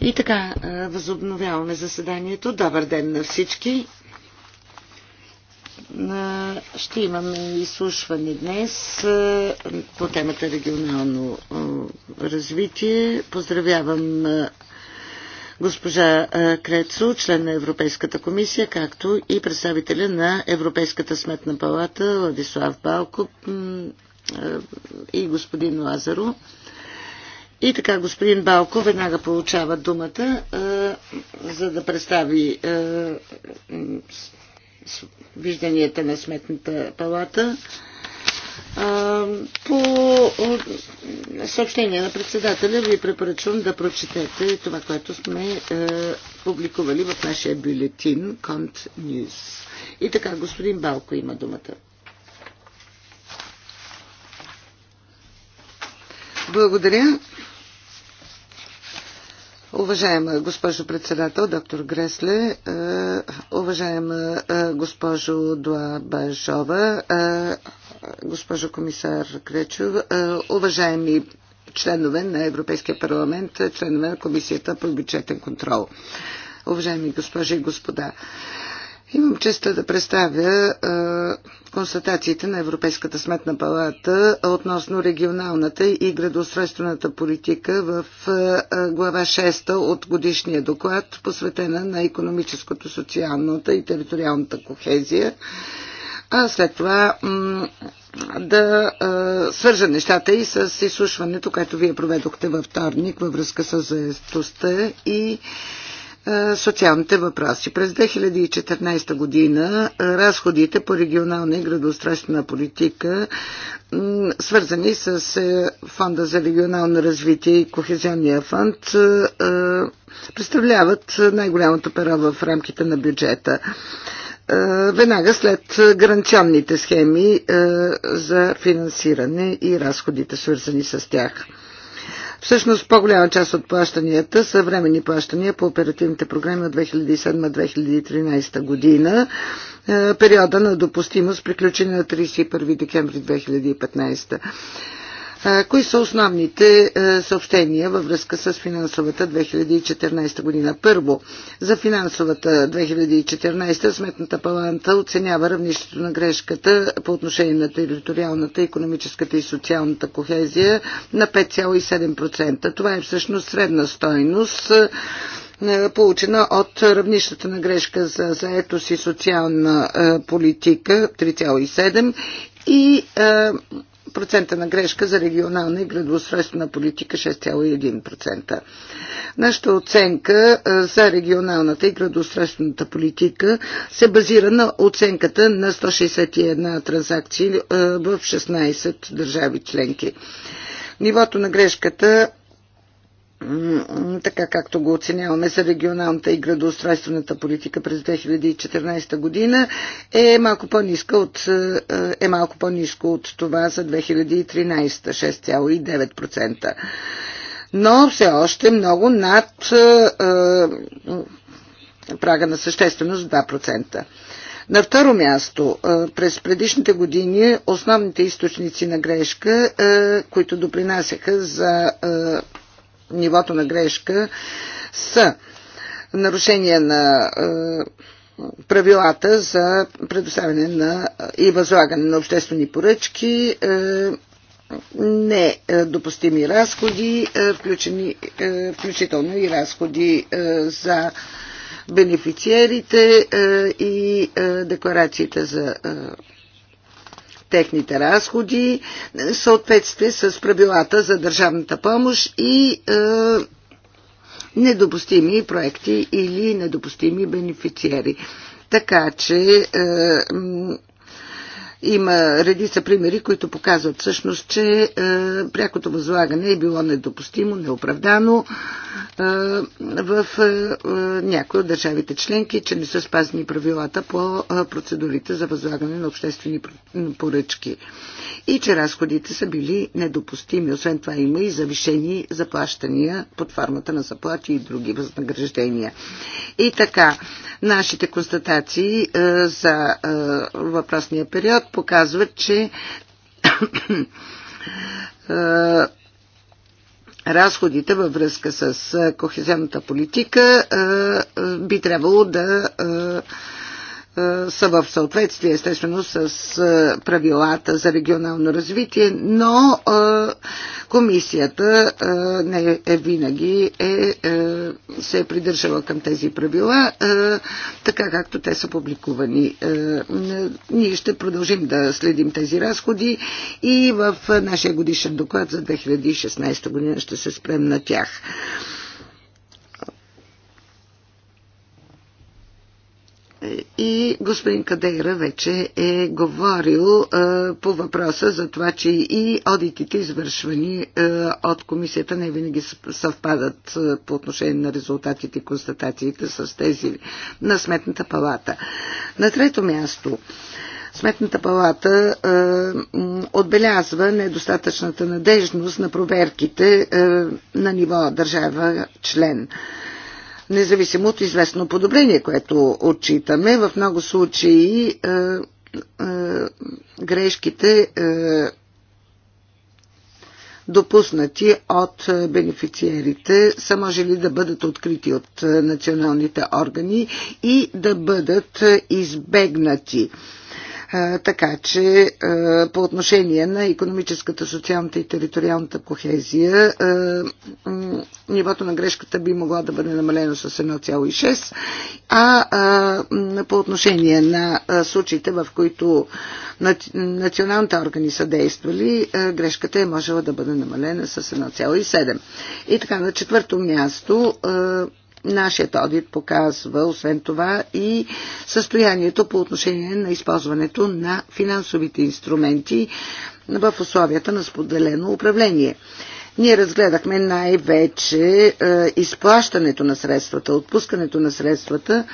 И така, възобновяваме заседанието. Добър ден на всички. Ще имаме изслушване днес по темата регионално развитие. Поздравявам госпожа Крецо, член на Европейската комисия, както и представителя на Европейската сметна палата Владислав Балко и господин Лазаро. И така, господин Балко веднага получава думата, за да представи вижданията на Сметната палата. По съобщение на председателя ви препоръчвам да прочетете това, което сме публикували в нашия бюлетин Конт Ньюс. И така, господин Балко има думата. Благодаря. Уважаема госпожо председател, доктор Гресле, е, уважаема е, госпожо Дуа Бажова, е, госпожо комисар Кречов, уважаеми членове на Европейския парламент, членове на Комисията по бюджетен контрол. Уважаеми госпожи и господа, Имам честа да представя констатациите на Европейската сметна палата относно регионалната и градоустройствената политика в глава 6 от годишния доклад, посветена на економическото, социалната и териториалната кохезия. А след това да свържа нещата и с изслушването, което вие проведохте във вторник във връзка с заедостта и е, социалните въпроси. През 2014 година е, разходите по регионална и градоустройствена политика, свързани с е, Фонда за регионално развитие и Кохезионния фонд, представляват най-голямото перо в рамките на бюджета. Веднага след гаранционните схеми за финансиране и разходите, свързани с тях. Всъщност по-голяма част от плащанията са временни плащания по оперативните програми от 2007-2013 година. Е, периода на допустимост приключени на 31 декември 2015. Кои са основните съобщения във връзка с финансовата 2014 година? Първо, за финансовата 2014 Сметната паланта оценява равнището на грешката по отношение на териториалната, економическата и социалната кохезия на 5,7%. Това е всъщност средна стойност получена от равнищата на грешка за заетост и социална политика 3,7 и процента на грешка за регионална и градоустройствена политика 6,1%. Нашата оценка за регионалната и градоустройствената политика се базира на оценката на 161 транзакции в 16 държави членки. Нивото на грешката така както го оценяваме за регионалната и градоустройствената политика през 2014 година, е малко по-ниска от, е, е малко по-ниско от това за 2013 6,9%. Но все още много над е, е прага на същественост 2%. На второ място, е, през предишните години основните източници на грешка, които допринасяха за нивото на грешка са нарушение на е, правилата за предоставяне на е, и възлагане на обществени поръчки, е, недопустими разходи, включени, включително и разходи за бенефициерите и декларациите за техните разходи, съответствие с правилата за държавната помощ и е, недопустими проекти или недопустими бенефициери. Така че е, има редица примери, които показват всъщност, че е, прякото възлагане е било недопустимо, неоправдано е, в е, е някои от държавите членки, че не са спазни правилата по е, процедурите за възлагане на обществени поръчки и че разходите са били недопустими. Освен това има и завишени заплащания под формата на заплати и други възнаграждения. И така, нашите констатации е, за е, въпросния период показват, че разходите във връзка с кохезионната политика би трябвало да е, са в съответствие, естествено, с е, правилата за регионално развитие, но е, комисията не е винаги е, се е придържала към тези правила, така както те са публикувани. Ние ще продължим да следим тези разходи и в нашия годишен доклад за 2016 година ще се спрем на тях. И господин Кадейра вече е говорил е, по въпроса за това, че и одитите, извършвани е, от комисията, не винаги съвпадат е, по отношение на резултатите и констатациите с тези на Сметната палата. На трето място. Сметната палата е, отбелязва недостатъчната надежност на проверките е, на ниво държава член. Е, независимо от известно подобрение, което отчитаме. В много случаи е, е, грешките е, допуснати от е, бенефициерите са можели да бъдат открити от е, националните органи и да бъдат е, избегнати. Така че по отношение на економическата, социалната и териториалната кохезия нивото на грешката би могло да бъде намалено с 1,6, а по отношение на случаите, в които националните органи са действали, грешката е можела да бъде намалена с 1,7. И така, на четвърто място Нашият одит показва, освен това, и състоянието по отношение на използването на финансовите инструменти в условията на споделено управление. Ние разгледахме най-вече е, изплащането на средствата, отпускането на средствата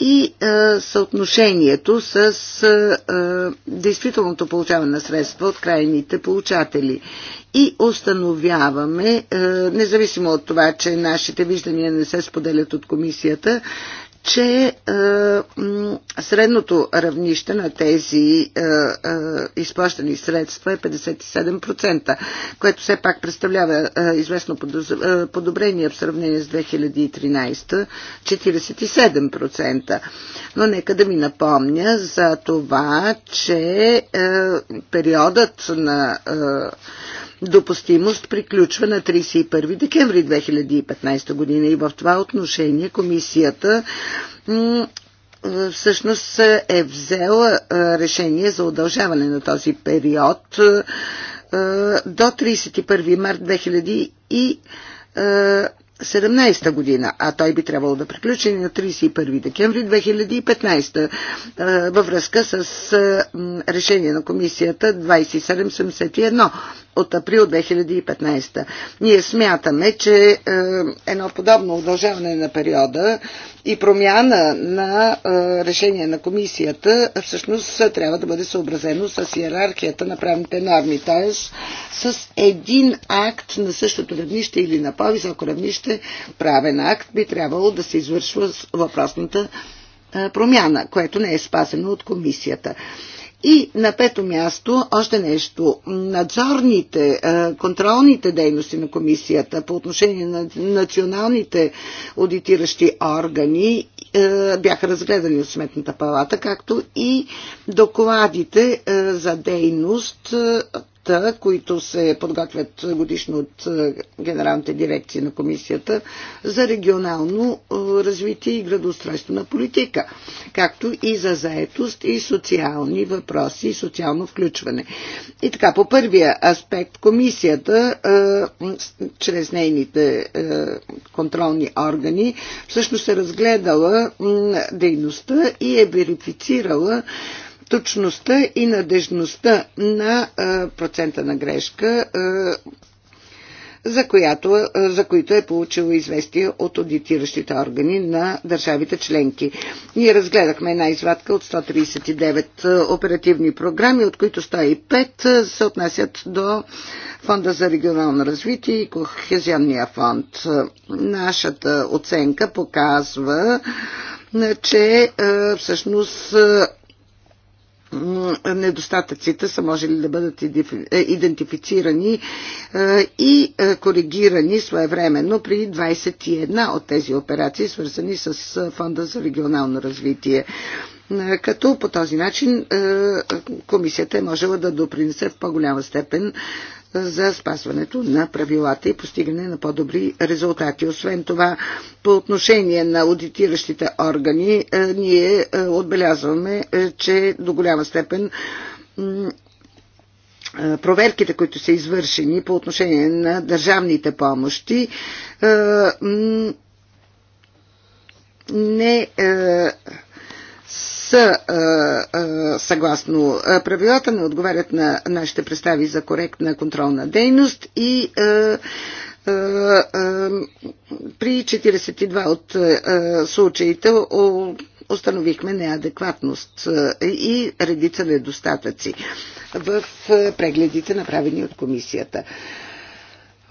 и е, съотношението с е, е, действителното получаване на средства от крайните получатели. И установяваме, е, независимо от това, че нашите виждания не се споделят от комисията, че е, средното равнище на тези е, е, изплащани средства е 57%, което все пак представлява е, известно е, подобрение в сравнение с 2013 47%. Но нека да ми напомня за това, че е, периодът на е, допустимост приключва на 31 декември 2015 година и в това отношение комисията всъщност е взела решение за удължаване на този период до 31 март 2017 година, а той би трябвало да приключи на 31 декември 2015 във връзка с решение на комисията 2771 от април 2015. Ние смятаме, че е, едно подобно удължаване на периода и промяна на е, решение на комисията е, всъщност трябва да бъде съобразено с иерархията на правните норми, т.е. с един акт на същото равнище или на по-високо равнище правен акт би трябвало да се извършва с въпросната промяна, което не е спасено от комисията. И на пето място, още нещо, надзорните, е, контролните дейности на комисията по отношение на националните аудитиращи органи е, бяха разгледани от Сметната палата, както и докладите е, за дейност места, които се подготвят годишно от е, генералните дирекции на комисията за регионално е, развитие и градоустройство на политика, както и за заетост и социални въпроси и социално включване. И така, по първия аспект комисията е, чрез нейните контролни органи всъщност е разгледала дейността и е верифицирала точността и надежността на процента на грешка, за, която, за които е получило известие от аудитиращите органи на държавите членки. Ние разгледахме една извадка от 139 оперативни програми, от които 105 се отнасят до Фонда за регионално развитие и Кохезионния фонд. Нашата оценка показва че всъщност недостатъците са можели да бъдат е, идентифицирани е, и е, коригирани своевременно при 21 от тези операции, свързани с Фонда за регионално развитие. Като по този начин комисията е можела да допринесе в по-голяма степен за спазването на правилата и постигане на по-добри резултати. Освен това, по отношение на аудитиращите органи, е, ние е, отбелязваме, е, че до голяма степен проверките, които са извършени по отношение на държавните помощи, не са съгласно правилата, не отговарят на нашите представи за коректна контролна дейност и при 42 от случаите установихме неадекватност и редица недостатъци в прегледите, направени от комисията.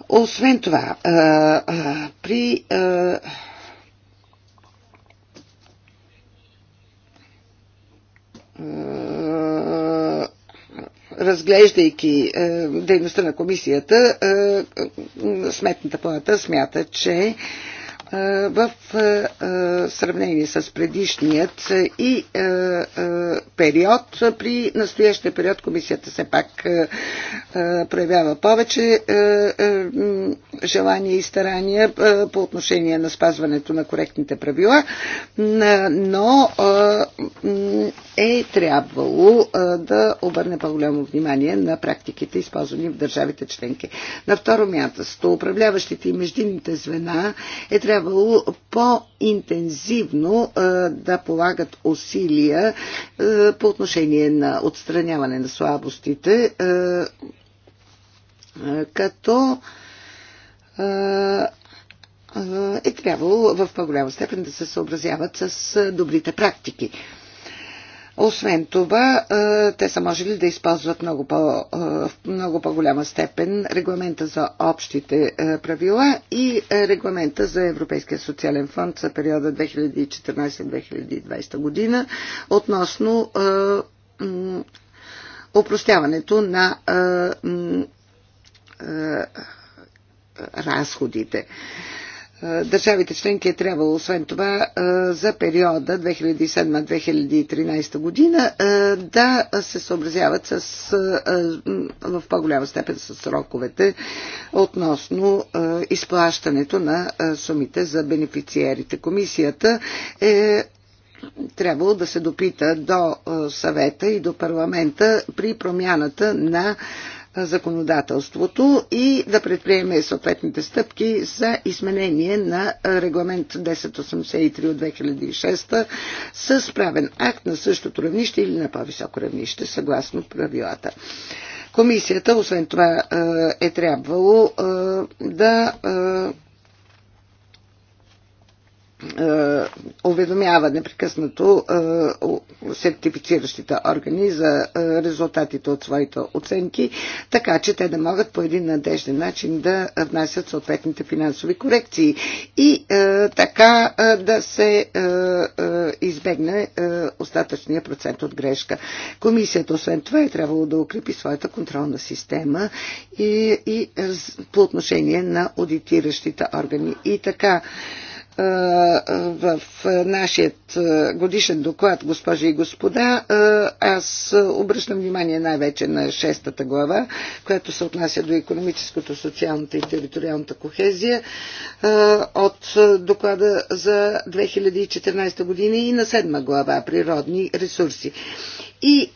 Освен това, при разглеждайки е, дейността на комисията, е, е, Сметната палата смята, че е, в е, е, сравнение с предишният и период. При настоящия период комисията все пак проявява повече желания и старания по отношение на спазването на коректните правила, но е трябвало да обърне по-голямо внимание на практиките, използвани в държавите членки. На второ място, управляващите и междинните звена е трябвало трябвало по-интензивно да полагат усилия по отношение на отстраняване на слабостите, като е трябвало в по-голяма степен да се съобразяват с добрите практики. Освен това, те са можели да използват много по, в много по-голяма степен регламента за общите правила и регламента за Европейския социален фонд за периода 2014-2020 година относно опростяването на разходите. Е, държавите членки е трябвало, освен това, е, за периода 2007-2013 година е, да се съобразяват с, в по-голяма степен с сроковете относно изплащането на сумите за бенефициерите. Комисията е трябвало да се допита до съвета и до парламента при промяната на законодателството и да предприеме съответните стъпки за изменение на регламент 1083 от 2006 с правен акт на същото равнище или на по-високо равнище, съгласно правилата. Комисията, освен това, е, е трябвало е, да е, уведомява непрекъснато е, сертифициращите органи за е, резултатите от своите оценки, така че те да могат по един надежден начин да внасят съответните финансови корекции и е, така да се избегне остатъчния процент от грешка. Комисията, освен това, е трябвало да укрепи своята контролна система и, и по отношение на аудитиращите органи. И така, в нашият годишен доклад, госпожи и господа, аз обръщам внимание най-вече на шестата глава, която се отнася до економическото, социалната и териториалната кохезия от доклада за 2014 година и на седма глава природни ресурси. И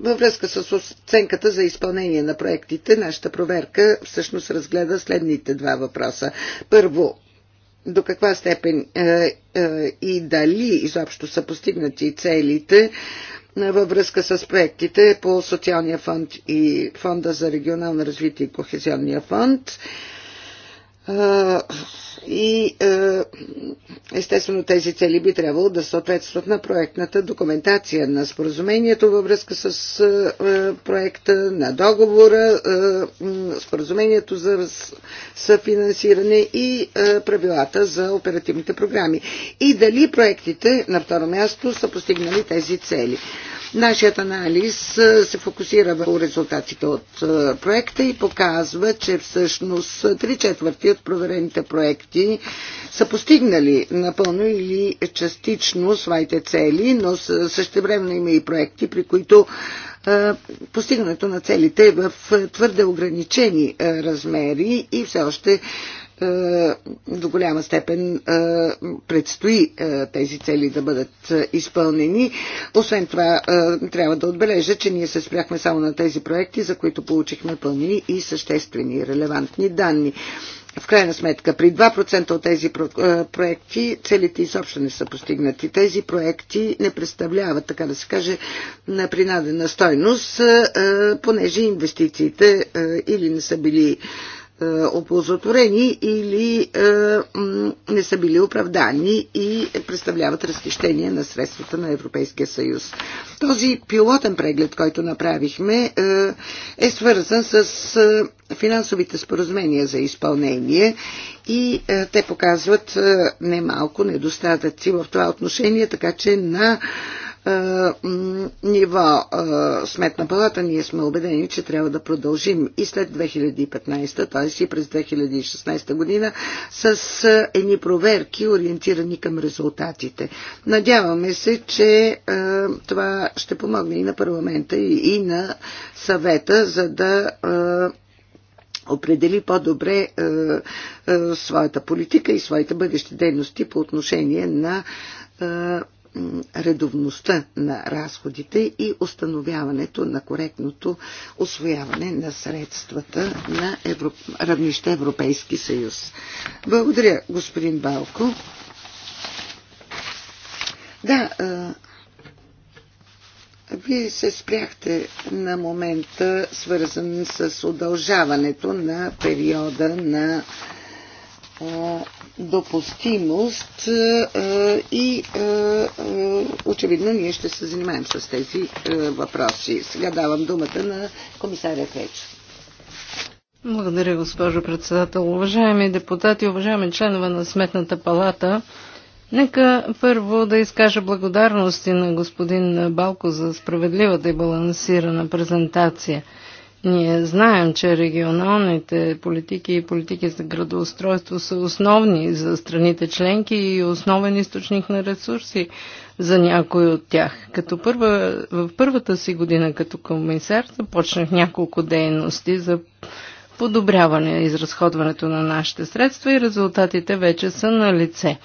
във връзка с оценката за изпълнение на проектите, нашата проверка всъщност разгледа следните два въпроса. Първо, до каква степен е, е, и дали изобщо са постигнати целите е, във връзка с проектите по Социалния фонд и Фонда за регионално развитие и Кохезионния фонд. Е, и естествено тези цели би трябвало да съответстват на проектната документация на споразумението във връзка с проекта, на договора, споразумението за съфинансиране и правилата за оперативните програми. И дали проектите на второ място са постигнали тези цели. Нашият анализ се фокусира върху резултатите от проекта и показва, че всъщност три четвърти от проверените проекти са постигнали напълно или частично своите цели, но същевременно има и проекти, при които постигането на целите е в твърде ограничени размери и все още е, до голяма степен е, предстои е, тези цели да бъдат изпълнени. Освен това, трябва да отбележа, че ние се спряхме само на тези проекти, за които получихме пълни и съществени релевантни данни. В крайна сметка, при 2% от тези проекти целите изобщо не са постигнати. Тези проекти не представляват, така да се каже, на принадена стойност, понеже инвестициите или не са били е, оползотворени или е, не са били оправдани и представляват разхищение на средствата на Европейския съюз. Този пилотен преглед, който направихме, е, е свързан с финансовите споразумения за изпълнение и те показват немалко недостатъци в това отношение, така че на е, ниво е, сметна палата ние сме убедени, че трябва да продължим и след 2015, т.е. и през 2016 година с е, едни проверки, ориентирани към резултатите. Надяваме се, че това ще помогне и на парламента, и на съвета, за да определи по-добре е, е, своята политика и своите бъдещи дейности по отношение на е, редовността на разходите и установяването на коректното освояване на средствата на Европ... равнище Европейски съюз. Благодаря, господин Балко. Да, вие се спряхте на момента, свързан с удължаването на периода на допустимост е, е, и е, очевидно ние ще се занимаем с тези въпроси. Сега давам думата на комисаря Кречо. Благодаря, госпожо председател. Уважаеми депутати, уважаеми членове на Сметната палата, нека първо да изкажа благодарности на господин Балко за справедливата и балансирана презентация – ние знаем, че регионалните политики и политики за градоустройство са основни за страните членки и основен източник на ресурси за някои от тях. Като първа, в първата си година като комисар започнах няколко дейности за подобряване изразходването на нашите средства и резултатите вече са на лице.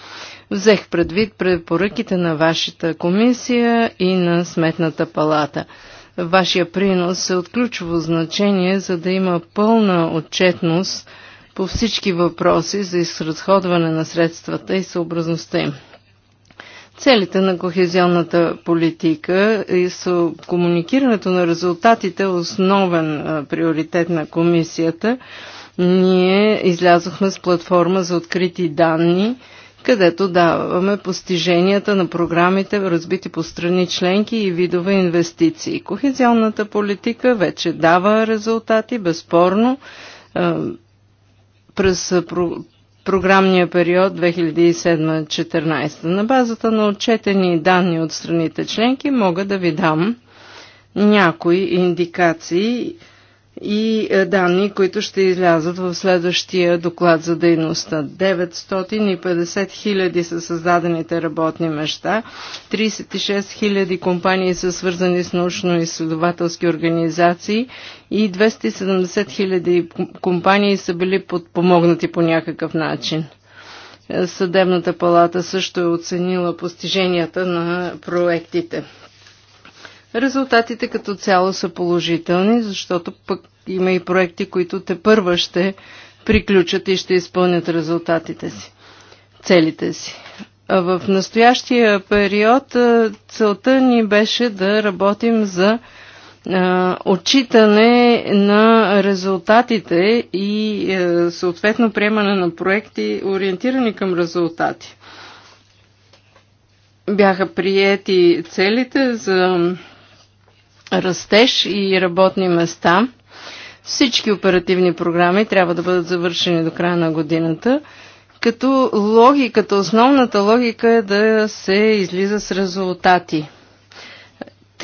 Взех предвид препоръките на вашата комисия и на Сметната палата – Вашия принос е от ключово значение, за да има пълна отчетност по всички въпроси за изразходване на средствата и съобразността им. Целите на кохезионната политика и са комуникирането на резултатите е основен приоритет на комисията. Ние излязохме с платформа за открити данни – където даваме постиженията на програмите, разбити по страни членки и видове инвестиции. Кохезионната политика вече дава резултати, безспорно. През програмния период 2007-2014. На базата на отчетени данни от страните членки мога да ви дам някои индикации – и е, данни, които ще излязат в следващия доклад за дейността. 950 хиляди са създадените работни места, 36 хиляди компании са свързани с научно-изследователски организации и 270 хиляди компании са били подпомогнати по някакъв начин. Е, Съдебната палата също е оценила постиженията на проектите. Резултатите като цяло са положителни, защото пък има и проекти, които те първа ще приключат и ще изпълнят резултатите си, целите си. А в настоящия период целта ни беше да работим за а, отчитане на резултатите и а, е, съответно приемане на проекти, ориентирани към резултати. Бяха приети целите за растеж и работни места. Всички оперативни програми трябва да бъдат завършени до края на годината, като логиката, основната логика е да се излиза с резултати.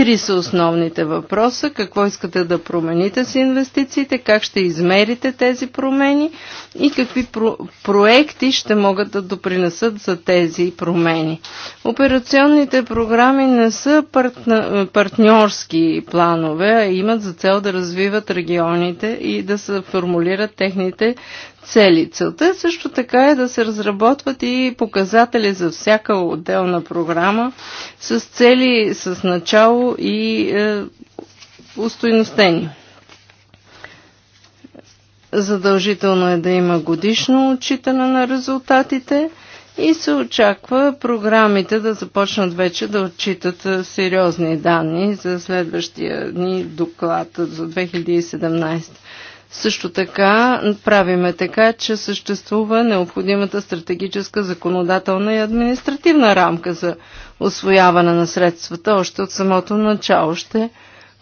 Три са основните въпроса. Какво искате да промените с инвестициите, как ще измерите тези промени и какви про- проекти ще могат да допринесат за тези промени. Операционните програми не са партна- партньорски планове, а имат за цел да развиват регионите и да се формулират техните цели. Целта е също така е да се разработват и показатели за всяка отделна програма с цели, с начало и е, устойностени. Задължително е да има годишно отчитане на резултатите и се очаква програмите да започнат вече да отчитат е, сериозни данни за следващия ни доклад за 2017. Също така правиме така, че съществува необходимата стратегическа, законодателна и административна рамка за освояване на средствата още от самото начало. Ще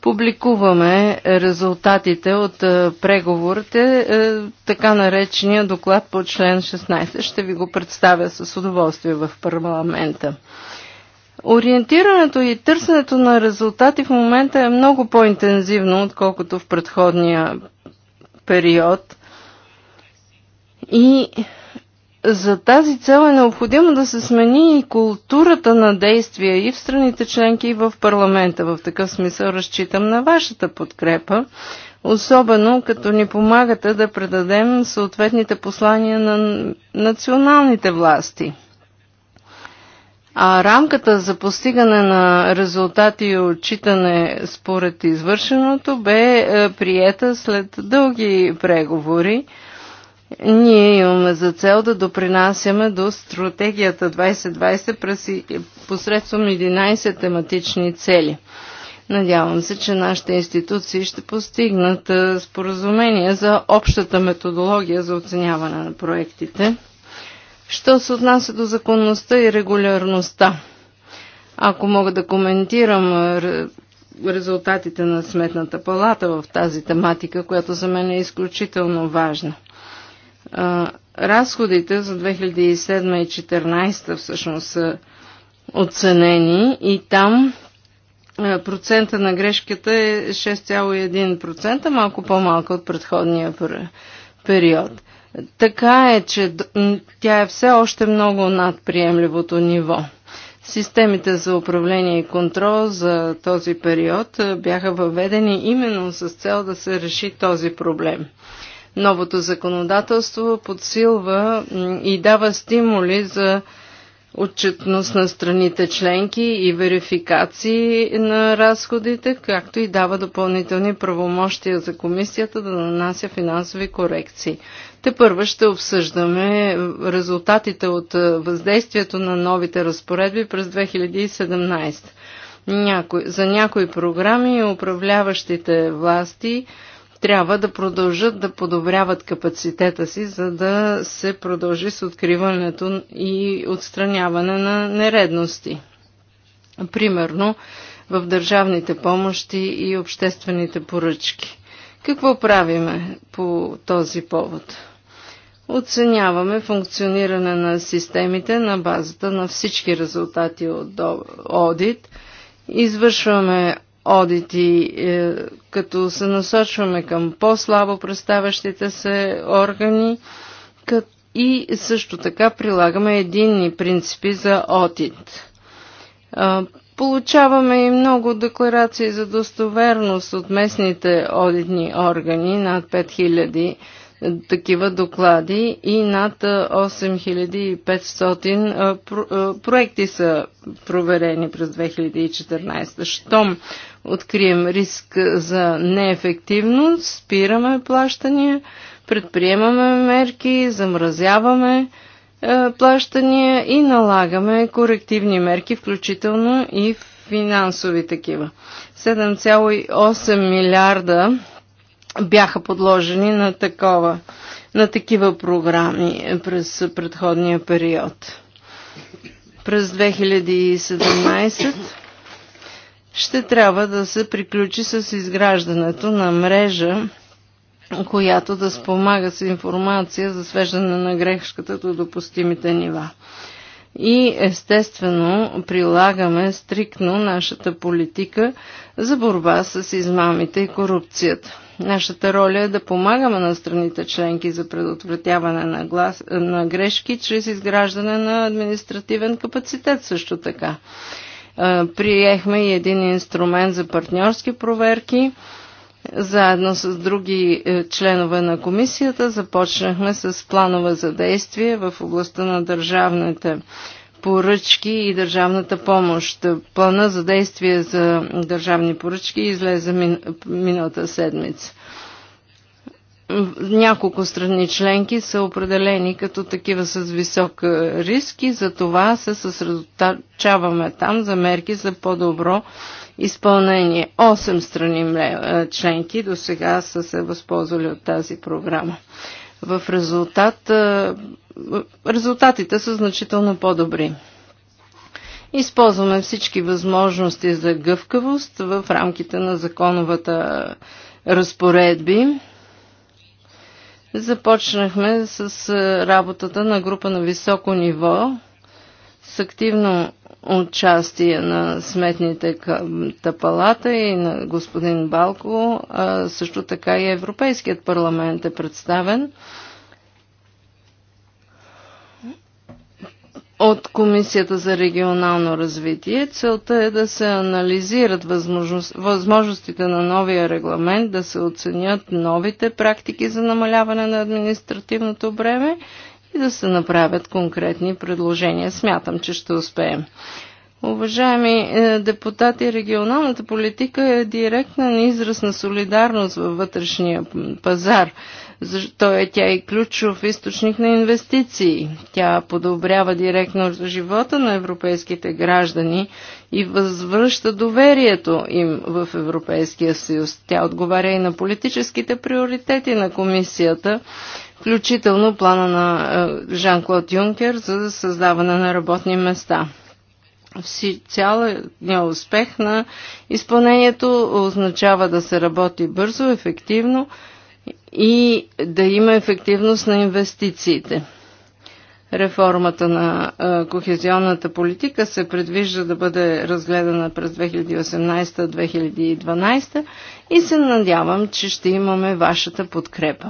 публикуваме резултатите от е, преговорите, е, така наречения доклад по член 16. Ще ви го представя с удоволствие в парламента. Ориентирането и търсенето на резултати в момента е много по-интензивно, отколкото в предходния период. И за тази цел е необходимо да се смени и културата на действия и в страните членки, и в парламента. В такъв смисъл разчитам на вашата подкрепа, особено като ни помагате да предадем съответните послания на националните власти. А рамката за постигане на резултати и отчитане според извършеното бе е, приета след дълги преговори. Ние имаме за цел да допринасяме до стратегията 2020 през посредством 11 тематични цели. Надявам се, че нашите институции ще постигнат е, споразумение за общата методология за оценяване на проектите Що се отнася до законността и регулярността? Ако мога да коментирам резултатите на Сметната палата в тази тематика, която за мен е изключително важна. Разходите за 2007 и 2014 всъщност са оценени и там процента на грешката е 6,1%, малко по-малко от предходния период. Така е, че тя е все още много над приемливото ниво. Системите за управление и контрол за този период бяха въведени именно с цел да се реши този проблем. Новото законодателство подсилва и дава стимули за отчетност на страните членки и верификации на разходите, както и дава допълнителни правомощия за комисията да нанася финансови корекции. Те първа ще обсъждаме резултатите от въздействието на новите разпоредби през 2017. Някой, за някои програми управляващите власти трябва да продължат да подобряват капацитета си, за да се продължи с откриването и отстраняване на нередности. Примерно в държавните помощи и обществените поръчки. Какво правиме по този повод? оценяваме функциониране на системите на базата на всички резултати от одит. Извършваме одити, е, като се насочваме към по-слабо представящите се органи и също така прилагаме единни принципи за одит. Е, получаваме и много декларации за достоверност от местните одитни органи, над 5000 такива доклади и над 8500 проекти са проверени през 2014. Щом открием риск за неефективност, спираме плащания, предприемаме мерки, замразяваме плащания и налагаме корективни мерки, включително и финансови такива. 7,8 милиарда бяха подложени на, такова, на такива програми през предходния период. През 2017 ще трябва да се приключи с изграждането на мрежа, която да спомага с информация за свеждане на грешката до допустимите нива. И естествено прилагаме стриктно нашата политика за борба с измамите и корупцията. Нашата роля е да помагаме на страните членки за предотвратяване на, глас, на грешки чрез изграждане на административен капацитет също така. Приехме и един инструмент за партньорски проверки. Заедно с други е, членове на комисията започнахме с планове за действие в областта на държавните поръчки и държавната помощ. Плана за действие за държавни поръчки излезе миналата седмица. Няколко страни членки са определени като такива с висок риск и за това се съсредоточаваме там за мерки за по-добро изпълнение. Осем страни е, членки до сега са се възползвали от тази програма. В резултат е, резултатите са значително по-добри. Използваме всички възможности за гъвкавост в рамките на законовата разпоредби. Започнахме с работата на група на високо ниво с активно участие на сметните палата и на господин Балко, също така и Европейският парламент е представен. от Комисията за регионално развитие. Целта е да се анализират възможност, възможностите на новия регламент, да се оценят новите практики за намаляване на административното бреме и да се направят конкретни предложения. Смятам, че ще успеем. Уважаеми е, депутати, регионалната политика е директен израз на солидарност във вътрешния пазар. Защо е тя и е ключов източник на инвестиции. Тя подобрява директно живота на европейските граждани и възвръща доверието им в Европейския съюз. Тя отговаря и на политическите приоритети на комисията, включително плана на е, Жан-Клод Юнкер за създаване на работни места. Цялият е успех на изпълнението означава да се работи бързо, ефективно и да има ефективност на инвестициите. Реформата на кохезионната политика се предвижда да бъде разгледана през 2018-2012 и се надявам, че ще имаме вашата подкрепа.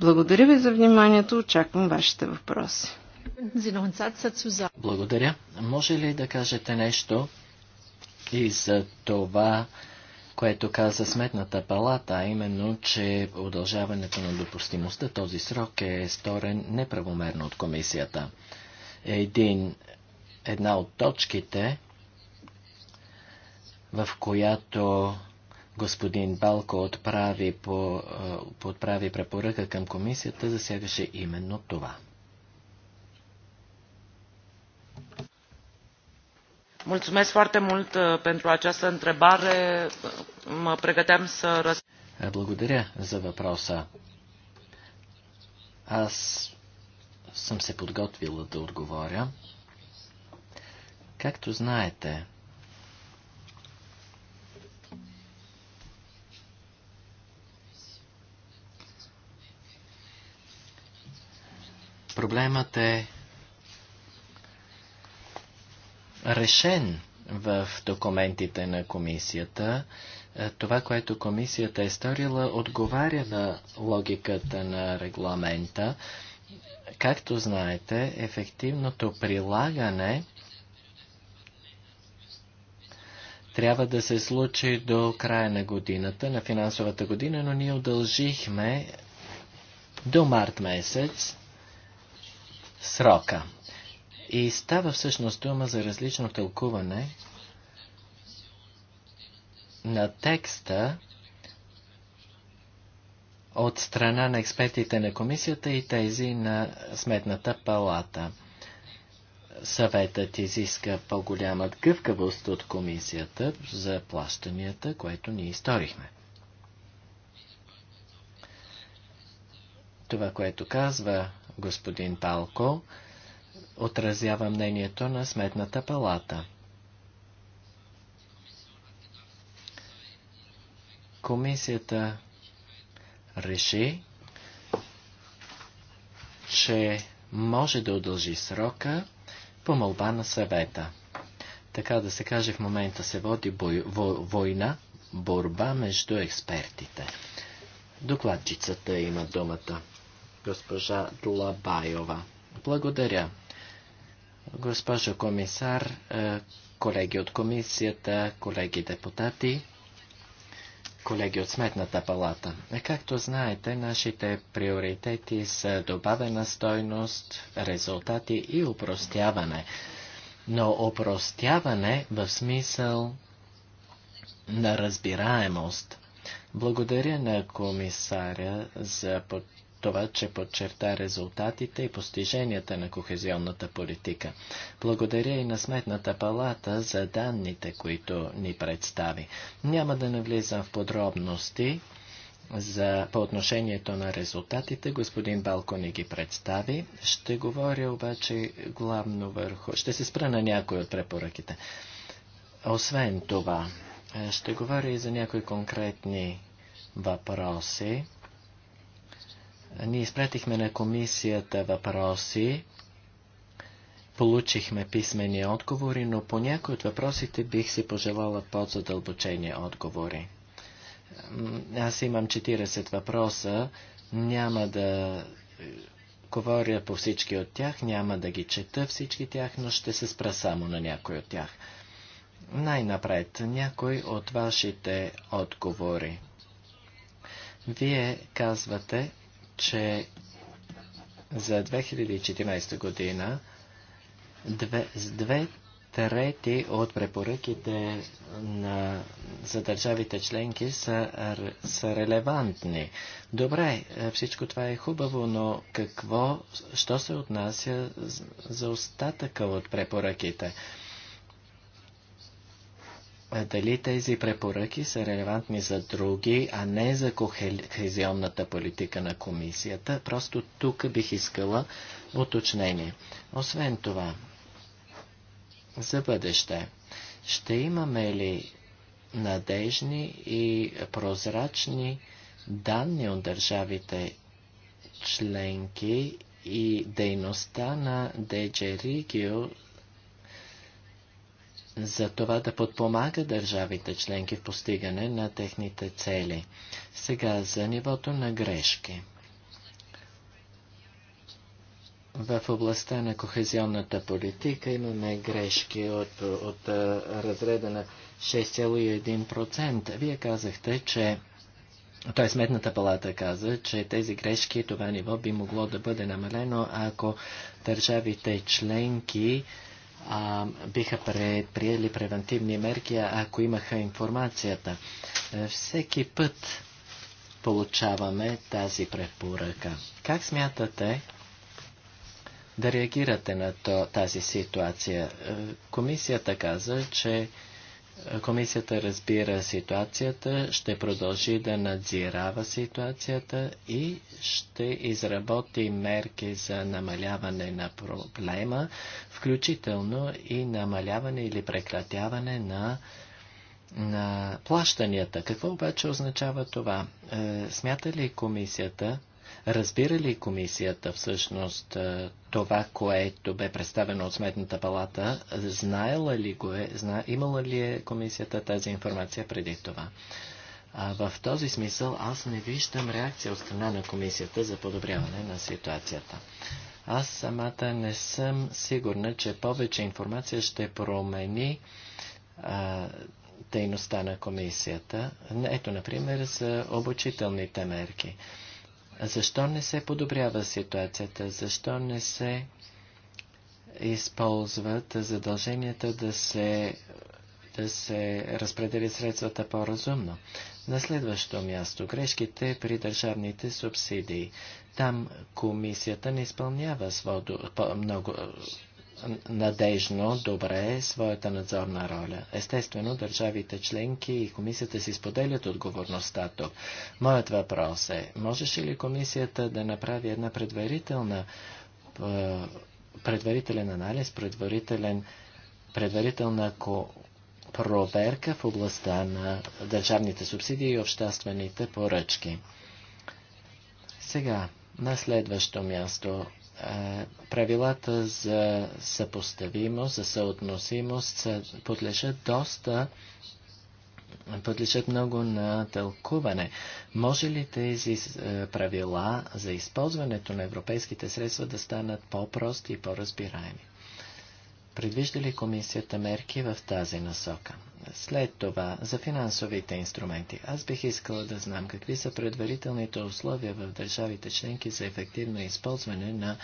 Благодаря ви за вниманието, очаквам вашите въпроси. Благодаря. Може ли да кажете нещо и за това, което каза Сметната палата, а именно, че удължаването на допустимостта този срок е сторен неправомерно от комисията. Един, една от точките, в която господин Балко отправи, по, е, отправи препоръка към комисията, засягаше именно това. Mulțumesc foarte mult uh, pentru această întrebare. Mă pregăteam să răspund. Е, благодаря за въпроса. Аз съм се подготвила да отговоря. Както знаете, проблемът е решен в документите на комисията. Е, това, което комисията е сторила, отговаря на логиката на регламента. Както знаете, ефективното прилагане трябва да се случи до края на годината, на финансовата година, но ние удължихме до март месец срока. И става всъщност дума за различно тълкуване на текста от страна на експертите на комисията и тези на Сметната палата. Съветът изиска по-голяма гъвкавост от комисията за плащанията, което ние изторихме. Това, което казва господин Палко, отразява мнението на Сметната палата. Комисията реши, че може да удължи срока по молба на съвета. Така да се каже, в момента се води бой, во, война, борба между експертите. Докладчицата има думата. Госпожа Длабайова. Благодаря. Госпожо комисар, е, колеги от комисията, колеги депутати, колеги от Сметната палата. Е, както знаете, нашите приоритети са добавена стойност, резултати и упростяване. Но упростяване в смисъл на разбираемост. Благодаря на комисаря за това, че подчерта резултатите и постиженията на кохезионната политика. Благодаря и на Сметната палата за данните, които ни представи. Няма да навлизам в подробности за, по отношението на резултатите. Господин Балко ни ги представи. Ще говоря обаче главно върху... Ще се спра на някои от препоръките. Освен това, ще говоря и за някои конкретни въпроси ние изпратихме на комисията въпроси, получихме писмени отговори, но по някои от въпросите бих си пожелала по-задълбочени отговори. Аз имам 40 въпроса, няма да е, говоря по всички от тях, няма да ги чета всички тях, но ще се спра само на някой от тях. Най-напред, някой от вашите отговори. Вие казвате, че за 2014 година две, две трети от препоръките на, за държавите членки са, са релевантни. Добре, е, всичко това е хубаво, но какво, що се отнася за остатъка от препоръките? дали тези препоръки са релевантни за други, а не за кохезионната политика на комисията. Просто тук бих искала уточнение. Освен това, за бъдеще, ще имаме ли надежни и прозрачни данни от държавите членки и дейността на DG Regio за това да подпомага държавите членки в постигане на техните цели. Сега за нивото на грешки. В областта на кохезионната политика имаме грешки от, от разреда на 6,1%. Вие казахте, че т.е. Сметната палата каза, че тези грешки, това ниво би могло да бъде намалено, ако държавите членки а, биха предприели превентивни мерки, ако имаха информацията. Е, всеки път получаваме тази препоръка. Как смятате да реагирате на тази ситуация? Е, комисията каза, че Комисията разбира ситуацията, ще продължи да надзирава ситуацията и ще изработи мерки за намаляване на проблема, включително и намаляване или прекратяване на, на плащанията. Какво обаче означава това? Е, смята ли комисията, Разбира ли комисията всъщност това, което бе представено от Сметната палата? Знаела ли го е? Зна... Имала ли е комисията тази информация преди това? А в този смисъл аз не виждам реакция от страна на комисията за подобряване на ситуацията. Аз самата не съм сигурна, че повече информация ще промени а, дейността на комисията. Ето, например, за обучителните мерки. Защо не се подобрява ситуацията? Защо не се използват задълженията да се, да се разпределят средствата по-разумно? На следващо място грешките при държавните субсидии. Там комисията не изпълнява своето много, надежно, добре своята надзорна роля. Естествено, държавите членки и комисията си споделят отговорността тук. Моят въпрос е, можеше ли комисията да направи една предварителна, предварителен анализ, предварителен, предварителна проверка в областта на държавните субсидии и обществените поръчки? Сега, на следващо място, е, правилата за съпоставимост, за съотносимост подлежат доста подлежат много на тълкуване. Може ли тези е, правила за използването на европейските средства да станат по-прости и по-разбираеми? Предвижда ли комисията мерки в тази насока? След това, за финансовите инструменти, аз бих искала да знам какви са предварителните условия в държавите членки за ефективно използване на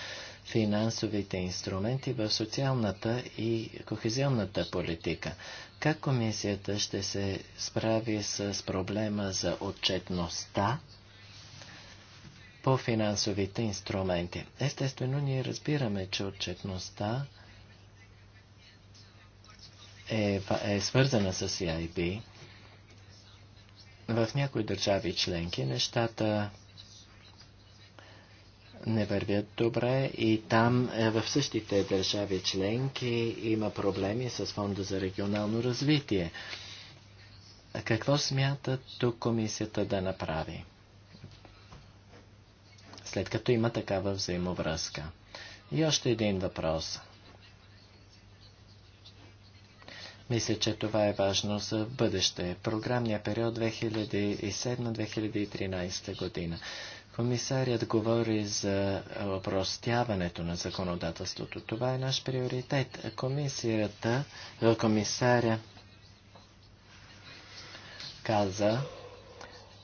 финансовите инструменти в социалната и кохезионната политика. Как комисията ще се справи с проблема за отчетността по финансовите инструменти? Естествено, ние разбираме, че отчетността е, е свързана с EIB. В някои държави членки нещата не вървят добре и там е, в същите държави членки има проблеми с Фонда за регионално развитие. Какво смята тук комисията да направи? След като има такава взаимовръзка. И още един въпрос. Мисля, че това е важно за бъдеще. Програмния период 2007-2013 година. Комисарият говори за опростяването на законодателството. Това е наш приоритет. Комисията, е, комисаря каза,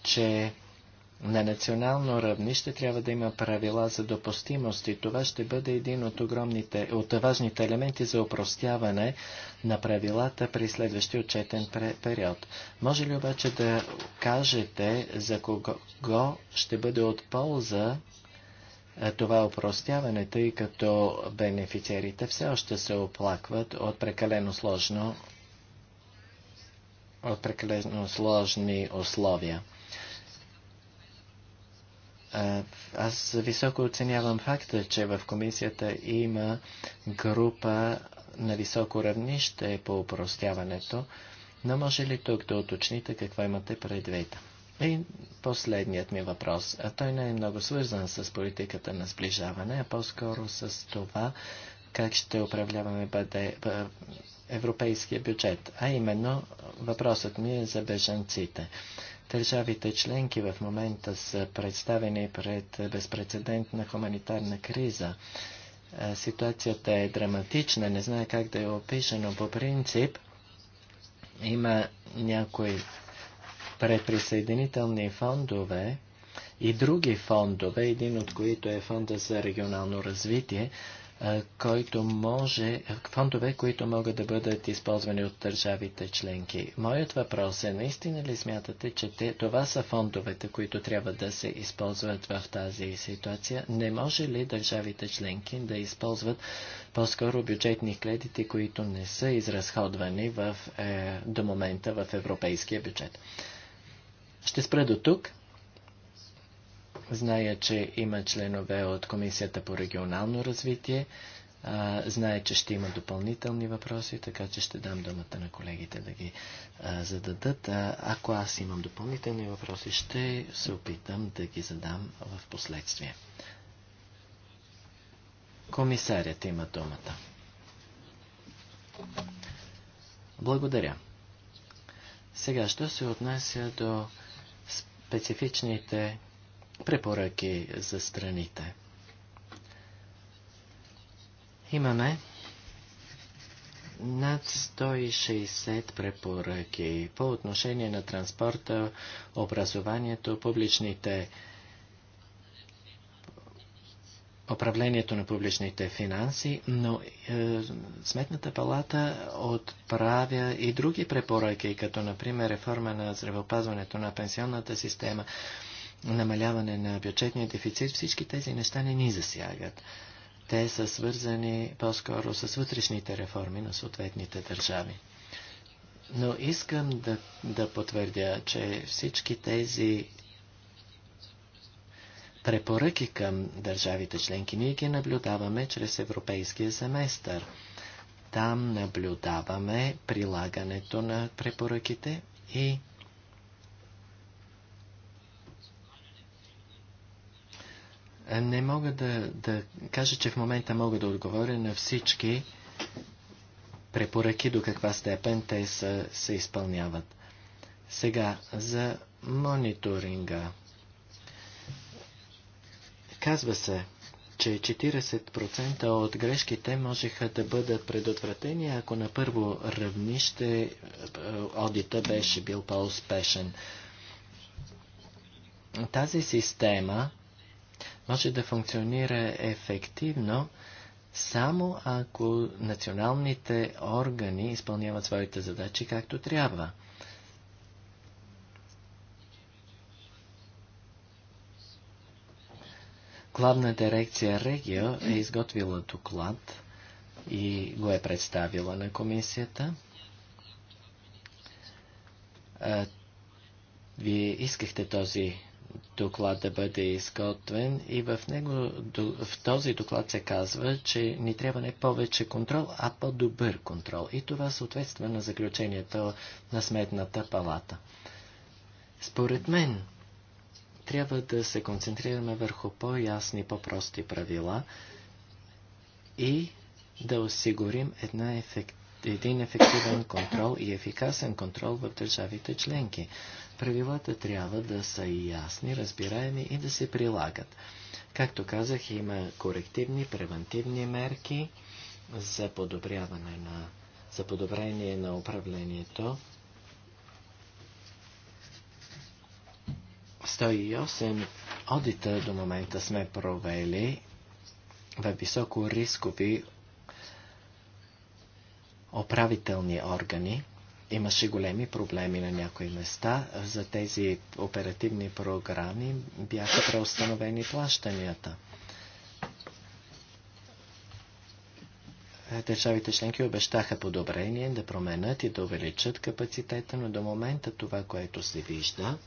че на национално равнище трябва да има правила за допустимост и това ще бъде един от, огромните, от важните елементи за упростяване на правилата при следващия отчетен период. Може ли обаче да кажете за кого ще бъде от полза е, това упростяване, тъй като бенефициерите все още се оплакват от прекалено сложно от прекалено сложни условия. Аз високо оценявам факта, че в комисията има група на високо равнище по упростяването, но може ли тук да уточните какво имате предвид? И последният ми въпрос. А той не е много свързан с политиката на сближаване, а по-скоро с това как ще управляваме бъде, европейския бюджет. А именно въпросът ми е за бежанците. Държавите членки в момента са представени пред безпредседентна хуманитарна криза. Е, ситуацията е драматична, не знае как да я е опиша, но по принцип има някои предприсъединителни фондове и други фондове, един от които е фонда за регионално развитие, който може, фондове, които могат да бъдат използвани от държавите членки. Моят въпрос е, наистина ли смятате, че те, това са фондовете, които трябва да се използват в тази ситуация? Не може ли държавите членки да използват по-скоро бюджетни кредити, които не са изразходвани в, е, до момента в европейския бюджет? Ще спра до тук. Зная, че има членове от Комисията по регионално развитие. Зная, че ще има допълнителни въпроси, така че ще дам думата на колегите да ги зададат. ако аз имам допълнителни въпроси, ще се опитам да ги задам в последствие. Комисарят има думата. Благодаря. Сега, що се отнася до специфичните препоръки за страните. Имаме над 160 препоръки по отношение на транспорта, образованието, публичните управлението на публичните финанси, но е, Сметната палата отправя и други препоръки, като например реформа на здравеопазването на пенсионната система. Е, намаляване на бюджетния дефицит, всички тези неща не ни засягат. Те са свързани по-скоро с вътрешните реформи на съответните държави. Но искам да, да потвърдя, че всички тези препоръки към държавите членки ние ги наблюдаваме чрез европейския семестър. Там наблюдаваме прилагането на препоръките и Не мога да, да кажа, че в момента мога да отговоря на всички препоръки, до каква степен те са, се изпълняват. Сега, за мониторинга. Казва се, че 40% от грешките можеха да бъдат предотвратени, ако на първо равнище е, одита беше бил по-успешен. Тази система може да функционира ефективно само ако националните органи изпълняват своите задачи както трябва. Главна дирекция Регио е изготвила доклад и го е представила на комисията. Вие искахте този доклад да бъде изготвен и в, него, в този доклад се казва, че ни трябва не повече контрол, а по-добър контрол. И това съответства на заключението на Сметната палата. Според мен, трябва да се концентрираме върху по-ясни, по-прости правила и да осигурим една ефект, един ефективен контрол и ефикасен контрол в държавите членки. Правилата трябва да са ясни, разбираеми и да се прилагат. Както казах, има корективни, превентивни мерки за подобряване на за подобрение на управлението. 108 одита до момента сме провели в високо рискови управителни органи. Имаше големи проблеми на някои места. За тези оперативни програми бяха преустановени плащанията. Е, държавите членки обещаха подобрение да променят и да увеличат капацитета, но до момента това, което се вижда,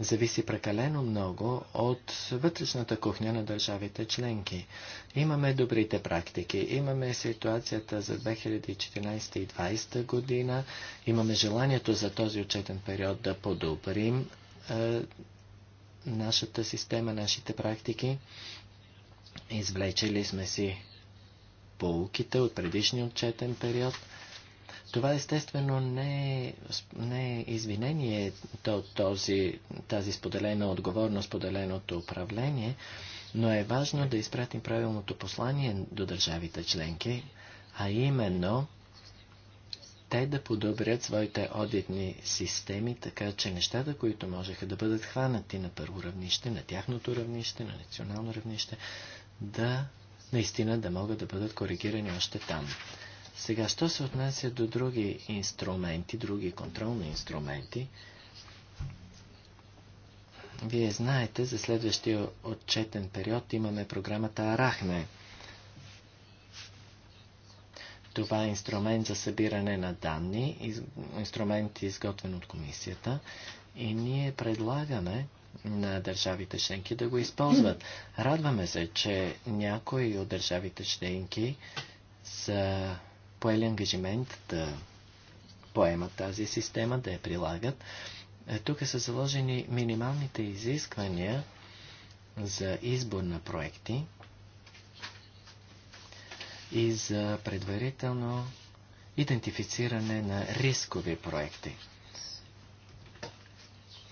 зависи прекалено много от вътрешната кухня на държавите членки. Имаме добрите практики, имаме ситуацията за 2014 и 2020 година, имаме желанието за този отчетен период да подобрим е, нашата система, нашите практики. Извлечели сме си полуките от предишния отчетен период – това естествено не е, не е извинение то, този, тази споделена отговорност, споделеното управление, но е важно да изпратим правилното послание до държавите членки, а именно те да подобрят своите одитни системи, така че нещата, които можеха да бъдат хванати на първо равнище, на тяхното равнище, на национално равнище, да наистина да могат да бъдат коригирани още там. Сега, що се отнася до други инструменти, други контролни инструменти, вие знаете, за следващия отчетен период имаме програмата Арахне. Това е инструмент за събиране на данни, инструмент изготвен от комисията и ние предлагаме на държавите членки да го използват. Радваме се, че някои от държавите членки са поели ангажимент да поемат тази система, да я прилагат. Е, тук са заложени минималните изисквания за избор на проекти и за предварително идентифициране на рискови проекти.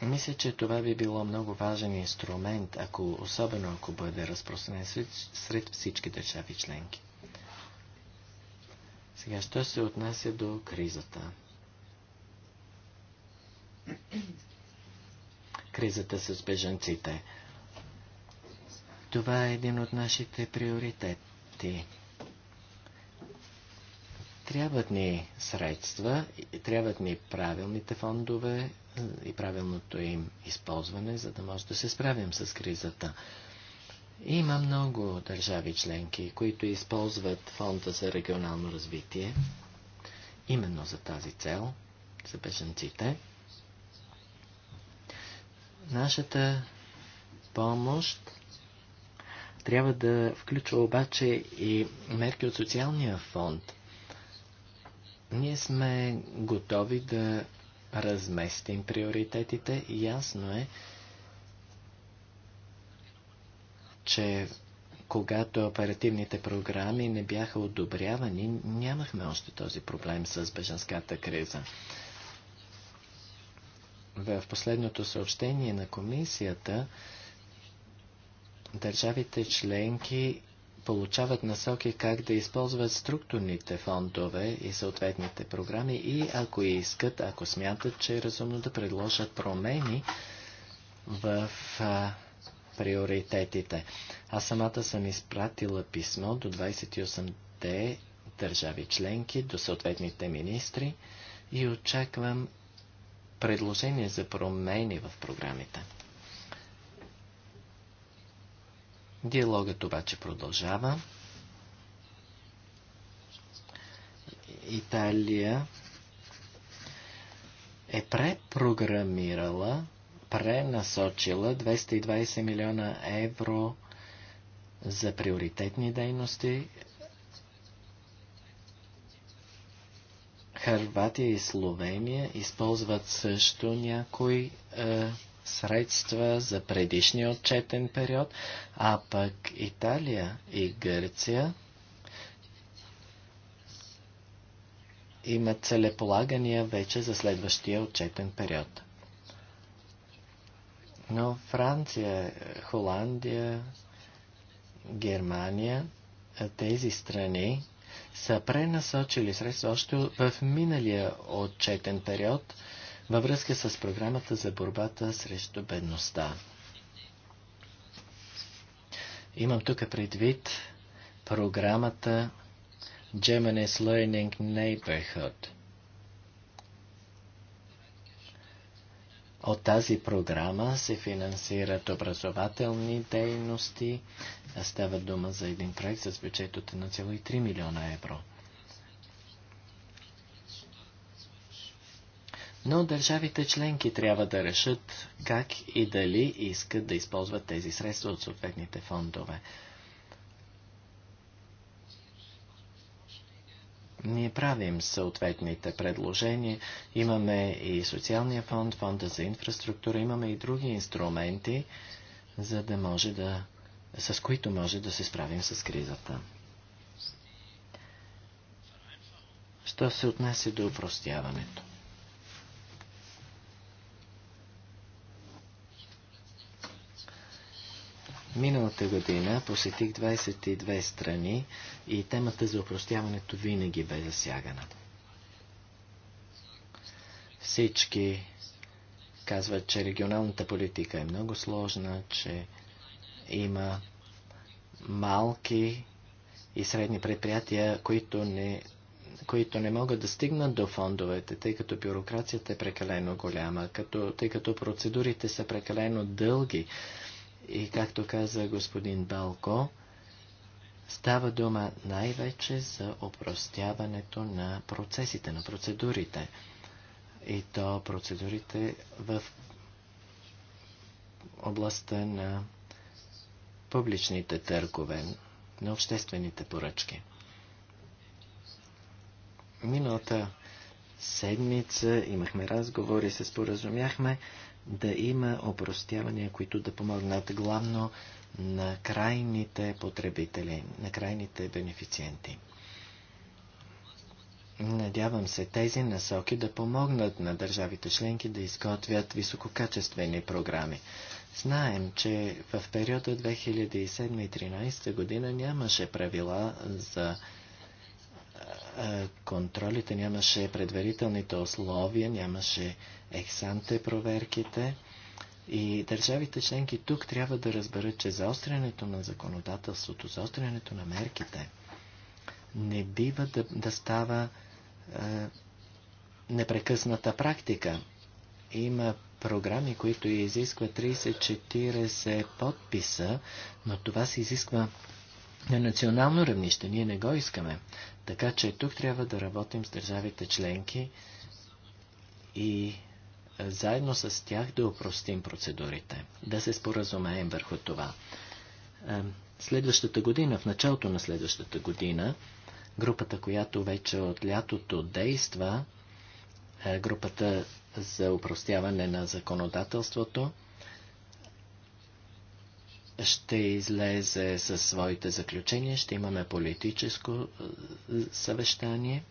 Мисля, че това би било много важен инструмент, ако, особено ако бъде разпространен сред всички държави членки. Сега, що се отнася до кризата? Кризата с бежанците. Това е един от нашите приоритети. Трябват ни средства, трябват ни правилните фондове и правилното им използване, за да може да се справим с кризата. Има много държави членки, които използват фонда за регионално развитие именно за тази цел, за беженците. Нашата помощ трябва да включва обаче и мерки от социалния фонд. Ние сме готови да разместим приоритетите. Ясно е, че когато оперативните програми не бяха одобрявани, нямахме още този проблем с беженската криза. В последното съобщение на комисията държавите членки получават насоки как да използват структурните фондове и съответните програми и ако искат, ако смятат, че е разумно да предложат промени в а, приоритетите. Аз самата съм изпратила писмо до 28-те държави членки, до съответните министри и очаквам предложения за промени в програмите. Диалогът обаче продължава. Италия е препрограмирала пренасочила 220 милиона евро за приоритетни дейности. Харватия и Словения използват също някои е, средства за предишния отчетен период, а пък Италия и Гърция имат целеполагания вече за следващия отчетен период. Но Франция, Холандия, Германия, тези страни са пренасочили средства още в миналия отчетен период във връзка с програмата за борбата срещу бедността. Имам тук предвид програмата Germany's Learning Neighborhood – От тази програма се финансират образователни дейности. Става дума за един проект с бюджет от 1,3 милиона евро. Но държавите членки трябва да решат как и дали искат да използват тези средства от съответните фондове. ние правим съответните предложения. Имаме и социалния фонд, фонда за инфраструктура, имаме и други инструменти, за да може да, с които може да се справим с кризата. Що се отнася до упростяването? Миналата година посетих 22 страни и темата за упростяването винаги бе засягана. Всички казват, че регионалната политика е много сложна, че има малки и средни предприятия, които не, които не могат да стигнат до фондовете, тъй като бюрокрацията е прекалено голяма, като, тъй като процедурите са прекалено дълги. И както каза господин Балко, става дума най-вече за опростяването на процесите, на процедурите. И то процедурите в областта на публичните търгове, на обществените поръчки. Миналата седмица имахме разговори, се споразумяхме да има опростявания, които да помогнат главно на крайните потребители, на крайните бенефициенти. Надявам се тези насоки да помогнат на държавите членки да изготвят висококачествени програми. Знаем, че в периода 2007-2013 година нямаше правила за е, контролите, нямаше предварителните условия, нямаше ексанте проверките. И държавите членки тук трябва да разберат, че заострянето на законодателството, заострянето на мерките не бива да, да става е, непрекъсната практика. Има програми, които изискват 30-40 подписа, но това се изисква на национално равнище. Ние не го искаме. Така че тук трябва да работим с държавите членки и заедно с тях да упростим процедурите, да се споразумеем върху това. Следващата година, в началото на следващата година, групата, която вече от лятото действа, е групата за упростяване на законодателството, ще излезе със своите заключения, ще имаме политическо е, съвещание,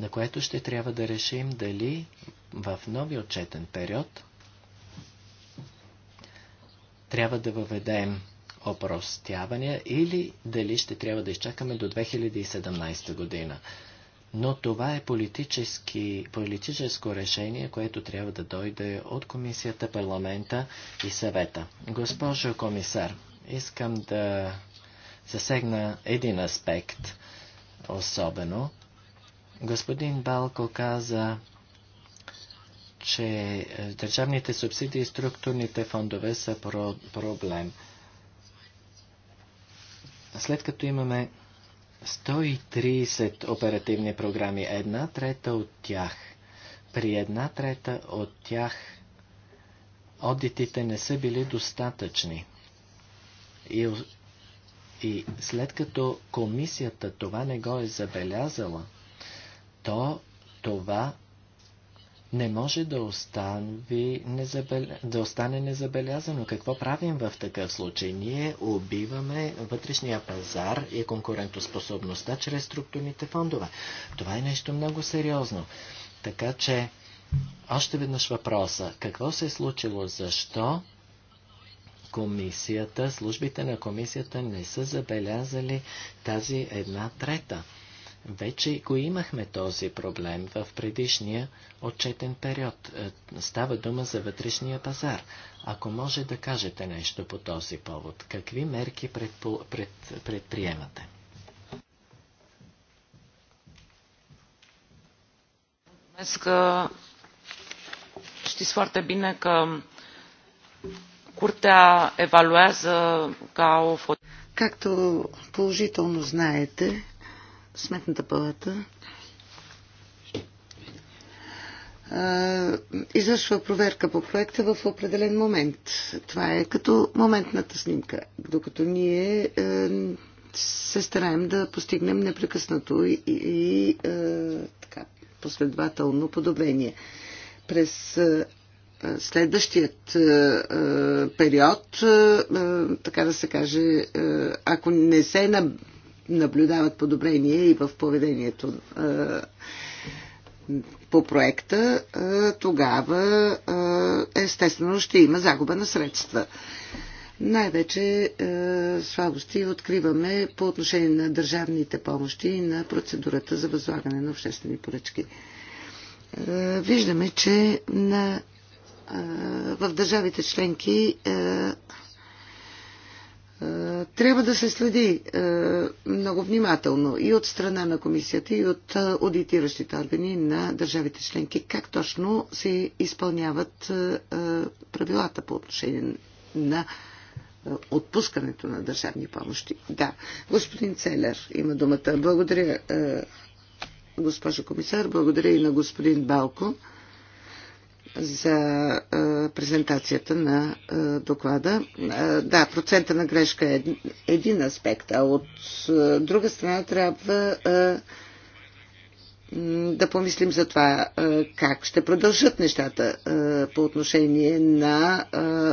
на което ще трябва да решим дали в нови отчетен период трябва да въведем опростявания или дали ще трябва да изчакаме до 2017 година но това е политически, политическо решение, което трябва да дойде от комисията, парламента и съвета. Госпожо комисар, искам да засегна един аспект особено. Господин Балко каза, че е, държавните субсидии и структурните фондове са про проблем. След като имаме 130 оперативни програми, една трета от тях. При една трета от тях одитите не са били достатъчни. И, и след като комисията това не го е забелязала, то това не може да, останови, незабел... да остане незабелязано. Какво правим в такъв случай? Ние убиваме вътрешния пазар и конкурентоспособността чрез структурните фондове. Това е нещо много сериозно. Така че, още веднъж въпроса. Какво се е случило? Защо комисията, службите на комисията не са забелязали тази една трета? Вече го имахме този проблем в предишния отчетен период. Е, става дума за вътрешния пазар. Ако може да кажете нещо по този повод, какви мерки предпо... пред... предприемате? că ще foarte bine към curtea evaluează Както положително знаете, Сметната палата извършва проверка по проекта в определен момент. Това е като моментната снимка, докато ние се стараем да постигнем непрекъснато и, и и така, последователно подобрение. През следващият период, така да се каже, ако не се наблюдават подобрение и в поведението по проекта, тогава естествено ще има загуба на средства. Най-вече слабости откриваме по отношение на държавните помощи и на процедурата за възлагане на обществени поръчки. Виждаме, че на, в държавите членки е, трябва да се следи е, много внимателно и от страна на комисията, и от е, аудитиращите органи на държавите членки, как точно се изпълняват правилата по отношение на отпускането на държавни помощи. Да, господин Целер има думата. Благодаря, госпожо комисар, благодаря и на господин Балко за презентацията на е, доклада. Е, да, процента на грешка е един аспект, а от е, друга страна трябва да помислим за това как ще продължат нещата по отношение на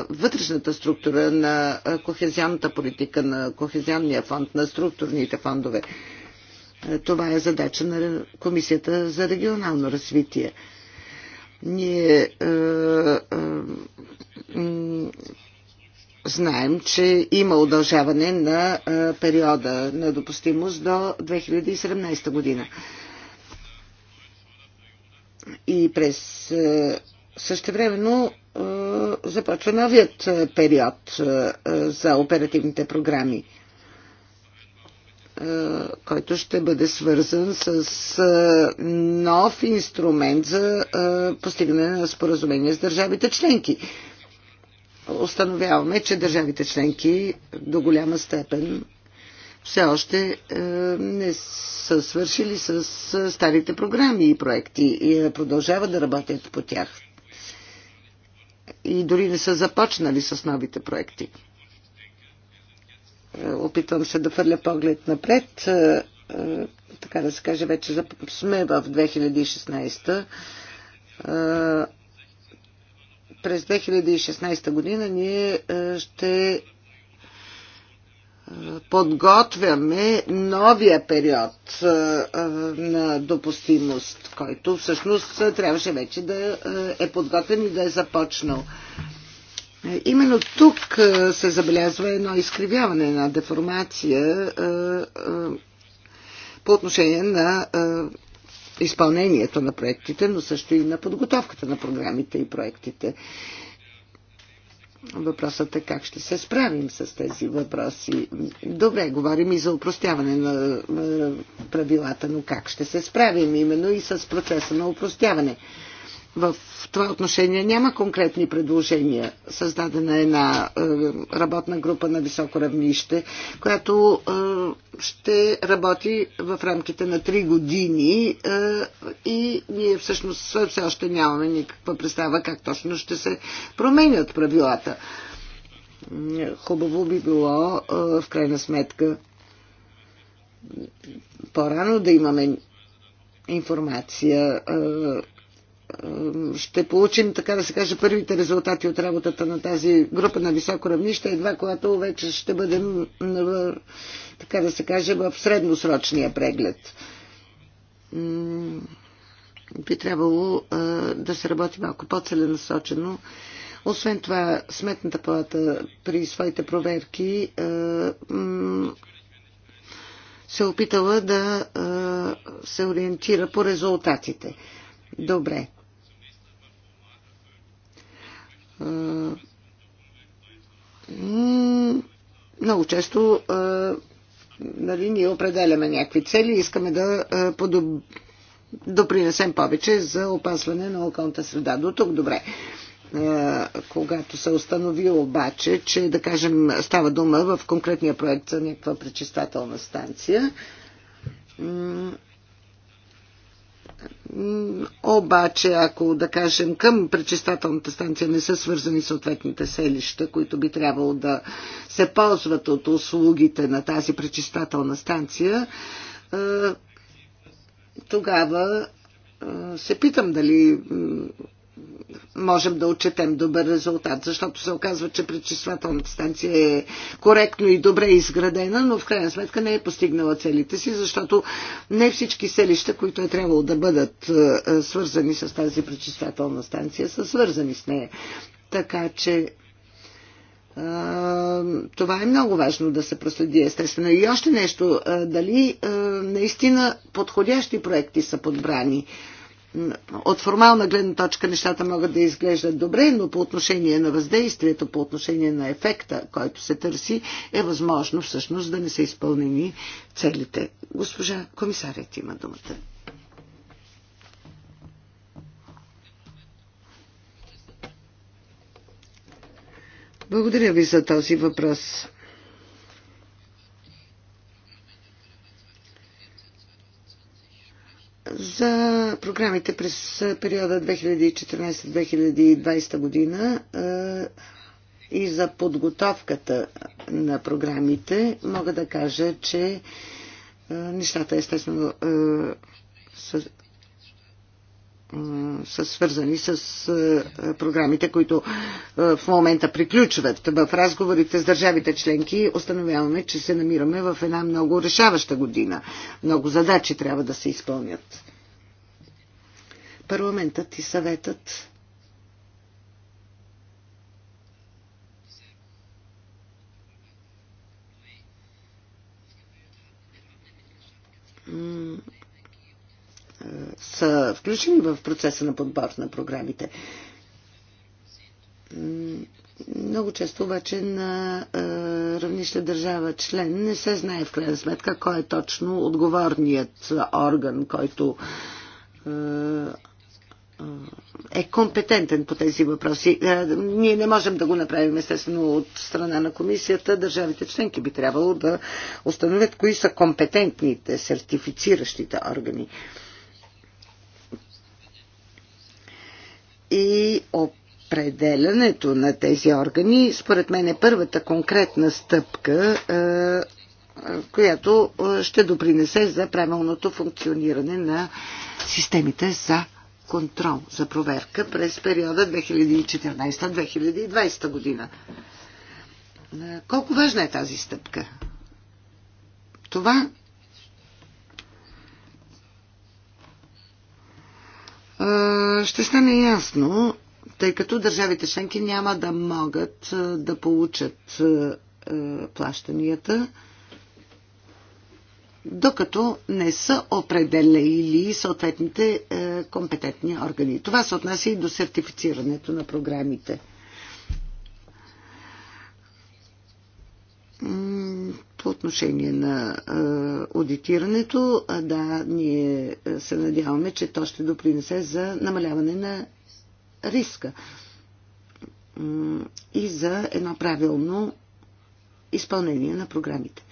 вътрешната структура, на кохезионната политика, на кохезионния фонд, на структурните фондове. Това е задача на Комисията за регионално развитие. Ние е, е, знаем, че има удължаване на е, периода на допустимост до 2017 година. И през е, същевременно е, започва новият е, период е, е, за оперативните програми. Е, който ще бъде свързан с е, нов инструмент за е, постигане на споразумение с държавите членки. Установяваме, че държавите членки до голяма степен все още не са свършили с старите програми и проекти и продължават да работят по тях. И дори не са започнали с новите проекти опитвам се да фърля поглед напред. Е, е, така да се каже, вече сме в 2016. Е, през 2016 година ние ще подготвяме новия период на допустимост, който всъщност трябваше вече да е подготвен и да е започнал. Е, именно тук е, се забелязва едно изкривяване, една деформация е, по отношение на изпълнението на проектите, но също и на подготовката на програмите и проектите. Въпросът е как ще се справим с тези въпроси. Добре, говорим и за упростяване на правилата, но как ще се справим именно и с процеса на упростяване. В това отношение няма конкретни предложения. Създадена е една е, работна група на високо равнище, която е, ще работи в рамките на 3 години е, и ние всъщност все още нямаме никаква представа как точно ще се променят правилата. Хубаво би било в крайна сметка по-рано да имаме информация ще получим, така да се каже, първите резултати от работата на тази група на високо равнище, едва когато вече ще бъдем, така да се каже, в средносрочния преглед. Би трябвало да се работи малко по-целенасочено. Освен това, Сметната палата при своите проверки се опитала да се ориентира по резултатите. Добре много често нали, ние определяме някакви цели и искаме да подоб... допринесем повече за опазване на околната среда. До тук добре. Когато се установи обаче, че да кажем става дума в конкретния проект за някаква пречиствателна станция, обаче, ако да кажем към пречистателната станция не са свързани съответните селища, които би трябвало да се ползват от услугите на тази пречистателна станция, е, тогава е, се питам дали можем да отчетем добър резултат, защото се оказва, че пречиствателната станция е коректно и добре изградена, но в крайна сметка не е постигнала целите си, защото не всички селища, които е трябвало да бъдат е, е, свързани с тази пречиствателна станция, са свързани с нея. Така че е, това е много важно да се проследи естествено. И още нещо, дали наистина подходящи проекти са подбрани от формална гледна точка нещата могат да изглеждат добре, но по отношение на въздействието, по отношение на ефекта, който се търси, е възможно всъщност да не са изпълнени целите. Госпожа комисарят има думата. Благодаря ви за този въпрос. За програмите през периода 2014-2020 година е, и за подготовката на програмите мога да кажа, че е, нещата естествено е, са са свързани с е, програмите, които е, в момента приключват. В разговорите с държавите членки установяваме, че се намираме в една много решаваща година. Много задачи трябва да се изпълнят. Парламентът и съветът м- са включени в процеса на подбор на програмите. Много често обаче на а, равнище държава член не се знае в крайна сметка кой е точно отговорният орган, който е компетентен по тези въпроси. Ние не можем да го направим, естествено, от страна на комисията. Държавите членки би трябвало да установят кои са компетентните сертифициращите органи. и определянето на тези органи, според мен е първата конкретна стъпка, е, е, която е, ще допринесе за правилното функциониране на системите за контрол, за проверка през периода 2014-2020 година. Колко важна е тази стъпка? Това ще стане ясно, тъй като държавите членки няма да могат да получат плащанията, докато не са определили съответните компетентни органи. Това се отнася и до сертифицирането на програмите. отношение на аудитирането, а да, ние се надяваме, че то ще допринесе за намаляване на риска и за едно правилно изпълнение на програмите.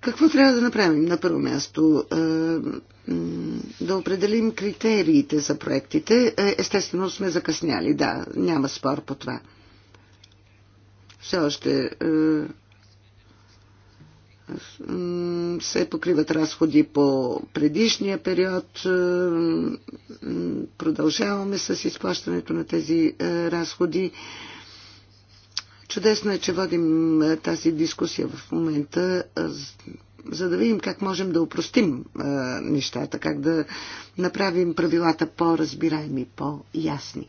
Какво трябва да направим на първо място? Да определим критериите за проектите. Е, естествено сме закъсняли, да, няма спор по това все още е, се покриват разходи по предишния период. Е, продължаваме с изплащането на тези е, разходи. Чудесно е, че водим тази дискусия в момента, за да видим как можем да упростим нещата, как да направим правилата по-разбираеми, по-ясни.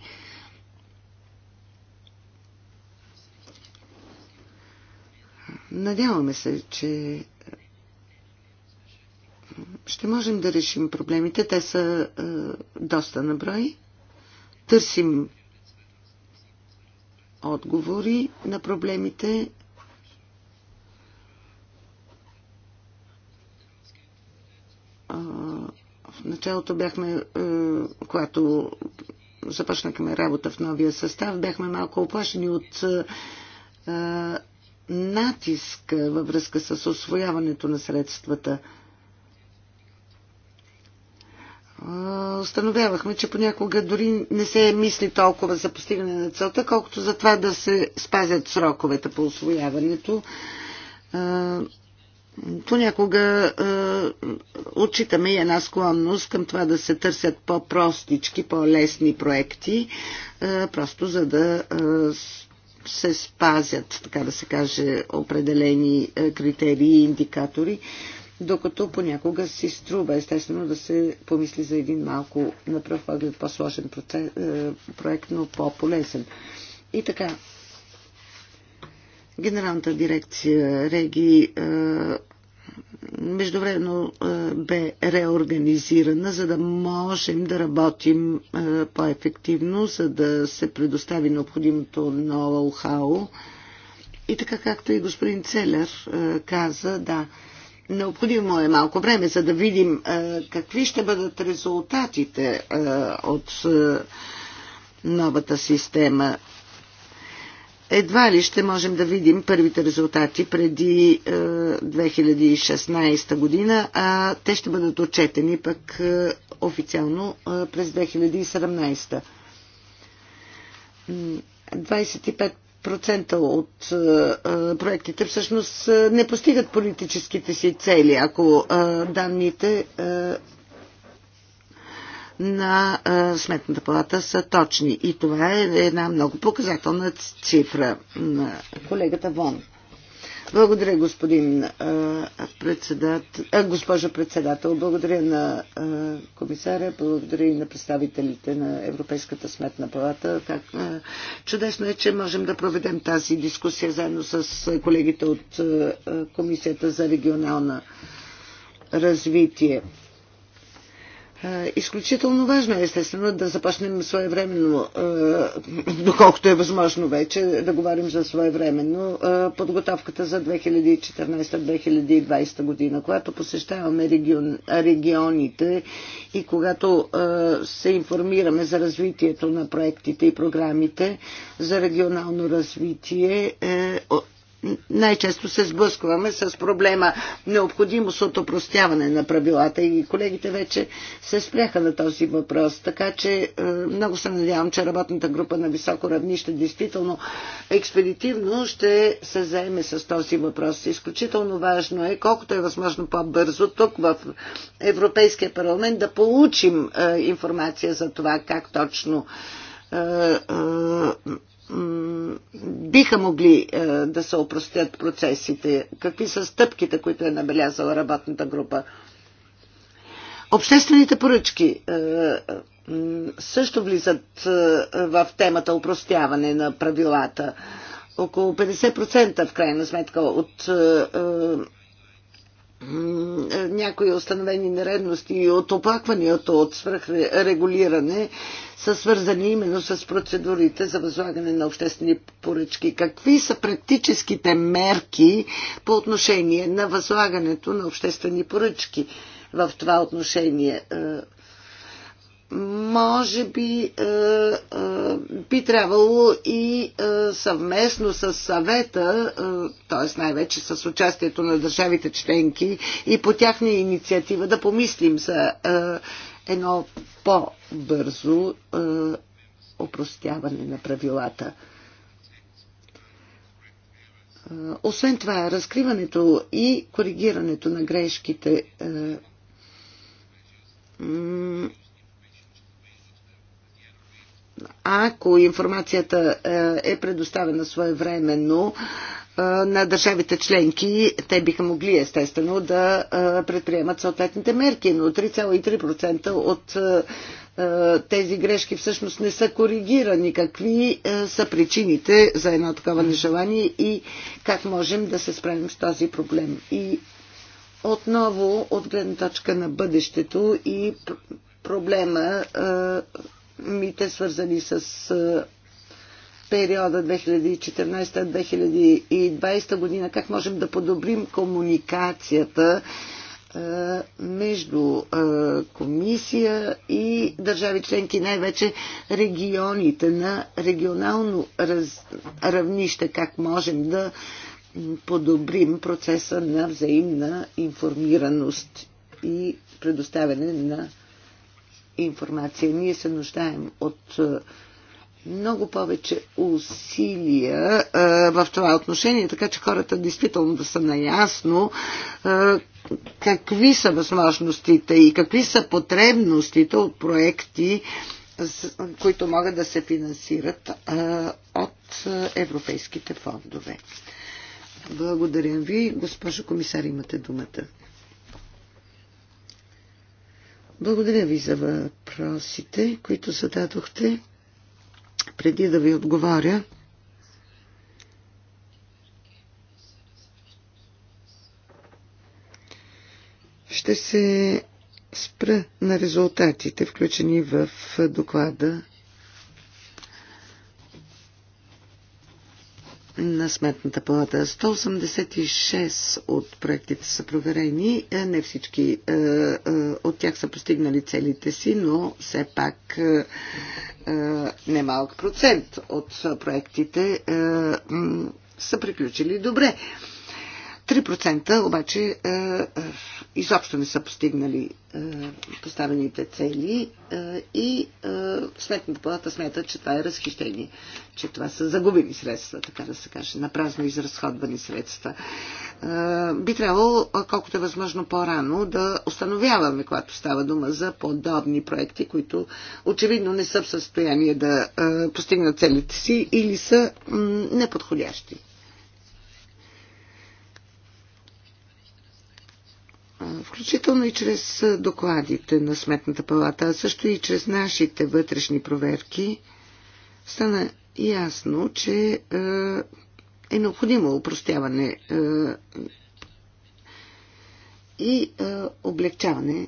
Надяваме се, че ще можем да решим проблемите. Те са е, доста наброи. Търсим отговори на проблемите. в началото бяхме, е, когато започнахме работа в новия състав, бяхме малко оплашени от е, натиск във връзка с освояването на средствата. Установявахме, че понякога дори не се мисли толкова за постигане на целта, колкото за това да се спазят сроковете по освояването. Понякога отчитаме и една склонност към това да се търсят по-простички, по-лесни проекти, просто за да се спазят, така да се каже, определени е, критерии и индикатори, докато понякога си струва, естествено, да се помисли за един малко на пръв поглед по-сложен е, проект, но по-полезен. И така, Генералната дирекция Реги е, междувременно е, бе реорганизирана, за да можем да работим е, по-ефективно, за да се предостави необходимото ноу-хау. И така както и господин Целер е, каза, да, необходимо е малко време, за да видим какви ще бъдат резултатите от новата система едва ли ще можем да видим първите резултати преди 2016 е, година, а те ще бъдат отчетени пък е, официално е, през 2017. 25% от проектите всъщност не постигат политическите си цели, ако данните на Сметната палата са точни. И това е една много показателна цифра на колегата Вон. Благодаря, господин председател, а госпожа председател. Благодаря на комисаря, благодаря и на представителите на Европейската сметна палата. Как, чудесно е, че можем да проведем тази дискусия заедно с колегите от Комисията за регионална развитие. Е, изключително важно е, естествено, да започнем своевременно, е, доколкото е възможно вече, да говорим за своевременно е, подготовката за 2014-2020 година, когато посещаваме регион, регионите и когато се информираме за развитието на проектите и програмите за регионално развитие най-често се сблъскваме с проблема необходимост от опростяване на правилата и колегите вече се спряха на този въпрос. Така че е, много се надявам, че работната група на високо равнище действително експедитивно ще се заеме с този въпрос. Изключително важно е, колкото е възможно по-бързо, тук в Европейския парламент да получим е, информация за това как точно е, биха могли е, да се опростят процесите? Какви са стъпките, които е набелязала работната група? Обществените поръчки е, е, също влизат в темата опростяване на правилата. Около 50% в крайна сметка от някои установени нередности и от оплакването от свръхрегулиране са свързани именно с процедурите за възлагане на обществени поръчки. Какви са практическите мерки по отношение на възлагането на обществени поръчки в това отношение? Е, може би е, е, би трябвало и е, съвместно с съвета, е, т.е. най-вече с участието на държавите членки и по тяхна инициатива да помислим за е, едно по-бързо е, опростяване на правилата. Е, освен това, разкриването и коригирането на грешките е, ако информацията е, е предоставена своевременно, на държавите членки, те биха могли естествено да предприемат съответните мерки, но 3,3% от тези грешки всъщност не са коригирани. Какви са причините за едно такова нежелание и как можем да се справим с този проблем? И отново от гледна точка на бъдещето и проблема мите свързани с периода 2014-2020 година, как можем да подобрим комуникацията е, между е, комисия и държави членки, най-вече регионите на регионално раз... равнище, как можем да подобрим процеса на взаимна информираност и предоставяне на информация. Ние се нуждаем от е, много повече усилия а, в това отношение, така че хората действително да са наясно а, какви са възможностите и какви са потребностите от проекти, които могат да се финансират а, от европейските фондове. Благодаря ви. Госпожо комисар, имате думата. Благодаря ви за въпросите, които зададохте. Преди да ви отговоря, ще се спра на резултатите, включени в доклада на Сметната палата. 186 от проектите са проверени. Е, не всички е, е, от тях са постигнали целите си, но все пак немалък процент от проектите са приключили добре. 3% обаче е, е, изобщо не са постигнали е, поставените цели и Сметната палата смята, че това е разхищение, че това са загубени средства, така да се каже, на празно изразходвани средства. Би трябвало, колкото е възможно по-рано, да установяваме, когато става дума за подобни проекти, които очевидно не са в състояние да постигнат целите си или са неподходящи включително и чрез докладите на Сметната палата, а също и чрез нашите вътрешни проверки, стана ясно, че е необходимо упростяване и облегчаване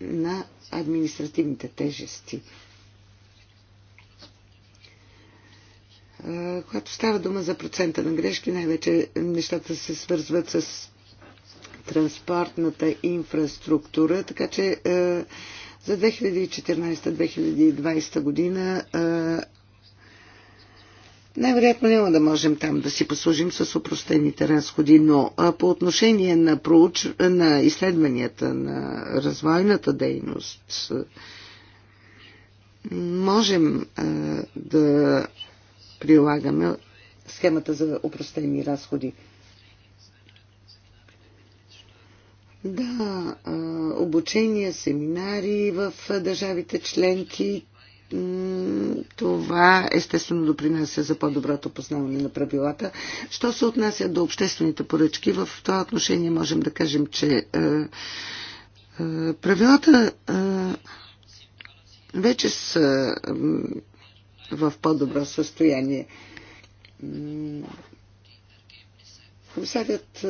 на административните тежести. Когато става дума за процента на грешки, най-вече нещата се свързват с транспортната инфраструктура, така че е, за 2014-2020 година е, най-вероятно няма да можем там да си послужим с упростените разходи, но по отношение на, проуч... на изследванията, на развойната дейност, можем да прилагаме схемата за упростени разходи. Да, обучения, семинари в държавите членки. Това естествено допринася за по-доброто познаване на правилата. Що се отнася до обществените поръчки, в това отношение можем да кажем, че правилата вече са в по-добро състояние. Комисарят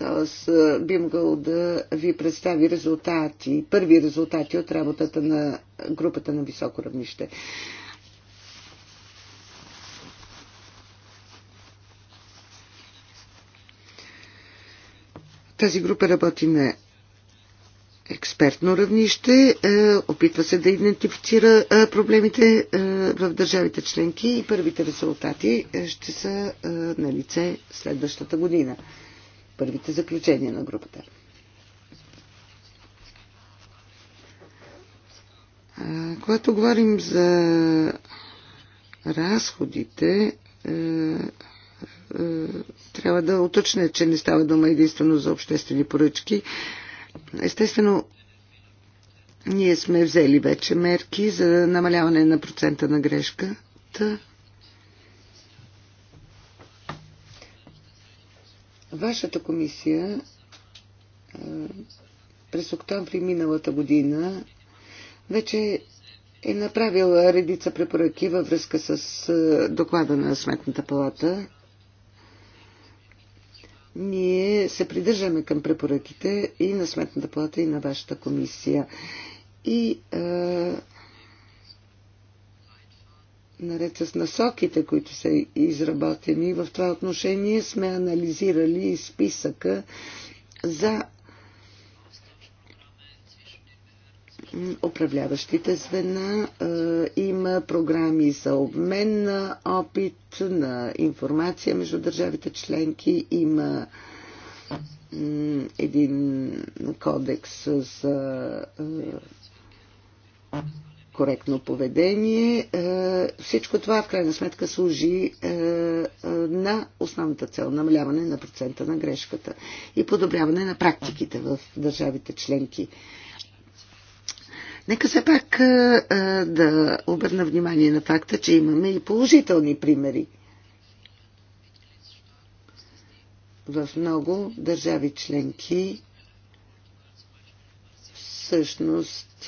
аз би могъл да ви представи резултати, първи резултати от работата на групата на високо равнище. Тази група работи на експертно равнище, е, опитва се да идентифицира е, проблемите е, в държавите членки и първите резултати ще са на лице следващата година първите заключения на групата. Когато говорим за разходите, е, е, трябва да уточня, че не става дума единствено за обществени поръчки. Естествено, ние сме взели вече мерки за намаляване на процента на грешката. Вашата комисия е, през октомври миналата година вече е направила редица препоръки във връзка с е, доклада на Сметната палата. Ние се придържаме към препоръките и на Сметната палата, и на вашата комисия. И е, наред с насоките, които са изработени, в това отношение сме анализирали списъка за управляващите звена. Е, има програми за обмен на опит, на информация между държавите членки. Има един кодекс за е, коректно поведение. Е, всичко това в крайна сметка служи е, е, на основната цел намаляване на процента на грешката и подобряване на практиките в държавите членки. Нека се пак да обърна внимание на факта, че имаме и положителни примери. В много държави членки всъщност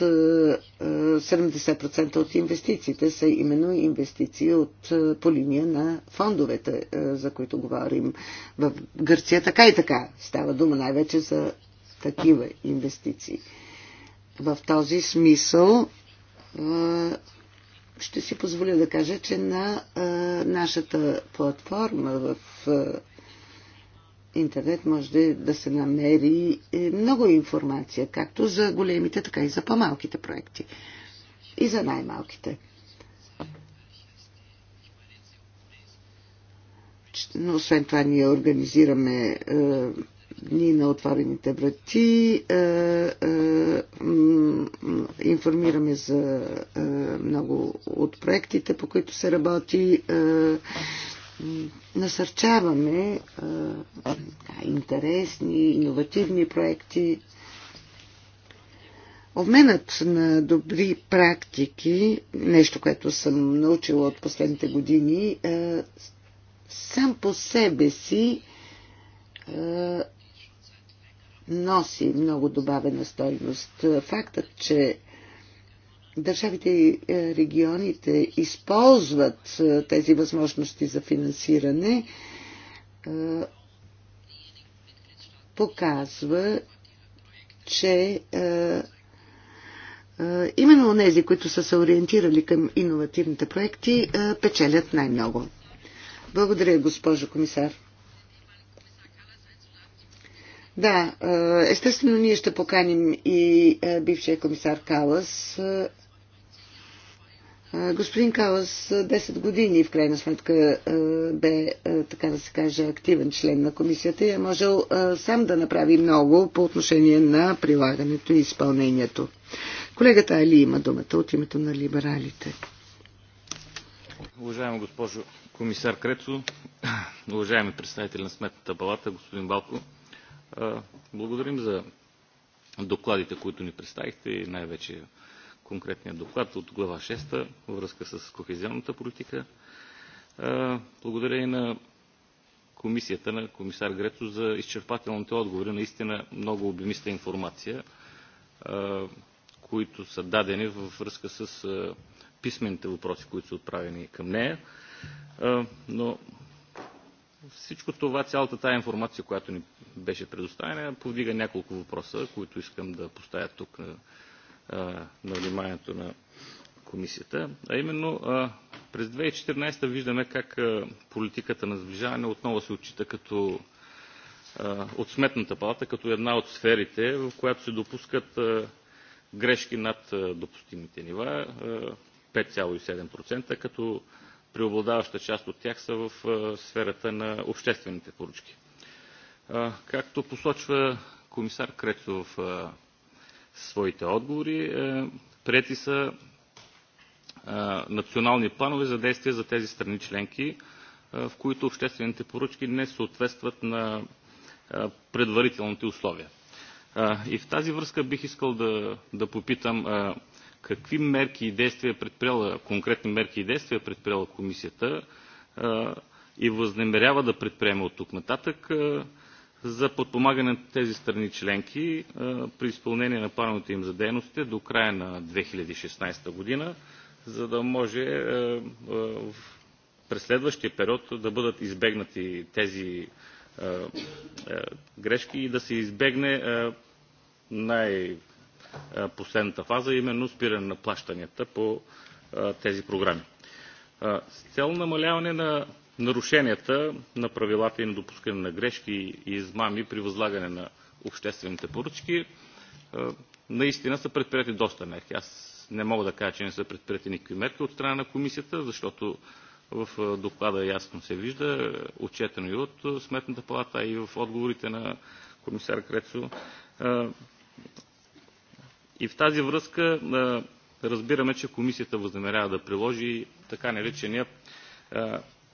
70% е, е, от инвестициите са именно инвестиции от, е, по линия на фондовете, за които говорим в Гърция. Така и така става дума най-вече за такива инвестиции. В този смисъл ще си позволя да кажа, че на нашата платформа в интернет може да се намери е, много информация, както за големите, така и за по-малките проекти. И за най-малките. Но освен това ние организираме е, дни на отворените врати, е, е, информираме за е, много от проектите, по които се работи. Е, насърчаваме а, интересни, иновативни проекти. Обменът на добри практики, нещо, което съм научила от последните години, а, сам по себе си а, носи много добавена стойност. Фактът, че държавите и е, регионите използват е, тези възможности за финансиране, е, показва, че именно тези, които са се ориентирали към иновативните проекти, печелят най-много. Благодаря, госпожо комисар. Да, естествено ние ще поканим и бившия комисар Калас Господин Калас 10 години в крайна сметка бе, така да се каже, активен член на комисията и е можел сам да направи много по отношение на прилагането и изпълнението. Колегата Али има думата от името на либералите. Уважаема госпожо комисар Крецо, уважаеми представители на Сметната палата, господин Балко, благодарим за докладите, които ни представихте и най-вече конкретния доклад от глава 6 във връзка с кохезионната политика. Благодаря и на комисията, на комисар Грецо за изчерпателните отговори. Наистина много обемиста информация, които са дадени във връзка с писмените въпроси, които са отправени към нея. Но всичко това, цялата тая информация, която ни беше предоставена, повдига няколко въпроса, които искам да поставя тук на вниманието на комисията. А именно през 2014 виждаме как политиката на сближаване отново се отчита като от Сметната палата като една от сферите, в която се допускат грешки над допустимите нива 5,7%, като преобладаваща част от тях са в сферата на обществените поручки. Както посочва комисар Крецо в своите отговори. Е, Прети са е, национални планове за действие за тези страни членки, е, в които обществените поръчки не съответстват на предварителните условия. И в тази връзка бих искал да, да попитам какви мерки и действия предприела, конкретни мерки и действия предприела комисията и възнамерява да предприеме от тук нататък, за подпомагане на тези страни членки е, при изпълнение на плановете им за дейностите до края на 2016 година, за да може е, е, през следващия период да бъдат избегнати тези грешки и да се избегне най-последната фаза, именно спиране на плащанията по тези програми. С цел намаляване на нарушенията на правилата и недопускане на грешки и измами при възлагане на обществените поръчки. Е, наистина са предприяти доста мерки. Аз не мога да кажа, че не са предприяти никакви мерки от страна на комисията, защото в е, доклада ясно се вижда, е, отчетено и от Сметната палата, и в отговорите на комисар Крецо. И в тази връзка разбираме, че комисията възнамерява да приложи така наречения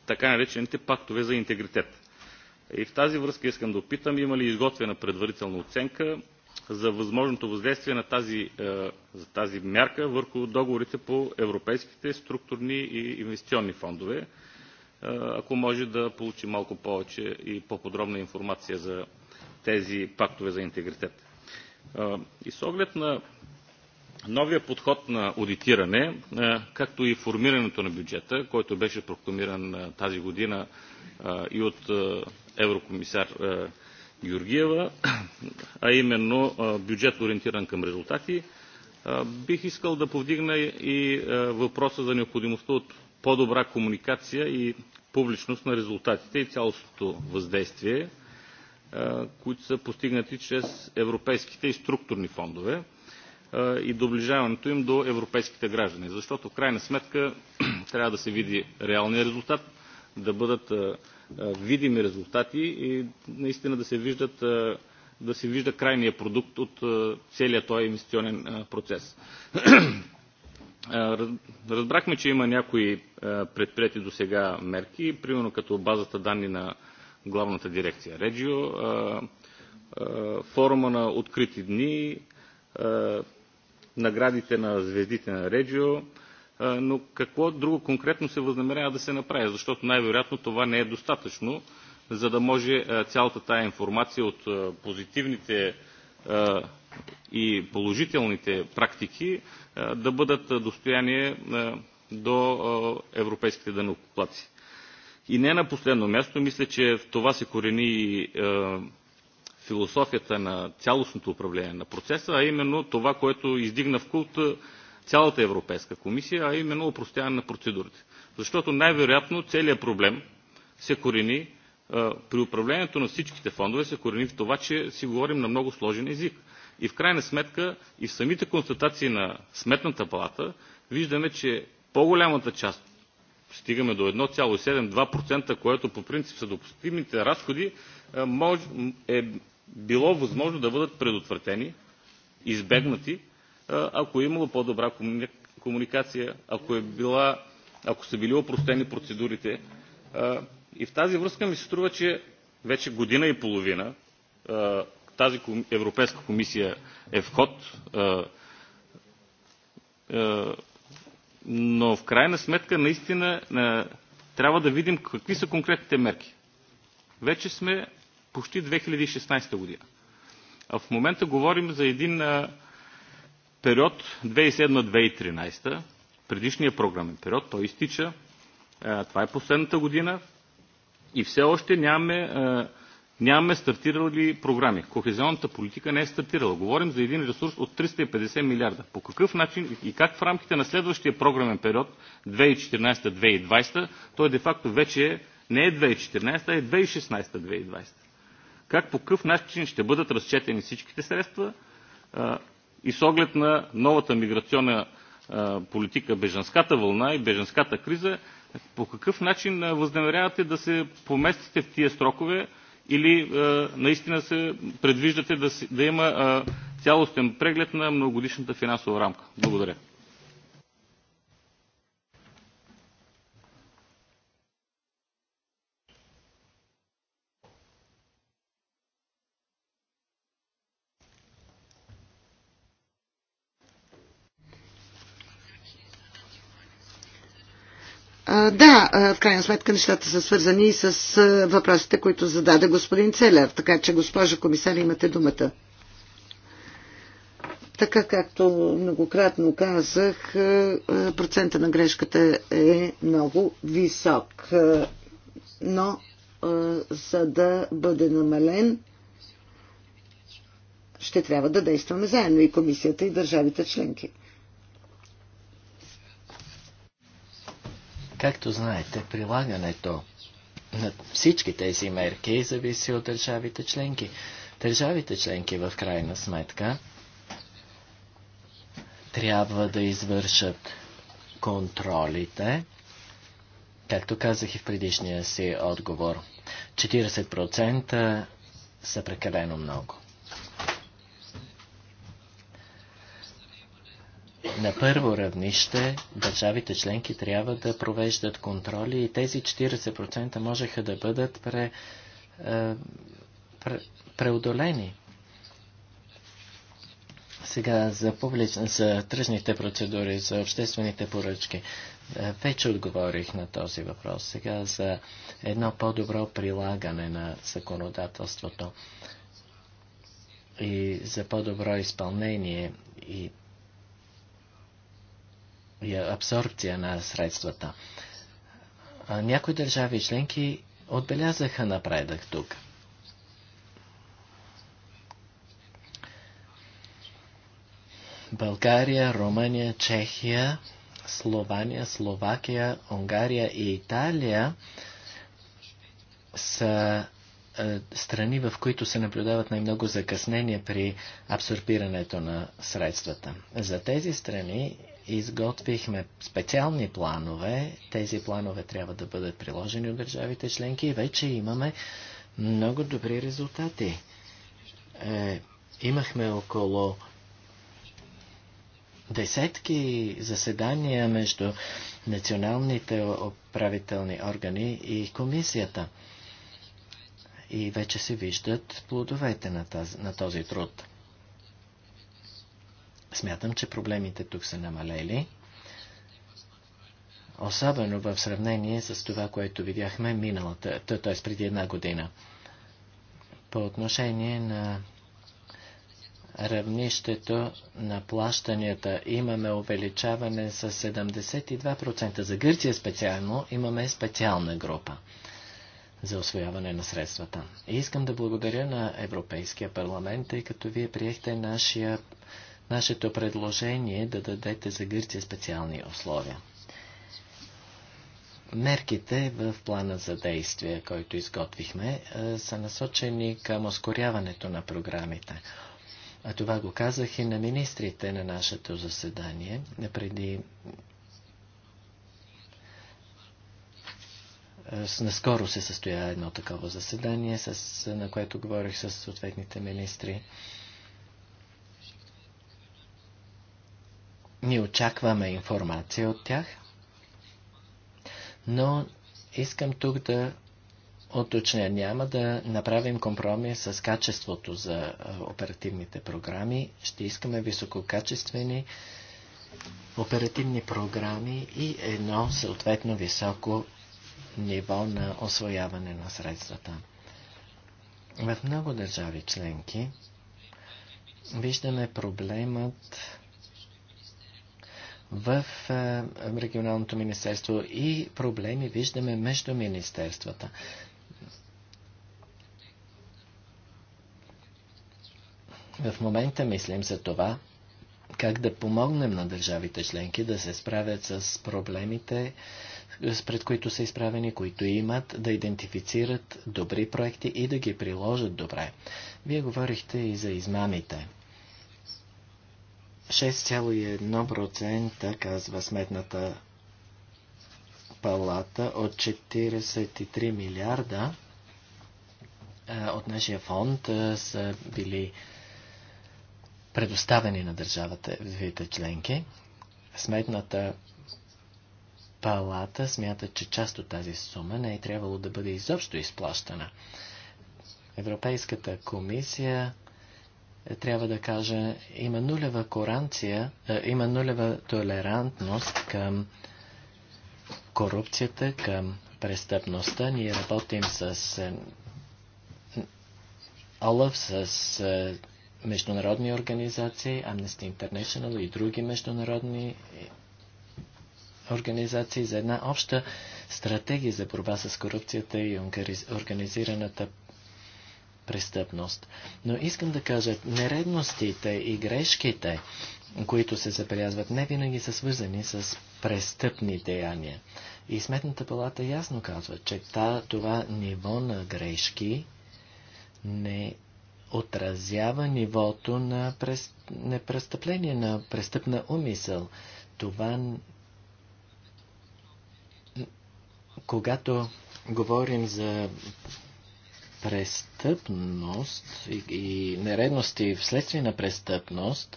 така наречените пактове за интегритет. И в тази връзка искам да опитам, има ли изготвена предварителна оценка за възможното въздействие на тази, е, за тази мярка върху договорите по европейските структурни и инвестиционни фондове. Е, ако може да получи малко повече и по-подробна информация за тези пактове за интегритет. Е, и с оглед на Новия подход на аудитиране, е, както и формирането на бюджета, който беше прокламиран е, тази година е, и от еврокомисар Георгиева, а именно бюджет ориентиран към резултати, бих искал да повдигна и въпроса за необходимостта от по-добра комуникация и публичност на резултатите и цялостното въздействие, които са постигнати чрез европейските и структурни фондове и доближаването им до европейските граждани. Защото в крайна сметка трябва да се види реалния резултат, да бъдат видими резултати и наистина да се, виждат, да се вижда крайния продукт от целият този инвестиционен процес. Разбрахме, че има някои предприяти до сега мерки, примерно като базата данни на главната дирекция Реджио, форума на открити дни, наградите на звездите на Реджио, но какво друго конкретно се възнамерява да се направи, защото най-вероятно това не е достатъчно, за да може цялата тая информация от позитивните и положителните практики да бъдат достояние до европейските данокоплаци. И не на последно място, мисля, че в това се корени и философията на цялостното управление на процеса, а именно това, което издигна в култ цялата Европейска комисия, а именно упростяване на процедурите. Защото най-вероятно целият проблем се корени при управлението на всичките фондове се корени в това, че си говорим на много сложен език. И в крайна сметка, и в самите констатации на Сметната палата, виждаме, че по-голямата част, стигаме до 1,7-2%, което по принцип са допустимите разходи, е било възможно да бъдат предотвратени, избегнати, ако е имало по-добра комуникация, ако, е била, ако са били опростени процедурите. И в тази връзка ми се струва, че вече година и половина тази Европейска комисия е в ход, но в крайна сметка наистина трябва да видим какви са конкретните мерки. Вече сме почти 2016 година. А в момента говорим за един период 2007-2013, предишния програмен период, той изтича. Това е последната година и все още нямаме, нямаме стартирали програми. Кохезионната политика не е стартирала. Говорим за един ресурс от 350 милиарда. По какъв начин и как в рамките на следващия програмен период 2014-2020, той де-факто вече е, не е 2014, а е 2016-2020 как по какъв начин ще бъдат разчетени всичките средства и с оглед на новата миграционна политика, беженската вълна и беженската криза, по какъв начин възнамерявате да се поместите в тия срокове или наистина се предвиждате да, да има цялостен преглед на многогодишната финансова рамка? Благодаря. Да, в крайна сметка нещата са свързани и с въпросите, които зададе господин Целер. Така че, госпожа комисар, имате думата. Така както многократно казах, процента на грешката е много висок. Но за да бъде намален, ще трябва да действаме заедно и комисията и държавите членки. Както знаете, прилагането на всички тези мерки зависи от държавите членки. Държавите членки в крайна сметка трябва да извършат контролите, както казах и в предишния си отговор. 40% са прекалено много. На първо равнище държавите членки трябва да провеждат контроли и тези 40% можеха да бъдат пре, е, пре, преодолени. Сега за, публич... за тръжните процедури, за обществените поръчки. Е, вече отговорих на този въпрос. Сега за едно по-добро прилагане на законодателството и за по-добро изпълнение и абсорбция на средствата. Някои държави и членки отбелязаха напредък тук. България, Румъния, Чехия, Слования, Словакия, Унгария и Италия са е, страни, в които се наблюдават най-много закъснения при абсорбирането на средствата. За тези страни изготвихме специални планове. Тези планове трябва да бъдат приложени от държавите членки и вече имаме много добри резултати. Е, имахме около десетки заседания между националните управителни органи и комисията. И вече се виждат плодовете на, на този труд. Смятам, че проблемите тук са намалели. Особено в сравнение с това, което видяхме миналата, т.е. преди една година. По отношение на равнището на плащанията имаме увеличаване с 72%. За Гърция специално имаме специална група за освояване на средствата. И искам да благодаря на Европейския парламент, тъй като вие приехте нашия нашето предложение е да дадете за Гърция специални условия. Мерките в плана за действие, който изготвихме, е, са насочени към ускоряването на програмите. А това го казах и на министрите на нашето заседание преди е, Наскоро се състоя едно такова заседание, с, на което говорих с съответните министри Ние очакваме информация от тях, но искам тук да уточня, няма да направим компромис с качеството за оперативните програми. Ще искаме висококачествени оперативни програми и едно съответно високо ниво на освояване на средствата. В много държави членки виждаме проблемът в е, регионалното министерство и проблеми виждаме между министерствата. В момента мислим за това, как да помогнем на държавите членки да се справят с проблемите, пред които са изправени, които имат, да идентифицират добри проекти и да ги приложат добре. Вие говорихте и за измамите. 6,1% казва сметната палата от 43 милиарда от нашия фонд са били предоставени на държавата двете членки. Сметната палата смята, че част от тази сума не е трябвало да бъде изобщо изплащана. Европейската комисия трябва да кажа, има нулева коранция, е, има нулева толерантност към корупцията, към престъпността. Ние работим с е, ОЛАВ с е, международни организации, Amnesty International и други международни организации за една обща стратегия за борба с корупцията и организираната престъпност. Но искам да кажа, нередностите и грешките, които се забелязват, не винаги са свързани с престъпни деяния. И Сметната палата ясно казва, че та, това ниво на грешки не отразява нивото на, прес... непрестъпление, престъпление, на престъпна умисъл. Това, когато говорим за престъпност и нередности вследствие на престъпност,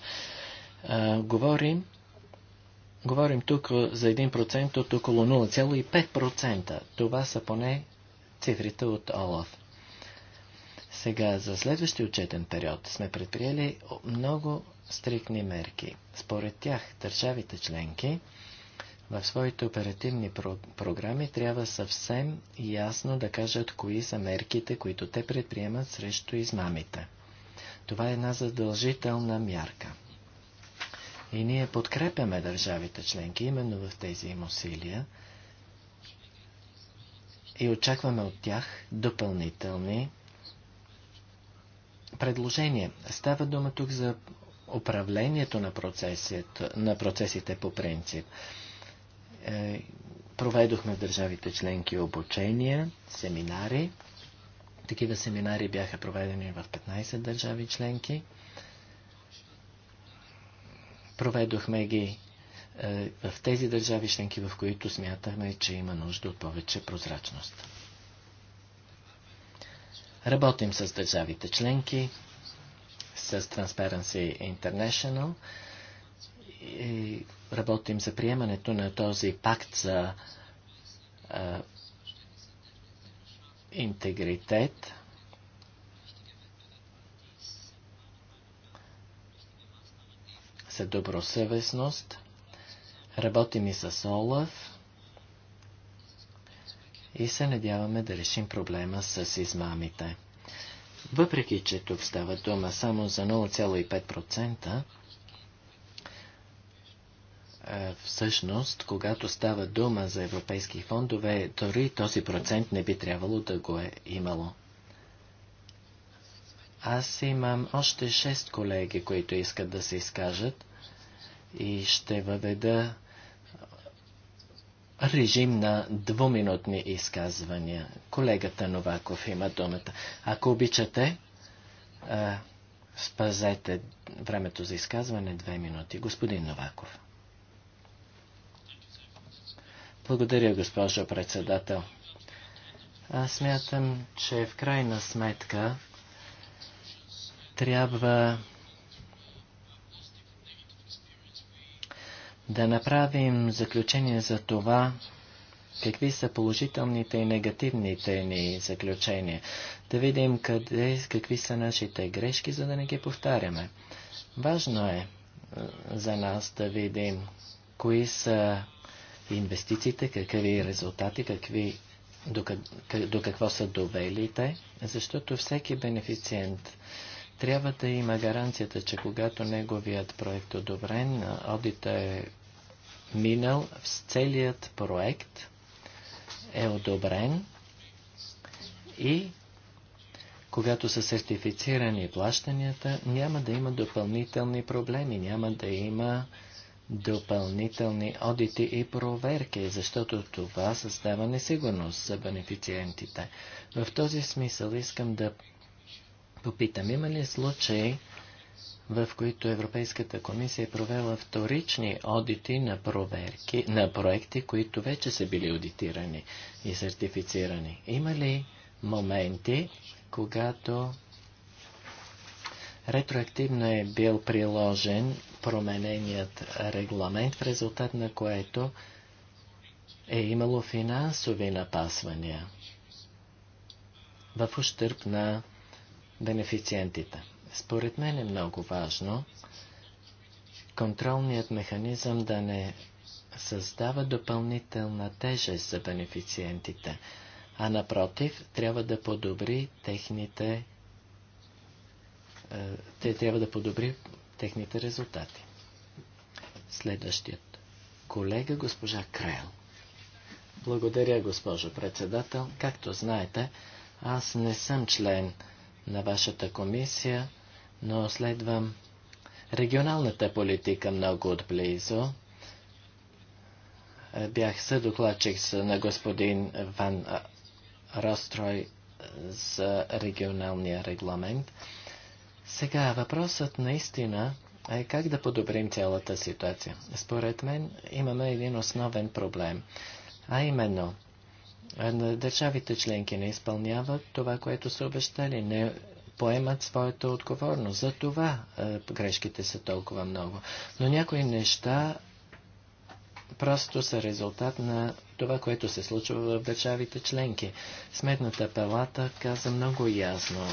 а, говорим, говорим тук за 1% от около 0,5%. Това са поне цифрите от ОЛАФ. Сега, за следващия отчетен период сме предприели много стрикни мерки. Според тях, държавите членки в своите оперативни про програми трябва съвсем ясно да кажат кои са мерките, които те предприемат срещу измамите. Това е една задължителна мярка. И ние подкрепяме държавите членки именно в тези им усилия и очакваме от тях допълнителни предложения. Става дума тук за управлението на, на процесите по принцип. Е, проведохме в държавите членки обучения, семинари. Такива семинари бяха проведени в 15 държави членки. Проведохме ги е, в тези държави членки, в които смятаме, че има нужда от повече прозрачност. Работим с държавите членки, с Transparency International – и работим за приемането на този пакт за а, интегритет. За добросъвестност. Работим и с Олаф и се надяваме да решим проблема с измамите. Въпреки, че тук става дума само за 0,5%, е, всъщност, когато става дума за европейски фондове, дори този процент не би трябвало да го е имало. Аз имам още 6 колеги, които искат да се изкажат и ще въведа режим на двуминутни изказвания. Колегата Новаков има думата. Ако обичате, е, спазете времето за изказване две минути. Господин Новаков. Благодаря, госпожо председател. Аз смятам, че в крайна сметка трябва да направим заключение за това, какви са положителните и негативните ни заключения. Да видим къде, какви са нашите грешки, за да не ги повтаряме. Важно е, е за нас да видим кои са инвестициите, какви резултати, какви, до, как, до какво са довели те, защото всеки бенефициент трябва да има гаранцията, че когато неговият проект е одобрен, одита е минал, целият проект е одобрен и когато са сертифицирани плащанията, няма да има допълнителни проблеми, няма да има допълнителни одити и проверки, защото това създава несигурност за бенефициентите. В този смисъл искам да попитам, има ли случаи, в които Европейската комисия е провела вторични одити на, проверки, на проекти, които вече са били аудитирани и сертифицирани. Има ли моменти, когато ретроактивно е бил приложен промененият регламент, в резултат на което е имало финансови напасвания в ущърп на бенефициентите. Според мен е много важно контролният механизъм да не създава допълнителна тежест за бенефициентите, а напротив, трябва да подобри техните е, те трябва да подобри техните резултати. Следващият колега, госпожа Крел. Благодаря, госпожо председател. Както знаете, аз не съм член на вашата комисия, но следвам регионалната политика много отблизо. Бях съдокладчик на господин Ван Рострой за регионалния регламент. Сега въпросът наистина е как да подобрим цялата ситуация. Според мен имаме един основен проблем, а именно е, държавите членки не изпълняват това, което са обещали, не поемат своята отговорност. За това е, грешките са толкова много. Но някои неща просто са резултат на това, което се случва в държавите членки. Сметната палата каза много ясно.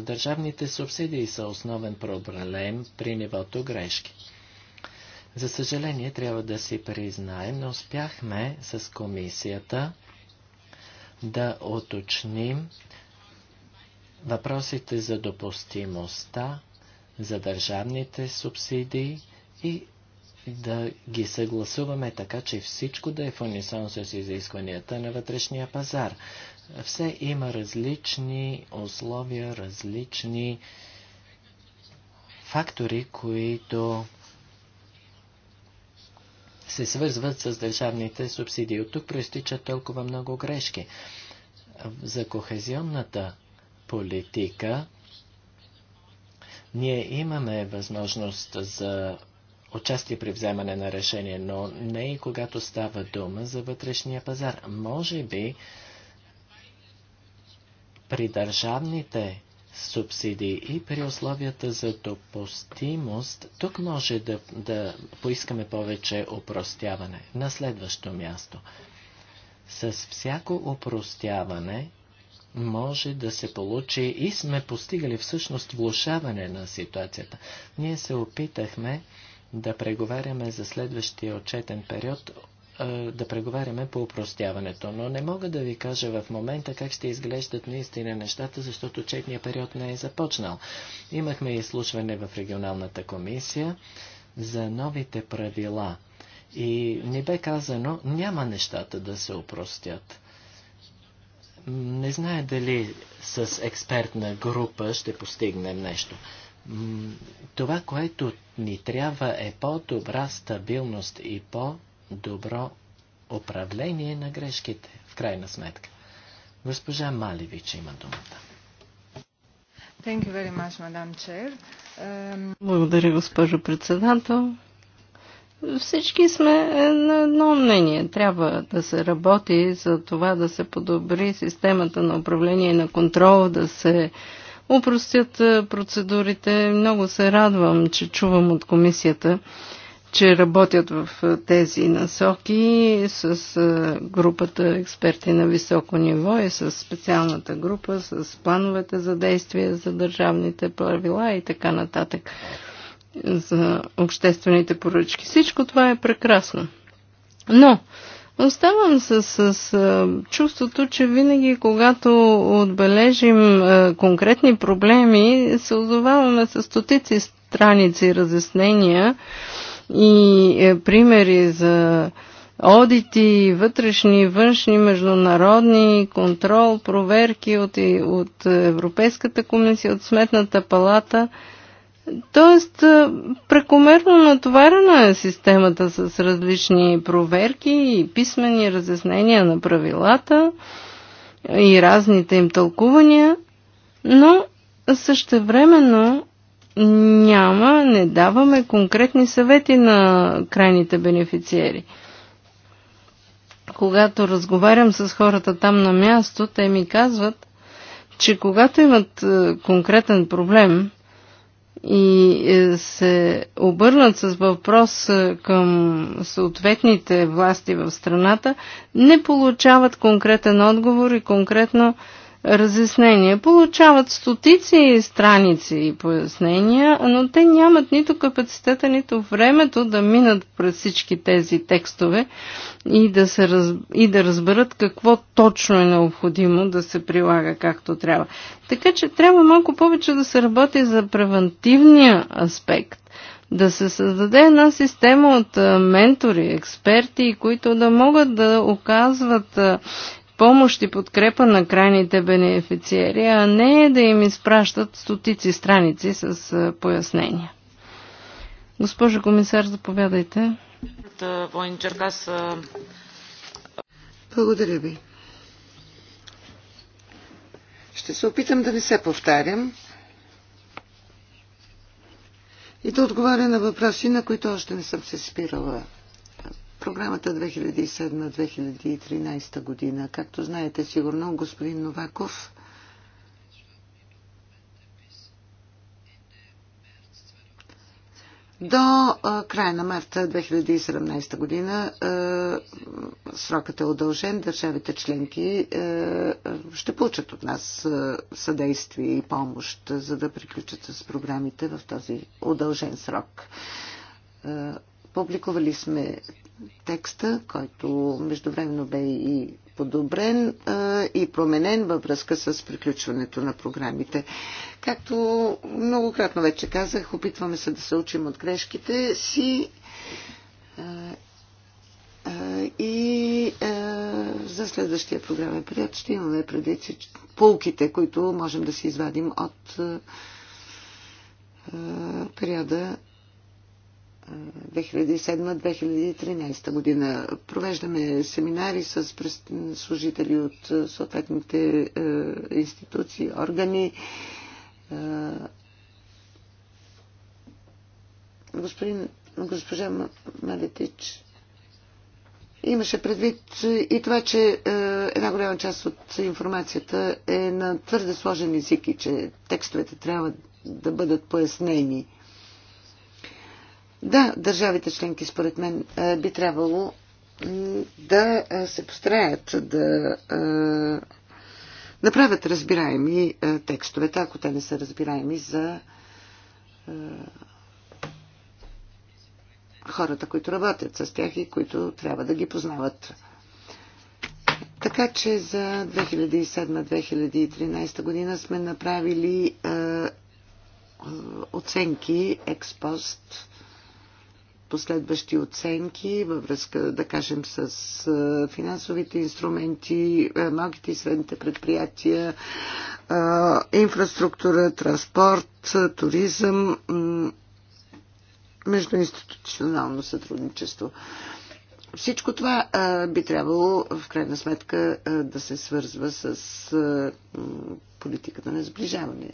Държавните субсидии са основен проблем при нивото грешки. За съжаление, трябва да си признаем, но успяхме с комисията да оточним въпросите за допустимостта, за държавните субсидии и да ги съгласуваме така, че всичко да е в унисон с изискванията на вътрешния пазар. Все има различни условия, различни фактори, които се свързват с държавните субсидии. От тук проистичат толкова много грешки. За кохезионната политика ние имаме възможност за участие при вземане на решение, но не и когато става дума за вътрешния пазар. Може би при държавните субсидии и при условията за допустимост, тук може да, да поискаме повече упростяване. На следващо място. С всяко упростяване може да се получи и сме постигали всъщност влушаване на ситуацията. Ние се опитахме да преговаряме за следващия отчетен период, е, да преговаряме по упростяването. Но не мога да ви кажа в момента как ще изглеждат наистина нещата, защото четния период не е започнал. Имахме изслушване в регионалната комисия за новите правила. И ни бе казано, няма нещата да се упростят. Не знае дали с експертна група ще постигнем нещо. Това, което ни трябва е по-добра стабилност и по-добро управление на грешките, в крайна сметка. Госпожа Малевич има думата. Thank you very much, Madam Chair. Um... Благодаря, госпожо председател. Всички сме на едно мнение. Трябва да се работи за това да се подобри системата на управление и на контрол, да се uh, упростят е, процедурите. Много се радвам, че чувам от комисията, че работят в е, тези насоки с е, групата експерти на високо ниво и с специалната група, с плановете за действие за държавните правила и така нататък за обществените поръчки. Всичко това е прекрасно. Но Оставам с, с, с чувството, че винаги, когато отбележим е, конкретни проблеми, се озоваваме с стотици страници разяснения и е, примери за одити, вътрешни, външни, международни, контрол, проверки от, от Европейската комисия, от Сметната палата – Тоест, прекомерно натоварена е системата с различни проверки и писмени разяснения на правилата и разните им тълкувания, но същевременно няма, не даваме конкретни съвети на крайните бенефициери. Когато разговарям с хората там на място, те ми казват, че когато имат конкретен проблем, и е, се обърнат с въпрос е, към съответните власти в страната, не получават конкретен отговор и конкретно разяснения. Получават стотици страници и пояснения, но те нямат нито капацитета, нито времето да минат през всички тези текстове и да, се раз... и да разберат какво точно е необходимо да се прилага както трябва. Така че трябва малко повече да се работи за превентивния аспект да се създаде една система от ментори, експерти, които да могат да оказват помощ и подкрепа на крайните бенефициери, а не да им изпращат стотици страници с пояснения. Госпожо комисар, заповядайте. Благодаря ви. Ще се опитам да не се повтарям и да отговаря на въпроси, на които още не съм се спирала програмата 2007-2013 година. Както знаете сигурно, господин Новаков До края на марта 2017 година срокът е удължен. Държавите членки ще получат от нас съдействие и помощ, за да приключат с програмите в този удължен срок. Публикували сме текста, който междувременно бе и подобрен и променен във връзка с приключването на програмите. Както многократно вече казах, опитваме се да се учим от грешките си и за следващия програмен период ще имаме предвид полките, които можем да си извадим от периода 2007-2013 година. Провеждаме семинари с служители от е, съответните е, институции, органи. Е, господин, госпожа Малетич, имаше предвид и това, че една голяма част от информацията е на твърде сложен език и че текстовете трябва да бъдат пояснени. Да, държавите членки, според мен, е, би трябвало да е, се постараят да е, направят разбираеми текстовете, ако те не са разбираеми за хората, които работят с тях и които трябва да ги познават. Така че за 2007-2013 година сме направили оценки експост последващи оценки във връзка, да кажем, с финансовите инструменти, малките и средните предприятия, инфраструктура, транспорт, туризъм, междуинституционално сътрудничество. Всичко това би трябвало, в крайна сметка, да се свързва с политиката на сближаване.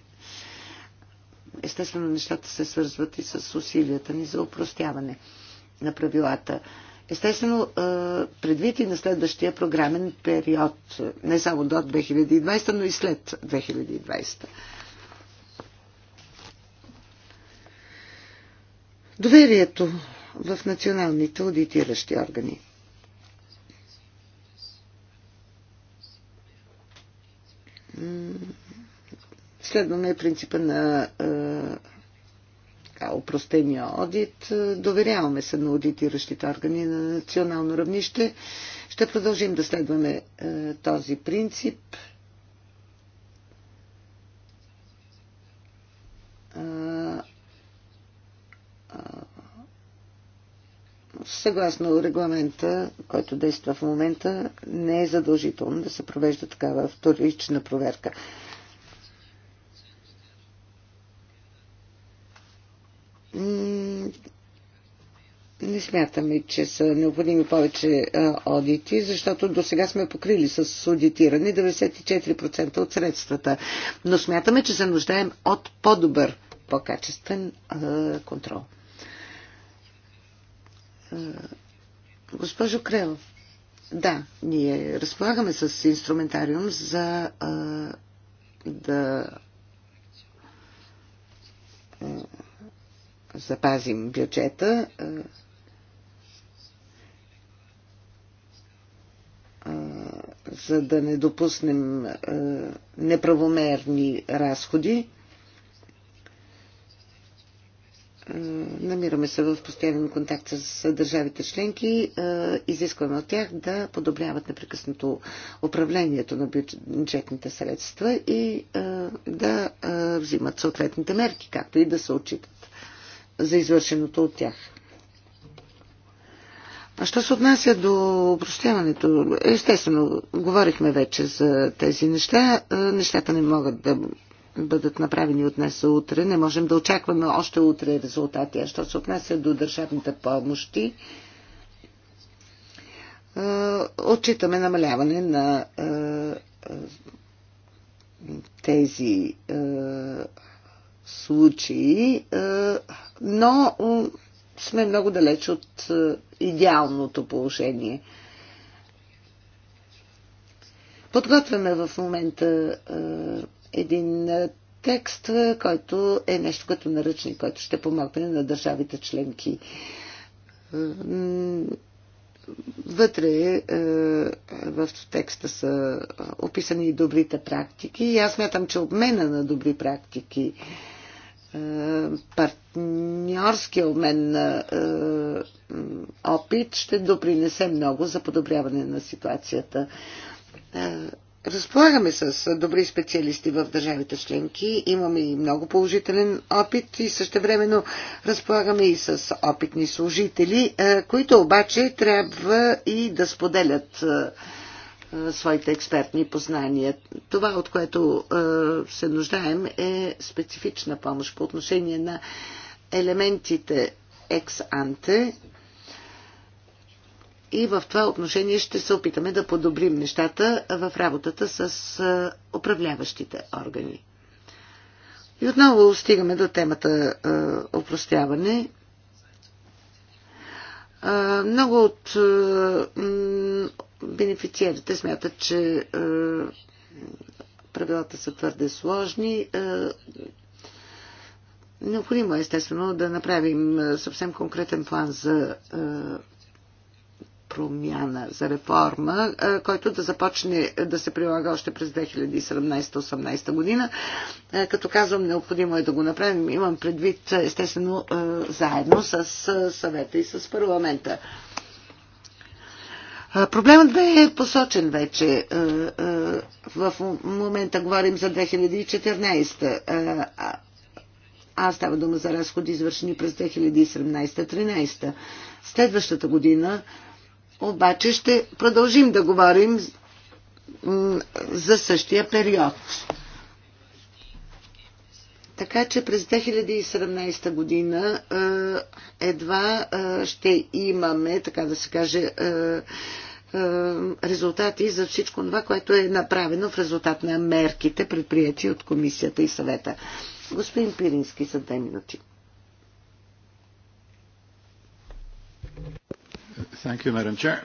Естествено, нещата се свързват и с усилията ни за упростяване на правилата. Естествено, е, предвид и на следващия програмен период, не само до 2020, но и след 2020. Доверието в националните аудитиращи органи следваме принципа на е, а, упростения одит. Е, доверяваме се на аудитиращите органи на национално равнище. Ще продължим да следваме а, е, този принцип. съгласно регламента, който действа в момента, не е задължително да се провежда такава вторична проверка. смятаме, че са необходими повече одити, защото до сега сме покрили с аудитиране 94% от средствата. Но смятаме, че се нуждаем от по-добър, по-качествен контрол. Госпожо Крел, да, ние разполагаме с инструментариум за а, да а, запазим бюджета. А, за да не допуснем е, неправомерни разходи. Е, намираме се в постоянен контакт с държавите членки. Е, изискваме от тях да подобряват непрекъснато управлението на бюджетните средства и да взимат съответните мерки, както и да се отчитат за извършеното от тях. А що се отнася до упростяването, естествено, говорихме вече за тези неща. Е, нещата не могат да бъдат направени от днес за утре. Не можем да очакваме още утре резултати. А що се отнася до държавните помощи, е, отчитаме намаляване на е, тези случаи, но сме много далеч от е, идеалното положение. Подготвяме в момента е, един е, текст, който е нещо като наръчник, който ще помогне на държавите членки. Вътре в текста са описани и добрите практики и аз мятам, че обмена на добри практики е, партньорския обмен на е, опит ще допринесе много за подобряване на ситуацията. Е, разполагаме с добри специалисти в държавите членки, имаме и много положителен опит и същевременно разполагаме и с опитни служители, които обаче трябва и да споделят е, своите експертни познания. Това, от което е, се нуждаем, е специфична помощ по отношение на елементите екс-анте и в това отношение ще се опитаме да подобрим нещата в работата с е, управляващите органи. И отново стигаме до темата е, опростяване. Е, много от е, бенефициерите смятат, че е, правилата са твърде сложни. Е, необходимо е, естествено, да направим е, съвсем конкретен план за промяна, за реформа, който да започне да се прилага още през 2017-18 година. Като казвам, необходимо е да го направим. Имам предвид, естествено, заедно с съвета и с парламента. Проблемът бе е посочен вече. В момента говорим за 2014. аз става дума за разходи, извършени през 2017-13. Следващата година обаче ще продължим да говорим за същия период. Така че през 2017 година е, едва е, ще имаме, така да се каже, е, резултати за всичко това, което е направено в резултат на мерките, предприяти от комисията и съвета. Господин Пирински, за две минути. Thank you, Madam Chair.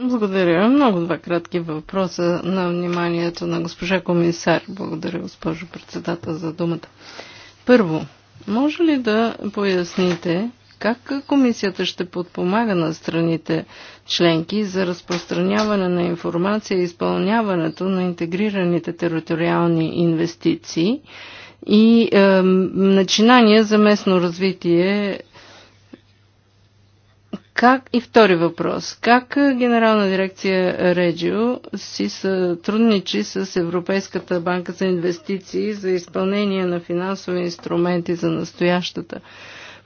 Благодаря. Много два кратки въпроса на вниманието на госпожа комисар. Благодаря, госпожо председател, за думата. Първо, може ли да поясните как комисията ще подпомага на страните членки за разпространяване на информация и изпълняването на интегрираните териториални инвестиции и е, начинания за местно развитие как, и втори въпрос. Как Генерална дирекция Реджио си сътрудничи с Европейската банка за инвестиции за изпълнение на финансови инструменти за настоящата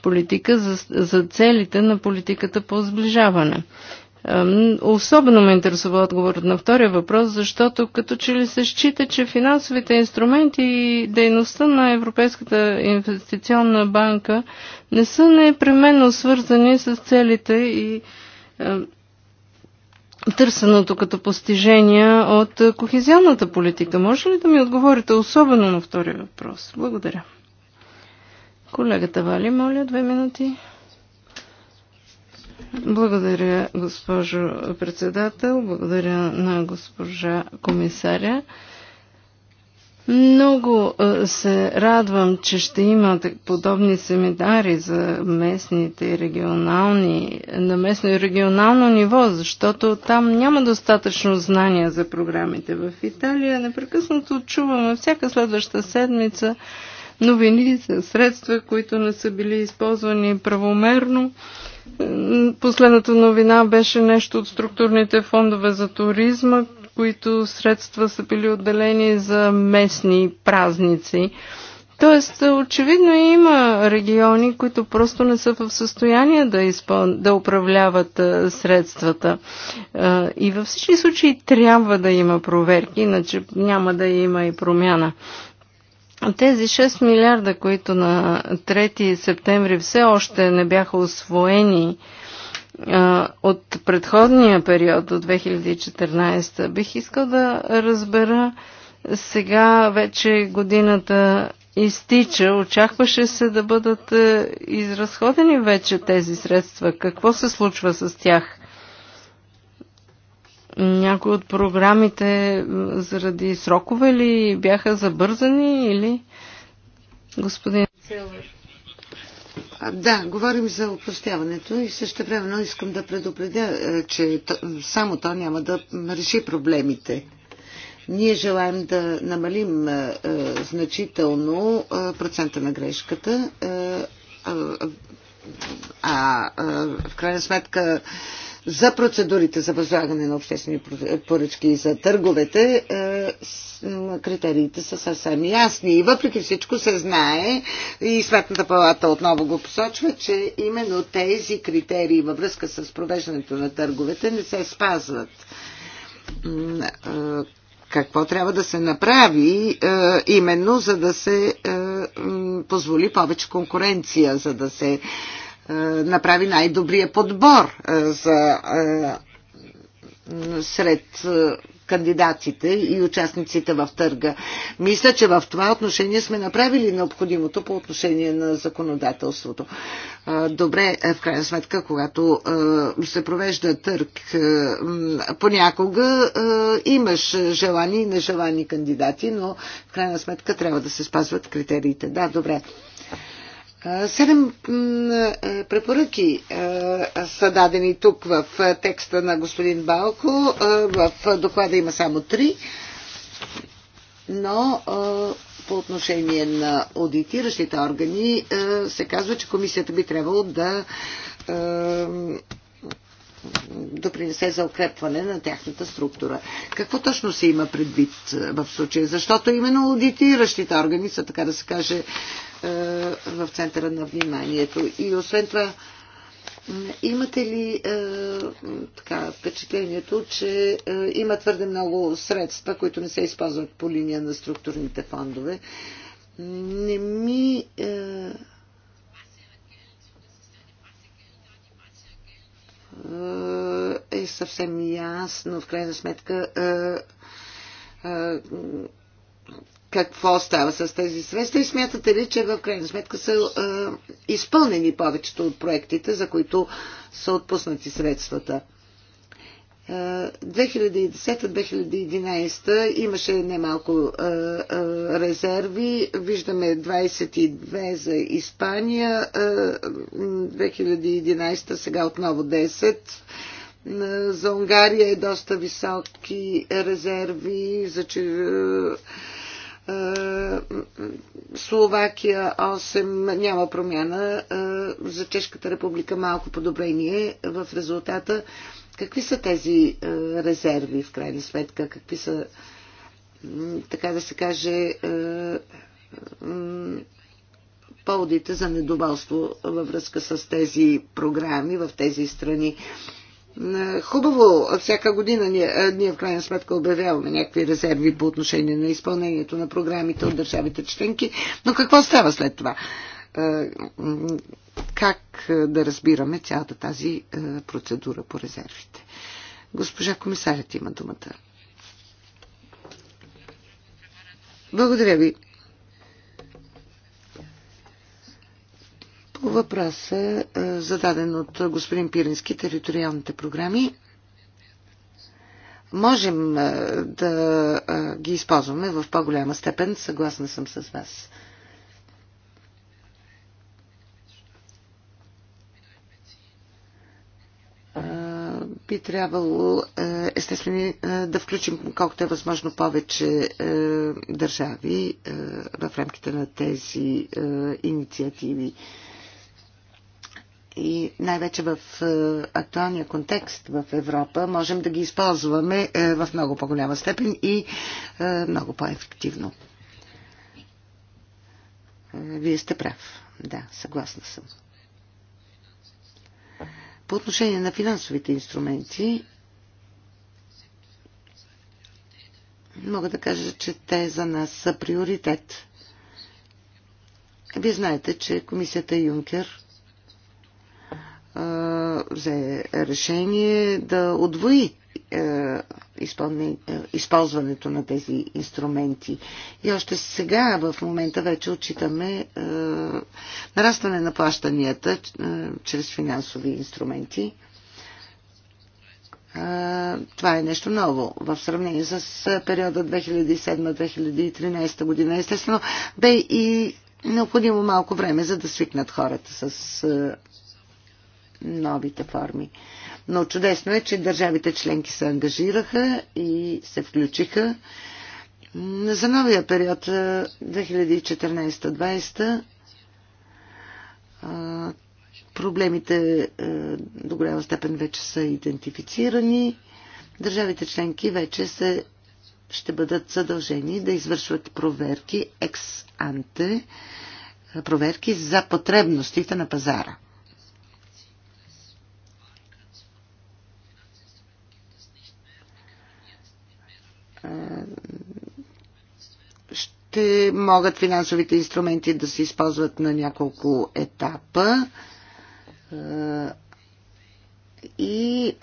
политика за, за целите на политиката по сближаване? Особено ме интересува отговорът на втория въпрос, защото като че ли се счита, че финансовите инструменти и дейността на Европейската инвестиционна банка не са непременно свързани с целите и търсеното като постижения от кохезионната политика. Може ли да ми отговорите особено на втория въпрос? Благодаря. Колегата Вали, моля, две минути. Благодаря, госпожо председател. Благодаря на госпожа комисаря. Много е, се радвам, че ще има подобни семинари за местните и регионални, на местно и регионално ниво, защото там няма достатъчно знания за програмите в Италия. Непрекъснато чуваме всяка следваща седмица новини за средства, които не са били използвани правомерно. Последната новина беше нещо от структурните фондове за туризма, които средства са били отделени за местни празници. Тоест, очевидно има региони, които просто не са в състояние да, изпъл... да управляват средствата. И във всички случаи трябва да има проверки, иначе няма да има и промяна. Тези 6 милиарда, които на 3 септември все още не бяха освоени а, от предходния период до 2014, бих искал да разбера сега вече годината изтича. Очакваше се да бъдат е, изразходени вече тези средства. Какво се случва с тях? Някои от програмите заради срокове ли бяха забързани или господин Да, говорим за упростяването и също времено искам да предупредя, е, че само то няма да реши проблемите. Ние желаем да намалим е, е, значително процента на грешката, а в крайна сметка за процедурите за възлагане на обществени поръчки и за търговете, е, критериите са съвсем ясни. И въпреки всичко се знае, и Сметната палата отново го посочва, че именно тези критерии във връзка с провеждането на търговете не се спазват е, какво трябва да се направи е, именно за да се позволи повече конкуренция, за да се е, направи най-добрия подбор е, за е, сред кандидатите и участниците в търга. Мисля, че в това отношение сме направили необходимото по отношение на законодателството. Добре, в крайна сметка, когато се провежда търг, понякога имаш желани и нежелани кандидати, но в крайна сметка трябва да се спазват критериите. Да, добре. Седем препоръки са дадени тук в текста на господин Балко. В доклада има само три. Но по отношение на аудитиращите органи се казва, че комисията би трябвало да допринесе за укрепване на тяхната структура. Какво точно се има предвид в случая? Защото именно аудитиращите органи са, така да се каже, е, в центъра на вниманието. И освен това, Имате ли е, така, впечатлението, че е, има твърде много средства, които не се използват по линия на структурните фондове? Не ми. Е, съвсем ясно, в крайна сметка. е, какво става с тези средства и смятате ли, че в крайна сметка са е, изпълнени повечето от проектите, за които са отпуснати средствата? 2010-2011 имаше немалко а, а, резерви. Виждаме 22 за Испания, а, 2011 сега отново 10. За Унгария е доста високи резерви, за че, е, Словакия 8 няма промяна. Е, за Чешката република малко подобрение в резултата. Какви са тези е, резерви в крайна сметка? Какви са, така да се каже, поводите за недоволство във връзка с тези програми в тези страни? Е, хубаво, всяка година ние, е, ние в крайна сметка обявяваме някакви резерви по отношение на изпълнението на програмите от държавите членки, но какво става след това? Е, как да разбираме цялата тази процедура по резервите? Госпожа комисарят има думата. Благодаря ви. По въпроса, е, зададен от господин Пирински, териториалните програми, можем е, да е, ги използваме в по-голяма степен, съгласна съм с вас. би трябвало естествено да включим колкото е възможно повече държави в рамките на тези инициативи и най-вече в е, актуалния контекст в Европа можем да ги използваме е, в много по-голяма степен и е, много по-ефективно. Вие сте прав. Да, съгласна съм. По отношение на финансовите инструменти, мога да кажа, че те за нас са приоритет. Вие знаете, че комисията Юнкер взе решение да отвои използването на тези инструменти. И още сега, в момента, вече отчитаме нарастване на плащанията чрез финансови инструменти. Това е нещо ново в сравнение с периода 2007-2013 година. Естествено, бе и необходимо малко време, за да свикнат хората с новите форми. Но чудесно е, че държавите членки се ангажираха и се включиха. За новия период 2014-2020 проблемите до голяма степен вече са идентифицирани. Държавите членки вече се, ще бъдат задължени да извършват проверки екс-анте, проверки за потребностите на пазара. ще могат финансовите инструменти да се използват на няколко етапа и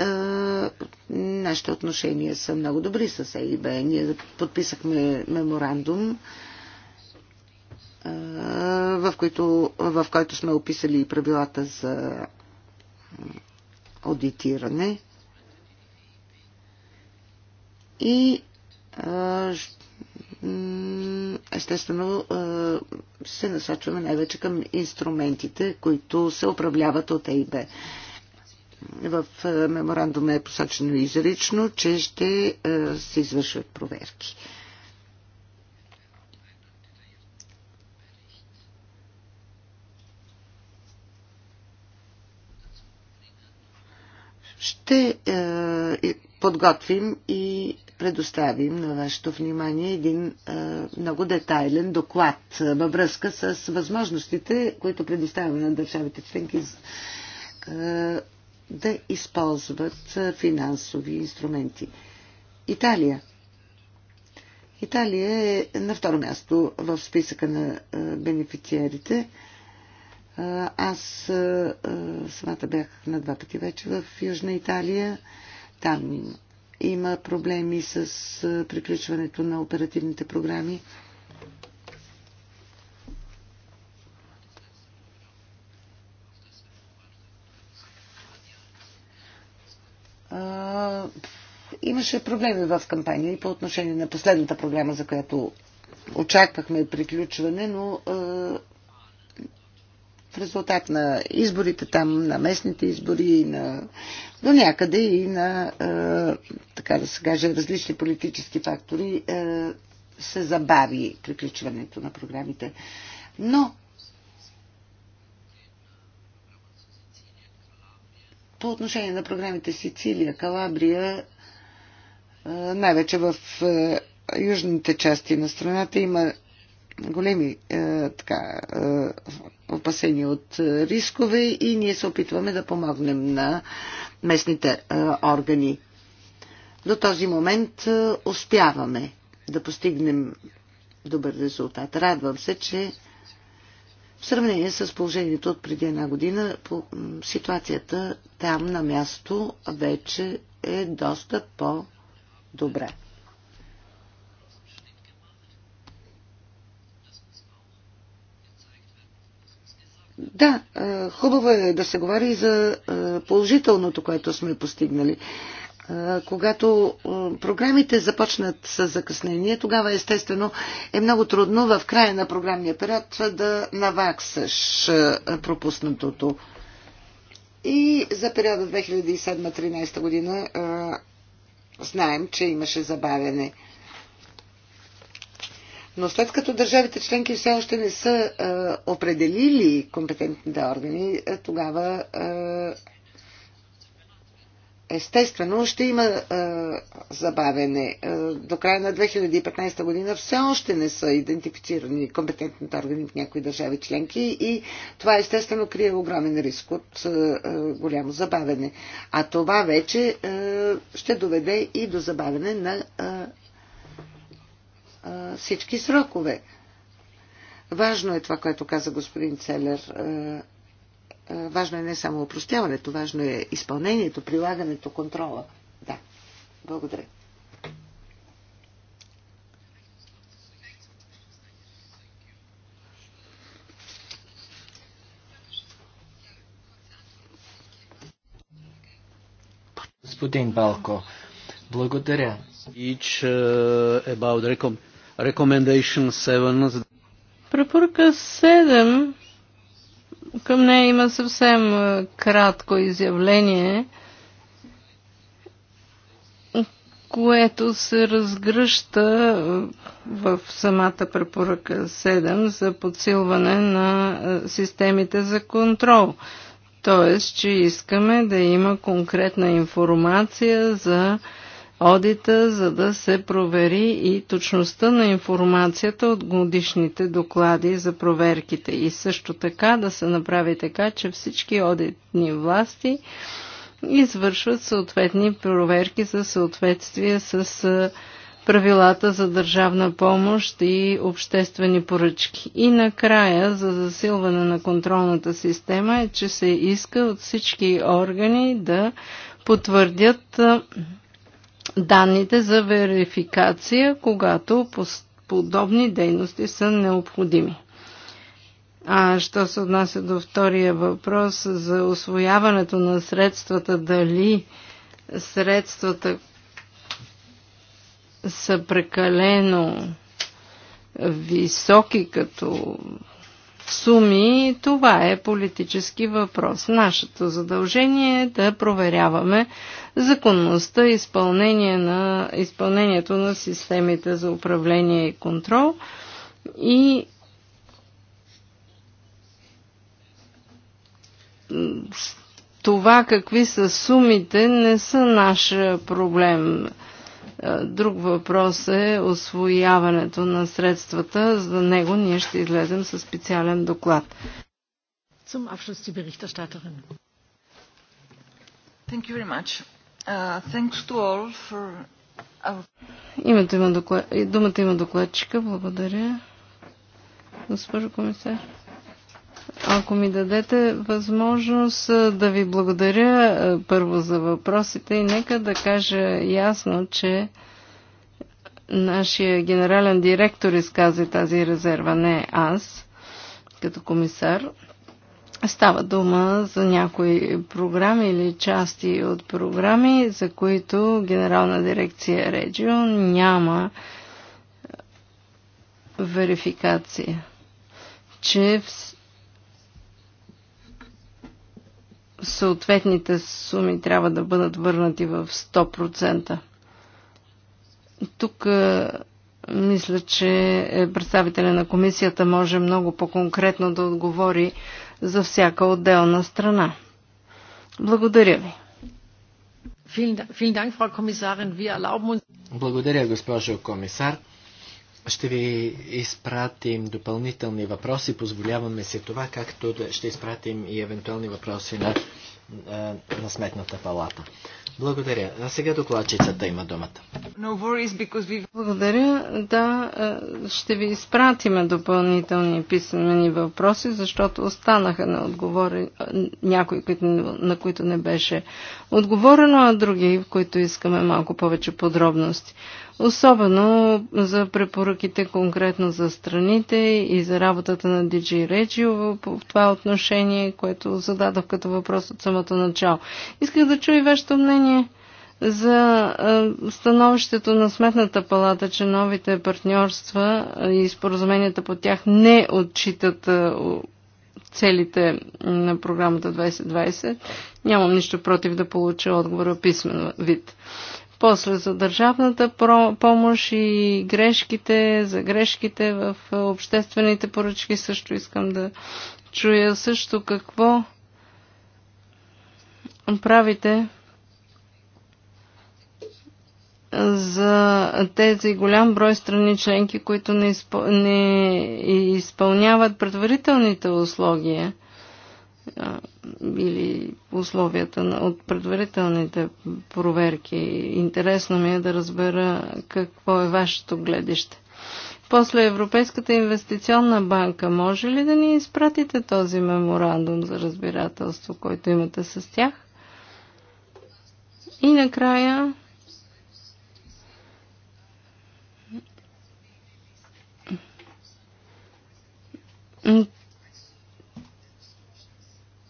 нашите отношения са много добри с ЕИБ. Ние подписахме меморандум, в, който, в който сме описали и правилата за аудитиране. И естествено се насочваме най-вече към инструментите, които се управляват от ЕИБ. В меморандума е посочено изрично, че ще се извършват проверки. ще е, подготвим и предоставим на вашето внимание един е, много детайлен доклад е, във връзка с възможностите, които предоставяме на държавите членки е, да използват е, финансови инструменти. Италия. Италия е на второ място в списъка на е, бенефициерите. Е, аз самата бях на два пъти вече в Южна Италия. Там има проблеми с приключването на оперативните програми. имаше проблеми в кампания и по отношение на последната програма, за която очаквахме приключване, но в резултат на изборите там, на местните избори, на, до някъде и на, е, така да се каже, различни политически фактори е, се забави приключването на програмите. Но по отношение на програмите Сицилия, Калабрия, е, най-вече в е, южните части на страната има големи е, така, опасени от е, рискове и ние се опитваме да помогнем на е, местните е, органи. До този момент успяваме да постигнем добър резултат. Радвам се, че в сравнение с положението от преди една година, ситуацията там на място вече е доста по-добра. Да, е, хубаво е да се говори и за е, положителното, което сме постигнали. Е, когато програмите започнат с закъснение, тогава естествено е много трудно в края на програмния период да наваксаш пропуснатото. И за периода 2007-2013 година знаем, че имаше забавяне. Но след като държавите членки все още не са е, определили компетентните органи, е, тогава е, естествено ще има е, забавене. Е, до края на 2015 година все още не са идентифицирани компетентните органи в някои държави членки и това естествено крие огромен риск от е, е, голямо забавене. А това вече е, ще доведе и до забавене на. Е, всички срокове. Важно е това, което каза господин Целер. Важно е не само опростяването, важно е изпълнението, прилагането, контрола. Да. Благодаря. Господин Балко, благодаря. Each, uh, about Препоръка 7. Към нея има съвсем кратко изявление, което се разгръща в самата препоръка 7 за подсилване на системите за контрол. Тоест, че искаме да има конкретна информация за одита, за да се провери и точността на информацията от годишните доклади за проверките. И също така да се направи така, че всички одитни власти извършват съответни проверки за съответствие с правилата за държавна помощ и обществени поръчки. И накрая, за засилване на контролната система е, че се иска от всички органи да потвърдят данните за верификация, когато подобни дейности са необходими. А що се отнася до втория въпрос за освояването на средствата, дали средствата са прекалено високи като суми, това е политически въпрос. Нашето задължение е да проверяваме законността, изпълнение на, изпълнението на системите за управление и контрол и това какви са сумите не са наш проблем. Е, друг въпрос е освояването на средствата. За него ние ще излезем със специален доклад. Zum Abschluss die Berichterstatterin. Thank you very much. Uh, thanks to all for Името има доклад... Думата има докладчика. Благодаря. Госпожо комисар. Ако ми дадете възможност да ви благодаря първо за въпросите и нека да кажа ясно, че нашия генерален директор изказа тази резерва, не аз, като комисар. Става дума за някои програми или части от програми, за които Генерална дирекция Реджио няма верификация, че съответните суми трябва да бъдат върнати в 100%. Тук мисля, че е, представителя на комисията може много по-конкретно да отговори за всяка отделна страна. Благодаря ви. Благодаря, госпожо комисар. Ще ви изпратим допълнителни въпроси. Позволяваме се това, както ще изпратим и евентуални въпроси на е, на Сметната палата. Благодаря. А сега докладчицата има думата. No worries, we... Благодаря. Да, е, ще ви изпратиме допълнителни писмени въпроси, защото останаха на отговори е, някои, на които не беше отговорено, а други, в които искаме малко повече подробности особено за препоръките конкретно за страните и за работата на DJ Regio в това отношение, което зададох като въпрос от самото начало. Исках да чуя и вашето мнение за становището на Сметната палата, че новите партньорства и споразуменията по тях не отчитат целите на програмата 2020. Нямам нищо против да получа отговора писмен вид. После за държавната помощ и грешките, за грешките в обществените поръчки също искам да чуя също какво правите за тези голям брой страни членки, които не, изпълняват предварителните условия или условията на, от предварителните проверки. Интересно ми е да разбера какво е вашето гледище. После Европейската инвестиционна банка, може ли да ни изпратите този меморандум за разбирателство, който имате с тях? И накрая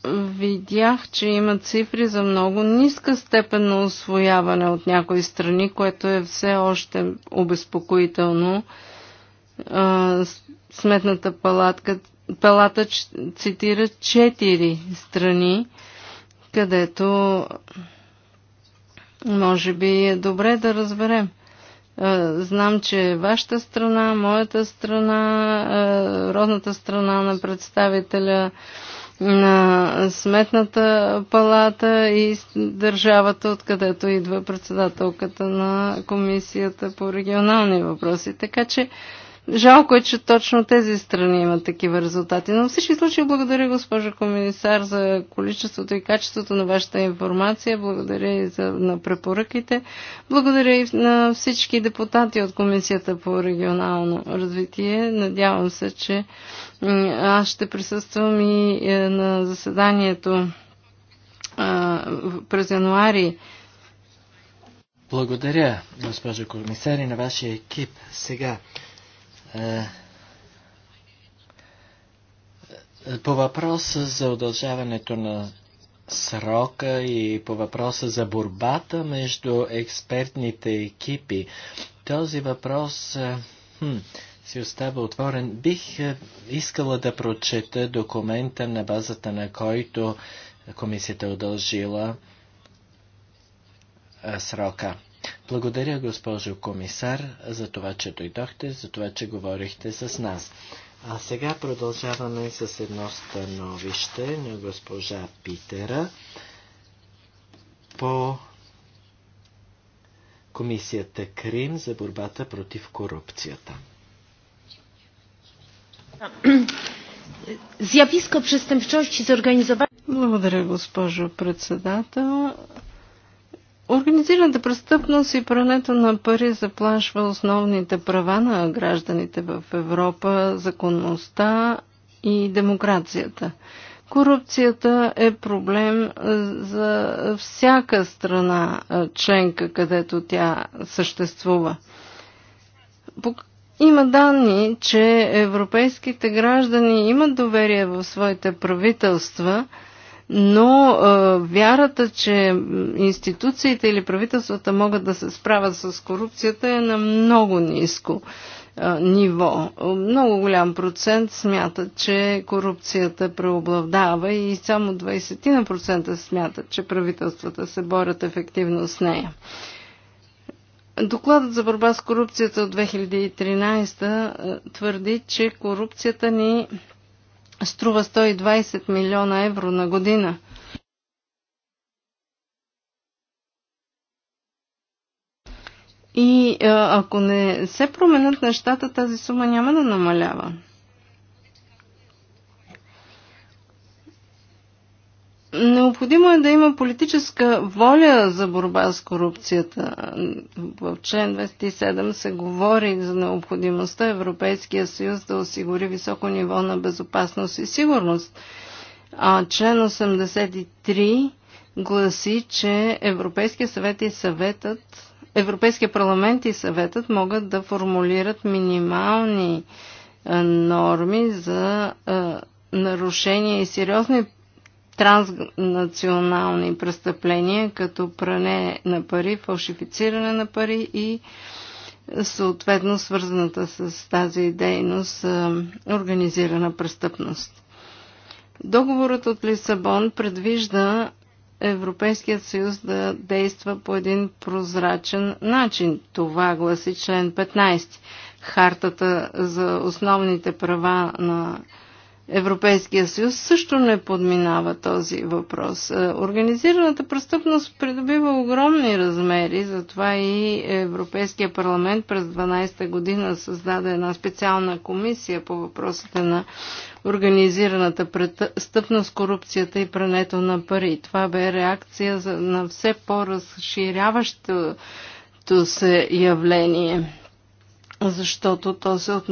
видях, че има цифри за много ниска степен на освояване от някои страни, което е все още обезпокоително. Сметната палатка, палата цитира четири страни, където може би е добре да разберем. Знам, че е вашата страна, моята страна, родната страна на представителя, на Сметната палата и държавата, откъдето идва председателката на Комисията по регионални въпроси. Така че Жалко е, че точно тези страни имат такива резултати. Но всички случаи благодаря, госпожа комисар, за количеството и качеството на вашата информация. Благодаря и за, на препоръките. Благодаря и на всички депутати от Комисията по регионално развитие. Надявам се, че аз ще присъствам и е, на заседанието през януари благодаря, госпожо комисар, и на вашия екип. Сега е, по въпроса за удължаването на срока и по въпроса за борбата между експертните екипи, този въпрос е, хм, си остава отворен. Бих е, искала да прочета документа на базата на който комисията удължила срока. Благодаря, госпожо комисар, за това, че дойдохте, за това, че говорихте с нас. А сега продължаваме с едно становище на госпожа Питера по Комисията Крим за борбата против корупцията. Благодаря, госпожо председател. Организираната престъпност и прането на пари заплашва основните права на гражданите в Европа, законността и демокрацията. Корупцията е проблем е, за всяка страна е, членка, където тя съществува. Има данни, че европейските граждани имат доверие в своите правителства – но а, вярата, че институциите или правителствата могат да се справят с корупцията е на много ниско а, ниво. Много голям процент смятат, че корупцията преобладава и само 20% смятат, че правителствата се борят ефективно с нея. Докладът за борба с корупцията от 2013 твърди, че корупцията ни струва 120 милиона евро на година. И ако не се променят нещата, тази сума няма да намалява. Необходимо е да има политическа воля за борба с корупцията. В член 207 се говори за необходимостта Европейския съюз да осигури високо ниво на безопасност и сигурност. А член 83 гласи, че Европейския съвет и съветът, Европейския парламент и съветът могат да формулират минимални норми за нарушения и сериозни транснационални престъпления, като пране на пари, фалшифициране на пари и съответно свързаната с тази дейност организирана престъпност. Договорът от Лисабон предвижда Европейският съюз да действа по един прозрачен начин. Това гласи член 15. Хартата за основните права на Европейския съюз също не подминава този въпрос. Е, организираната престъпност придобива огромни размери, затова и Европейския парламент през 12-та година създаде една специална комисия по въпросите на организираната престъпност, корупцията и прането на пари. Това бе реакция на все по-разширяващото се явление защото то се от,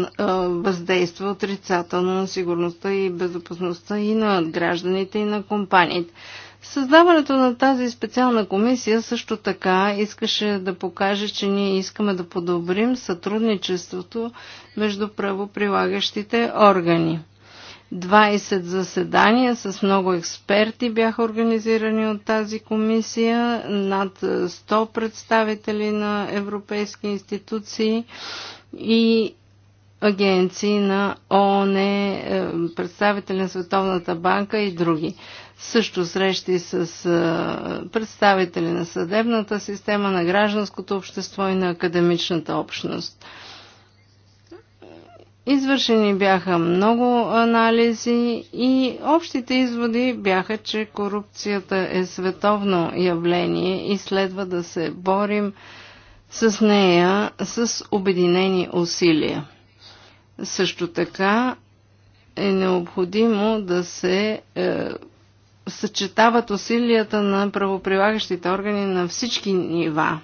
въздейства отрицателно на сигурността и безопасността и на гражданите, и на компаниите. Създаването на тази специална комисия също така искаше да покаже, че ние искаме да подобрим сътрудничеството между правоприлагащите органи. 20 заседания с много експерти бяха организирани от тази комисия, над 100 представители на европейски институции и агенции на ООН, е, представители на Световната банка и други. Също срещи с е, представители на съдебната система, на гражданското общество и на академичната общност. Извършени бяха много анализи и общите изводи бяха, че корупцията е световно явление и следва да се борим с нея с обединени усилия. Също така е необходимо да се е, съчетават усилията на правоприлагащите органи на всички нива.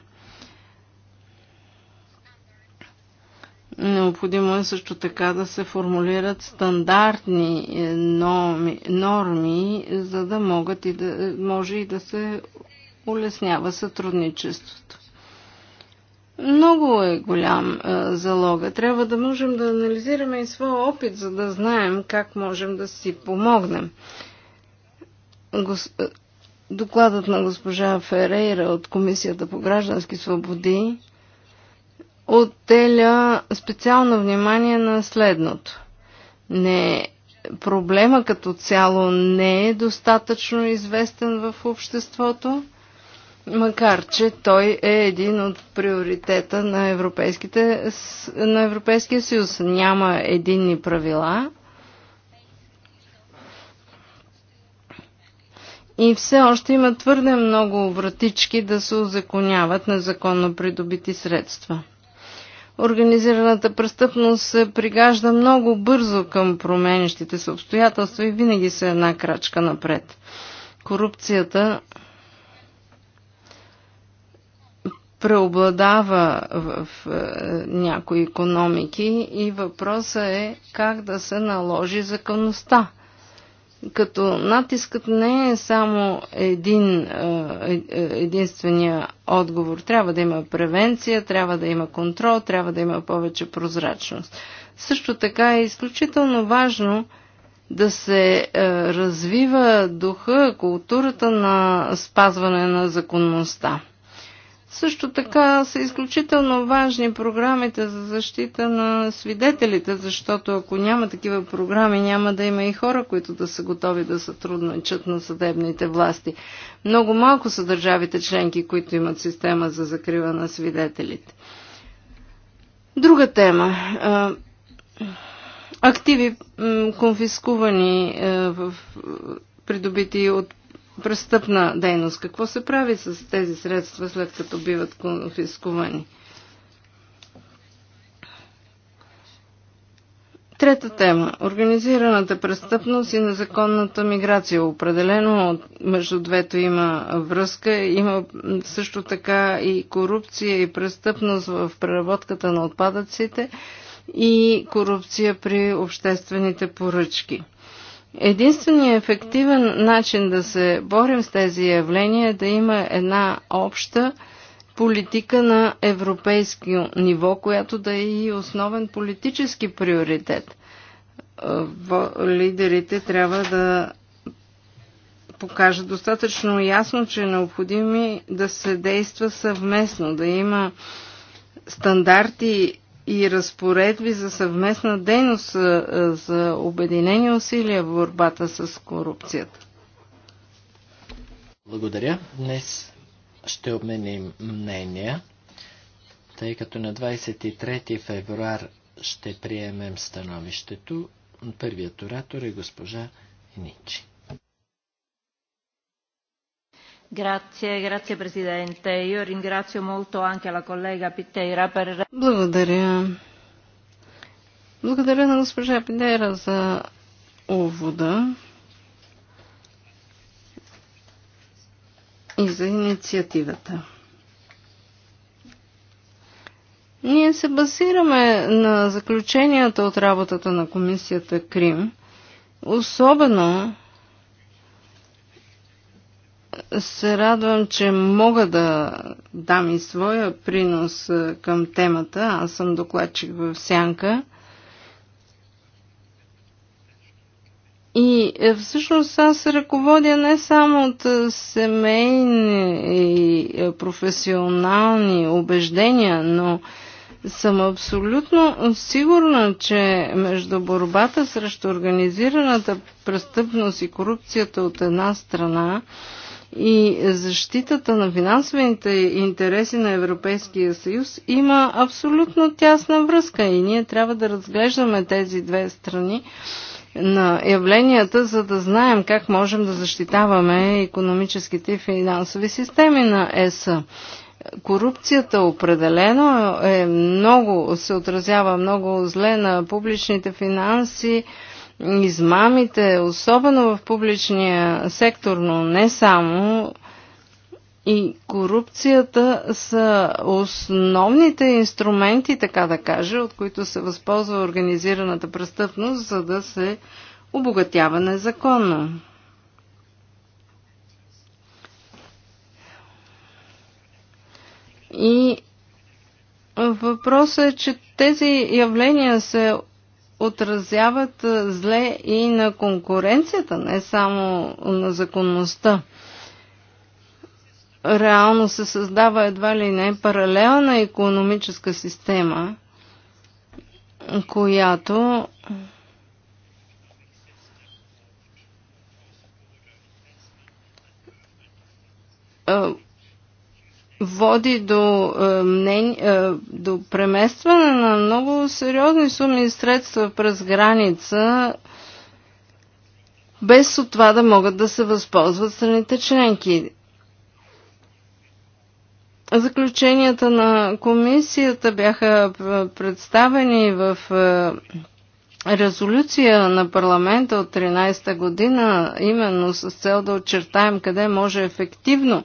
Необходимо е също така да се формулират стандартни е, норми, норми за да могат и да, може и да се улеснява сътрудничеството. Много е голям а, е, залога. Трябва да можем да анализираме и своя опит, за да знаем как можем да си помогнем. Гос... Е, докладът на госпожа Ферейра от Комисията по граждански свободи отделя специално внимание на следното. Не, проблема като цяло не е достатъчно известен в обществото макар че той е един от приоритета на, европейските, на Европейския съюз. Няма единни правила. И все още има твърде много вратички да се озаконяват незаконно придобити средства. Организираната престъпност се пригажда много бързо към променящите се обстоятелства и винаги са една крачка напред. Корупцията преобладава в, в е, някои економики и въпросът е как да се наложи законността като натискът не е само един, е, е, единствения отговор. Трябва да има превенция, трябва да има контрол, трябва да има повече прозрачност. Също така е изключително важно да се развива духа, културата на спазване на законността. Също така са изключително важни програмите за защита на свидетелите, защото ако няма такива програми, няма да има и хора, които да са готови да сътрудничат на съдебните власти. Много малко са държавите членки, които имат система за закрива на свидетелите. Друга тема. Активи конфискувани в придобити от престъпна дейност. Какво се прави с тези средства след като биват конфискувани? Трета тема – организираната престъпност и незаконната миграция. Определено между двето има връзка. Има също така и корупция и престъпност в преработката на отпадъците и корупция при обществените поръчки – Единственият ефективен начин да се борим с тези явления е да има една обща политика на европейско ниво, която да е и основен политически приоритет. Лидерите трябва да покажат достатъчно ясно, че е необходими да се действа съвместно, да има стандарти и разпоредби за съвместна дейност за обединени усилия в борбата с корупцията. Благодаря. Днес ще обменим мнения, тъй като на 23 февруар ще приемем становището. Първият оратор е госпожа Ничи. Благодаря. Благодаря на госпожа Пидера за увода и за инициативата. Ние се базираме на заключенията от работата на комисията Крим, особено се радвам, че мога да дам и своя принос е, към темата. Аз съм докладчик в Сянка. И е, всъщност аз се ръководя не само от е, семейни и професионални убеждения, но съм абсолютно сигурна, че между борбата срещу организираната престъпност и корупцията от една страна и защитата на финансовите интереси на Европейския съюз има абсолютно тясна връзка и ние трябва да разглеждаме тези две страни на явленията, за да знаем как можем да защитаваме економическите и финансови системи на ЕС. Корупцията определено е много, се отразява много зле на публичните финанси, измамите, особено в публичния сектор, но не само, и корупцията са основните инструменти, така да кажа, от които се възползва организираната престъпност, за да се обогатява незаконно. И въпросът е, че тези явления се отразяват зле и на конкуренцията, не само на законността. Реално се създава едва ли не паралелна економическа система, която води до, е, мнение, до преместване на много сериозни суми и средства през граница, без от това да могат да се възползват страните членки. Заключенията на комисията бяха е, представени в е, резолюция на парламента от 13-та година, именно с цел да очертаем къде може ефективно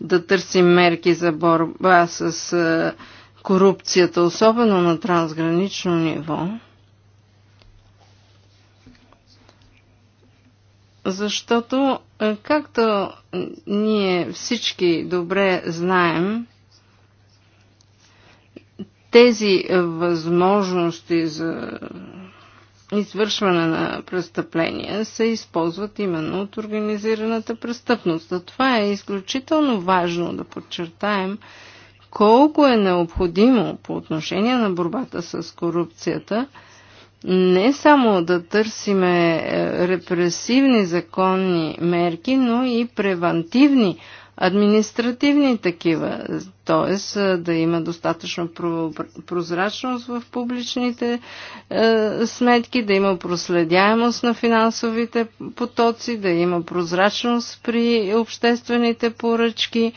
да търсим мерки за борба с е, корупцията, особено на трансгранично ниво. Защото, е, както ние всички добре знаем, тези възможности за извършване на престъпления се използват именно от организираната престъпност. Това е изключително важно да подчертаем колко е необходимо по отношение на борбата с корупцията не само да търсиме е, репресивни законни мерки, но и превантивни, административни такива, т.е. да има достатъчно прозрачност в публичните сметки, да има проследяемост на финансовите потоци, да има прозрачност при обществените поръчки,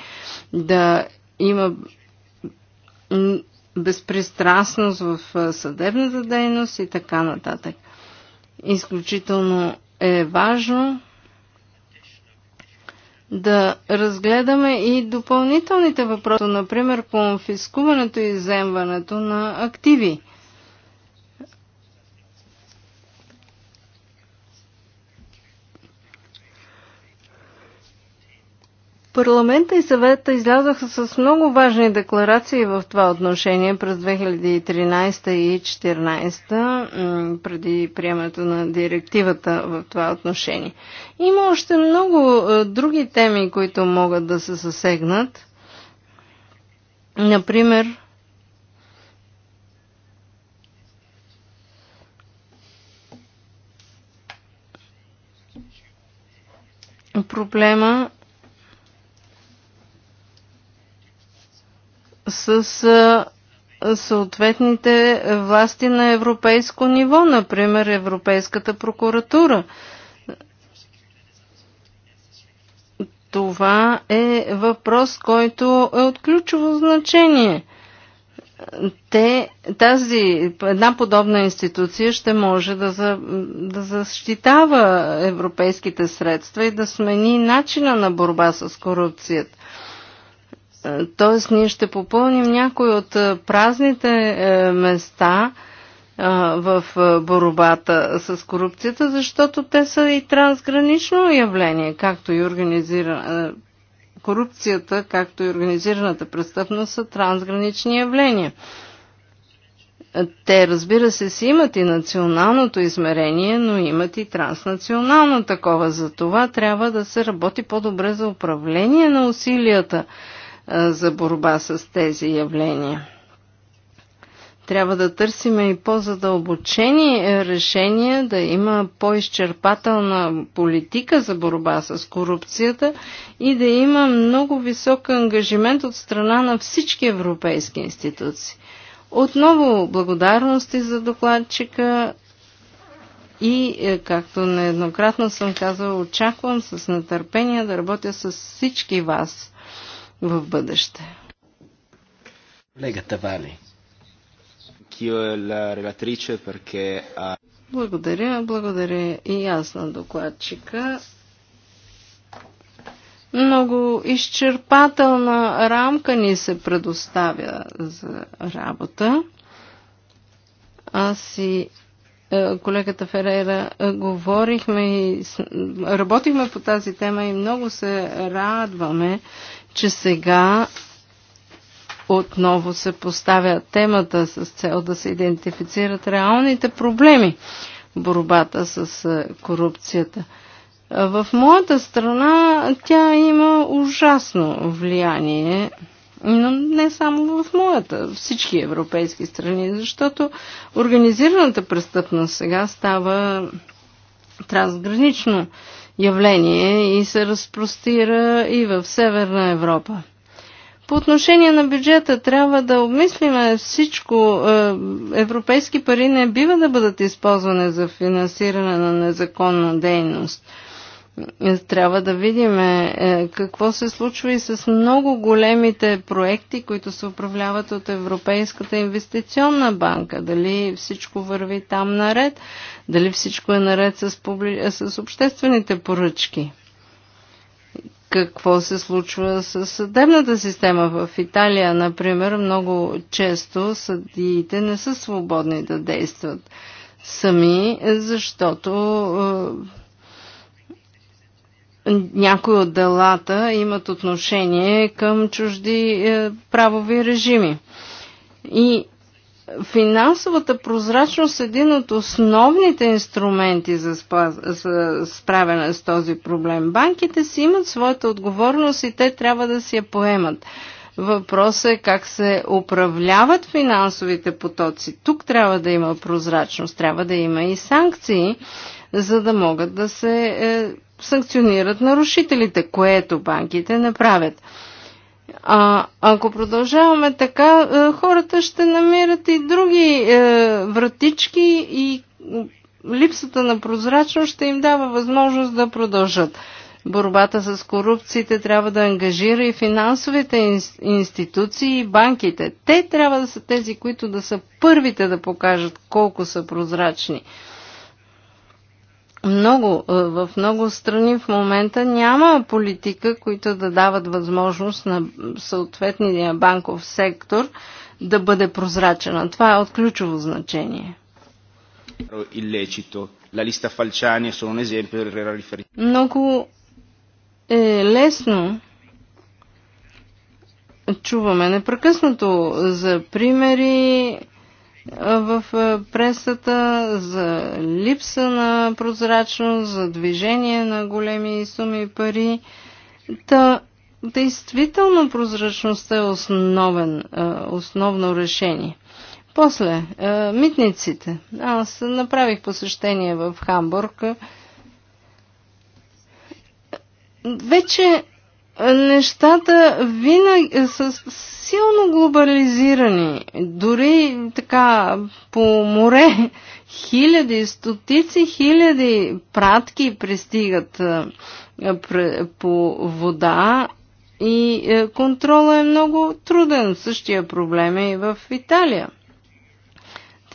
да има безпристрастност в съдебната дейност и така нататък. Изключително е важно да разгледаме и допълнителните въпроси, например конфискуването и иземването на активи – Парламента и съвета излязаха с много важни декларации в това отношение през 2013 и 2014, преди приемането на директивата в това отношение. Има още много е, други теми, които могат да се съсегнат. Например, проблема с съответните власти на европейско ниво, например Европейската прокуратура. Това е въпрос, който е от ключово значение. Те, тази една подобна институция ще може да, за, да защитава европейските средства и да смени начина на борба с корупцията. Е, тоест, ние ще попълним някои от е, празните е, места в борбата с корупцията, защото те са и трансгранично явление, както и организира... корупцията, както и организираната престъпност са трансгранични явления. Те, разбира се, си имат и националното измерение, но имат и транснационално такова. За това трябва да се работи по-добре за управление на усилията – за борба с тези явления. Трябва да търсиме и по-задълбочени е, решения, да има по-изчерпателна политика за борба с корупцията и да има много висок ангажимент от страна на всички европейски институции. Отново благодарности за докладчика и, е, както нееднократно съм казала, очаквам с нетърпение да работя с всички вас в бъдеще. Легата Вали. Ah, благодаря, благодаря и аз на докладчика. Много изчерпателна рамка ни се предоставя за работа. Аз и е, колегата Ферейра е, говорихме и работихме по тази тема и много се радваме, че сега отново се поставя темата с цел да се идентифицират реалните проблеми в борбата с е, корупцията. В моята страна тя има ужасно влияние, но не само в моята, всички европейски страни, защото организираната престъпност сега става трансгранично явление и се разпростира и в Северна Европа. По отношение на бюджета трябва да обмислиме всичко. Е, европейски пари не бива да бъдат използвани за финансиране на незаконна дейност – трябва да видим е, е, какво се случва и с много големите проекти, които се управляват от Европейската инвестиционна банка. Дали всичко върви там наред, дали всичко е наред с, публи... с обществените поръчки. Какво се случва с съдебната система в Италия, например, много често съдиите не са свободни да действат сами, защото е, някои от делата имат отношение към чужди е, правови режими. И финансовата прозрачност е един от основните инструменти за, спа, за справяне с този проблем. Банките си имат своята отговорност и те трябва да си я поемат. Въпросът е как се управляват финансовите потоци. Тук трябва да има прозрачност, трябва да има и санкции, за да могат да се е, санкционират нарушителите, което банките направят. А, ако продължаваме така, е, хората ще намират и други е, вратички и липсата на прозрачност ще им дава възможност да продължат. Борбата с корупциите трябва да ангажира и финансовите институции и банките. Те трябва да са тези, които да са първите да покажат колко са прозрачни много, е, в много страни в момента няма политика, които да дават възможност на съответния банков сектор да бъде прозрачена. Това е от ключово значение. Много е лесно чуваме непрекъснато за примери в е, пресата за липса на прозрачност, за движение на големи суми пари. Та, действително прозрачността е основен, е, основно решение. После, е, митниците. Аз направих посещение в Хамбург. Вече нещата винаги са силно глобализирани. Дори така по море хиляди, стотици хиляди пратки пристигат по вода и контрола е много труден. Същия проблем е и в Италия.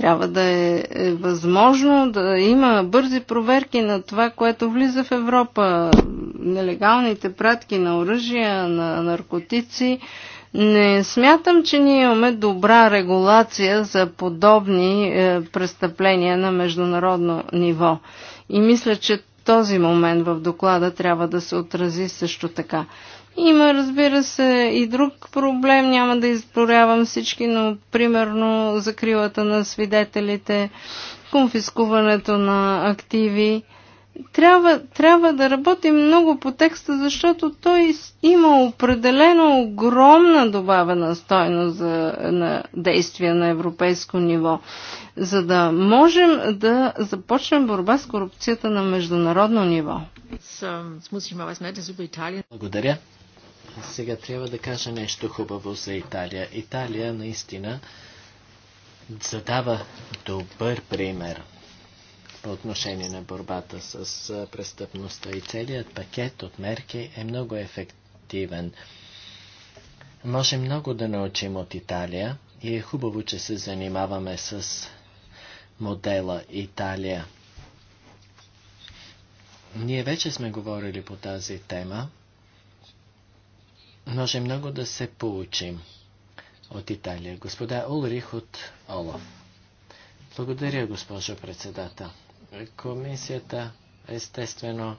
Трябва да е, е възможно да има бързи проверки на това, което влиза в Европа. Нелегалните пратки на оръжия, на наркотици. Не смятам, че ние имаме добра регулация за подобни е, престъпления на международно ниво. И мисля, че този момент в доклада трябва да се отрази също така. Има, разбира се, и друг проблем, няма да изборявам всички, но примерно закрилата на свидетелите, конфискуването на активи. Трябва, трябва да работим много по текста, защото той има определено огромна добавена стойност за, на действия на европейско ниво, за да можем да започнем борба с корупцията на международно ниво. Благодаря. Сега трябва да кажа нещо хубаво за Италия. Италия наистина задава добър пример по отношение на борбата с престъпността и целият пакет от мерки е много ефективен. Може много да научим от Италия и е хубаво, че се занимаваме с модела Италия. Ние вече сме говорили по тази тема може много да се получим от Италия. Господа Улрих от Олов. Благодаря, госпожо председател. Комисията, естествено,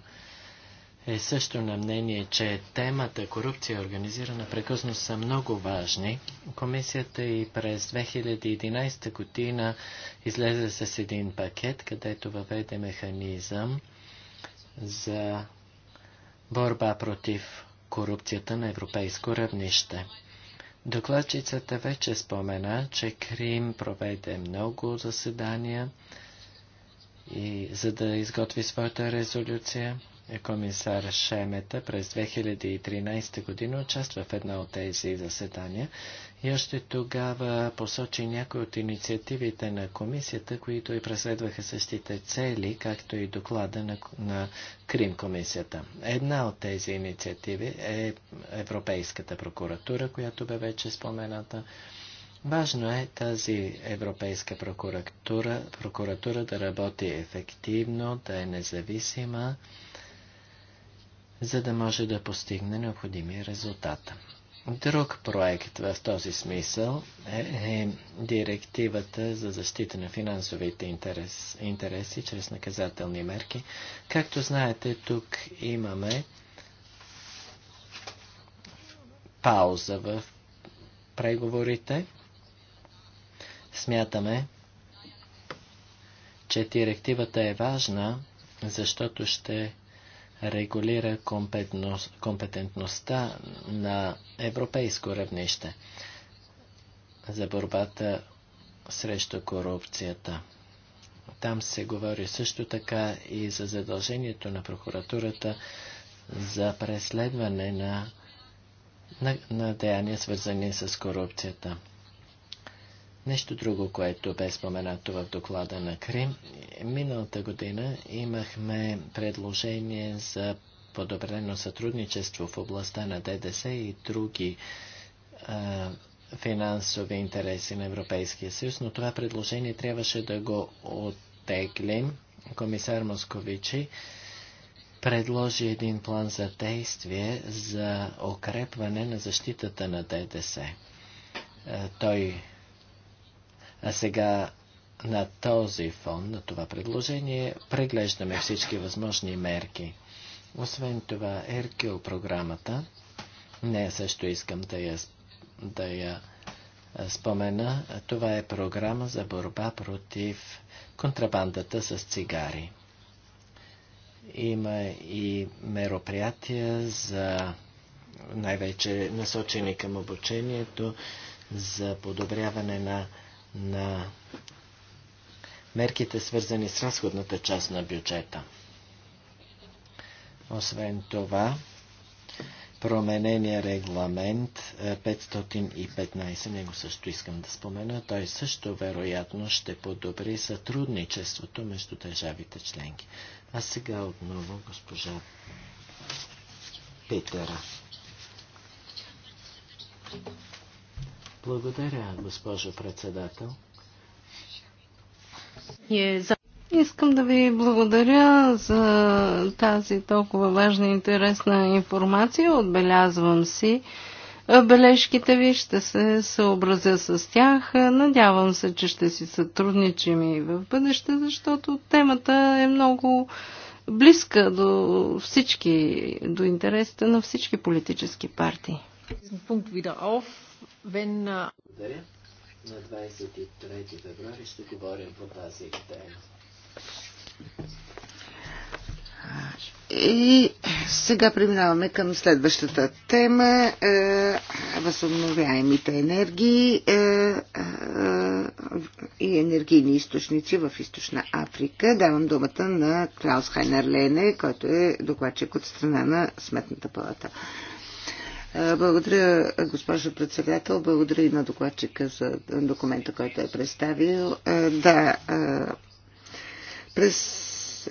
е също на мнение, че темата корупция и организирана прекъсност са много важни. Комисията и през 2011 година излезе с един пакет, където въведе механизъм за борба против корупцията на европейско равнище. Докладчицата вече спомена, че Крим проведе много заседания и за да изготви своята резолюция. Комисар Шемета през 2013 година участва в едно от тези заседания и още тогава посочи някои от инициативите на комисията, които и преследваха същите цели, както и доклада на, на Крим комисията. Една от тези инициативи е Европейската прокуратура, която бе вече спомената. Важно е тази Европейска прокуратура, прокуратура да работи ефективно, да е независима, за да може да постигне необходимия резултат. Друг проект в този смисъл е, е директивата за защита на финансовите интерес, интереси чрез наказателни мерки. Както знаете, тук имаме пауза в преговорите. Смятаме, че директивата е важна, защото ще регулира компетентността на европейско равнище за борбата срещу корупцията. Там се говори също така и за задължението на прокуратурата за преследване на, на, на деяния, свързани с корупцията. Нещо друго, което бе споменато в доклада на Крим. Миналата година имахме предложение за подобрено сътрудничество в областта на ДДС и други а, финансови интереси на Европейския съюз, но това предложение трябваше да го оттеглим. Комисар Московичи предложи един план за действие за укрепване на защитата на ДДС. Той а сега на този фон, на това предложение, преглеждаме всички възможни мерки. Освен това, Еркил програмата, не също искам да я, да я спомена, това е програма за борба против контрабандата с цигари. Има и мероприятия за най-вече насочени към обучението за подобряване на на мерките, свързани с разходната част на бюджета. Освен това, променения регламент 515, е, него също искам да спомена, той също вероятно ще подобри сътрудничеството между държавите членки. А сега отново госпожа Питера. Благодаря, госпожо председател. Е, Искам да ви благодаря за тази толкова важна и интересна информация. Отбелязвам си бележките ви, ще се съобразя с тях. Надявам се, че ще си сътрудничим и в бъдеще, защото темата е много близка до всички, до интересите на всички политически партии. Благодаря. На 23 февруари ще говорим по тази тема. И сега преминаваме към следващата тема е, възобновяемите енергии е, е, и енергийни източници в Източна Африка. Давам думата на Клаус Хайнер Лене, който е докладчик от страна на Сметната палата. Е, е, благодаря, госпожо председател. Благодаря и на докладчика за документа, който е представил. Е, да, е, през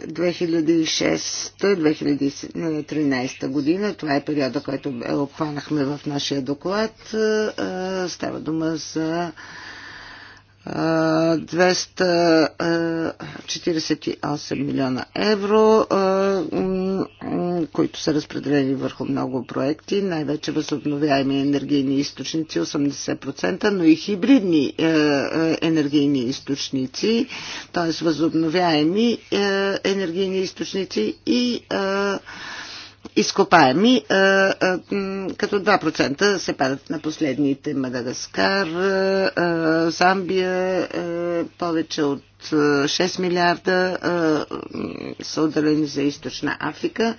2006-2013 година. Това е периода, който обхванахме в нашия доклад. Става дума за 248 е, милиона евро, е, които са разпределени върху много проекти, най-вече възобновяеми енергийни източници 80%, но и хибридни е, енергийни източници, т.е. възобновяеми енергийни източници и изкопаеми, е, е, като 2% се падат на последните Мадагаскар, е, Замбия, повече от 6 милиарда са отделени за източна Африка.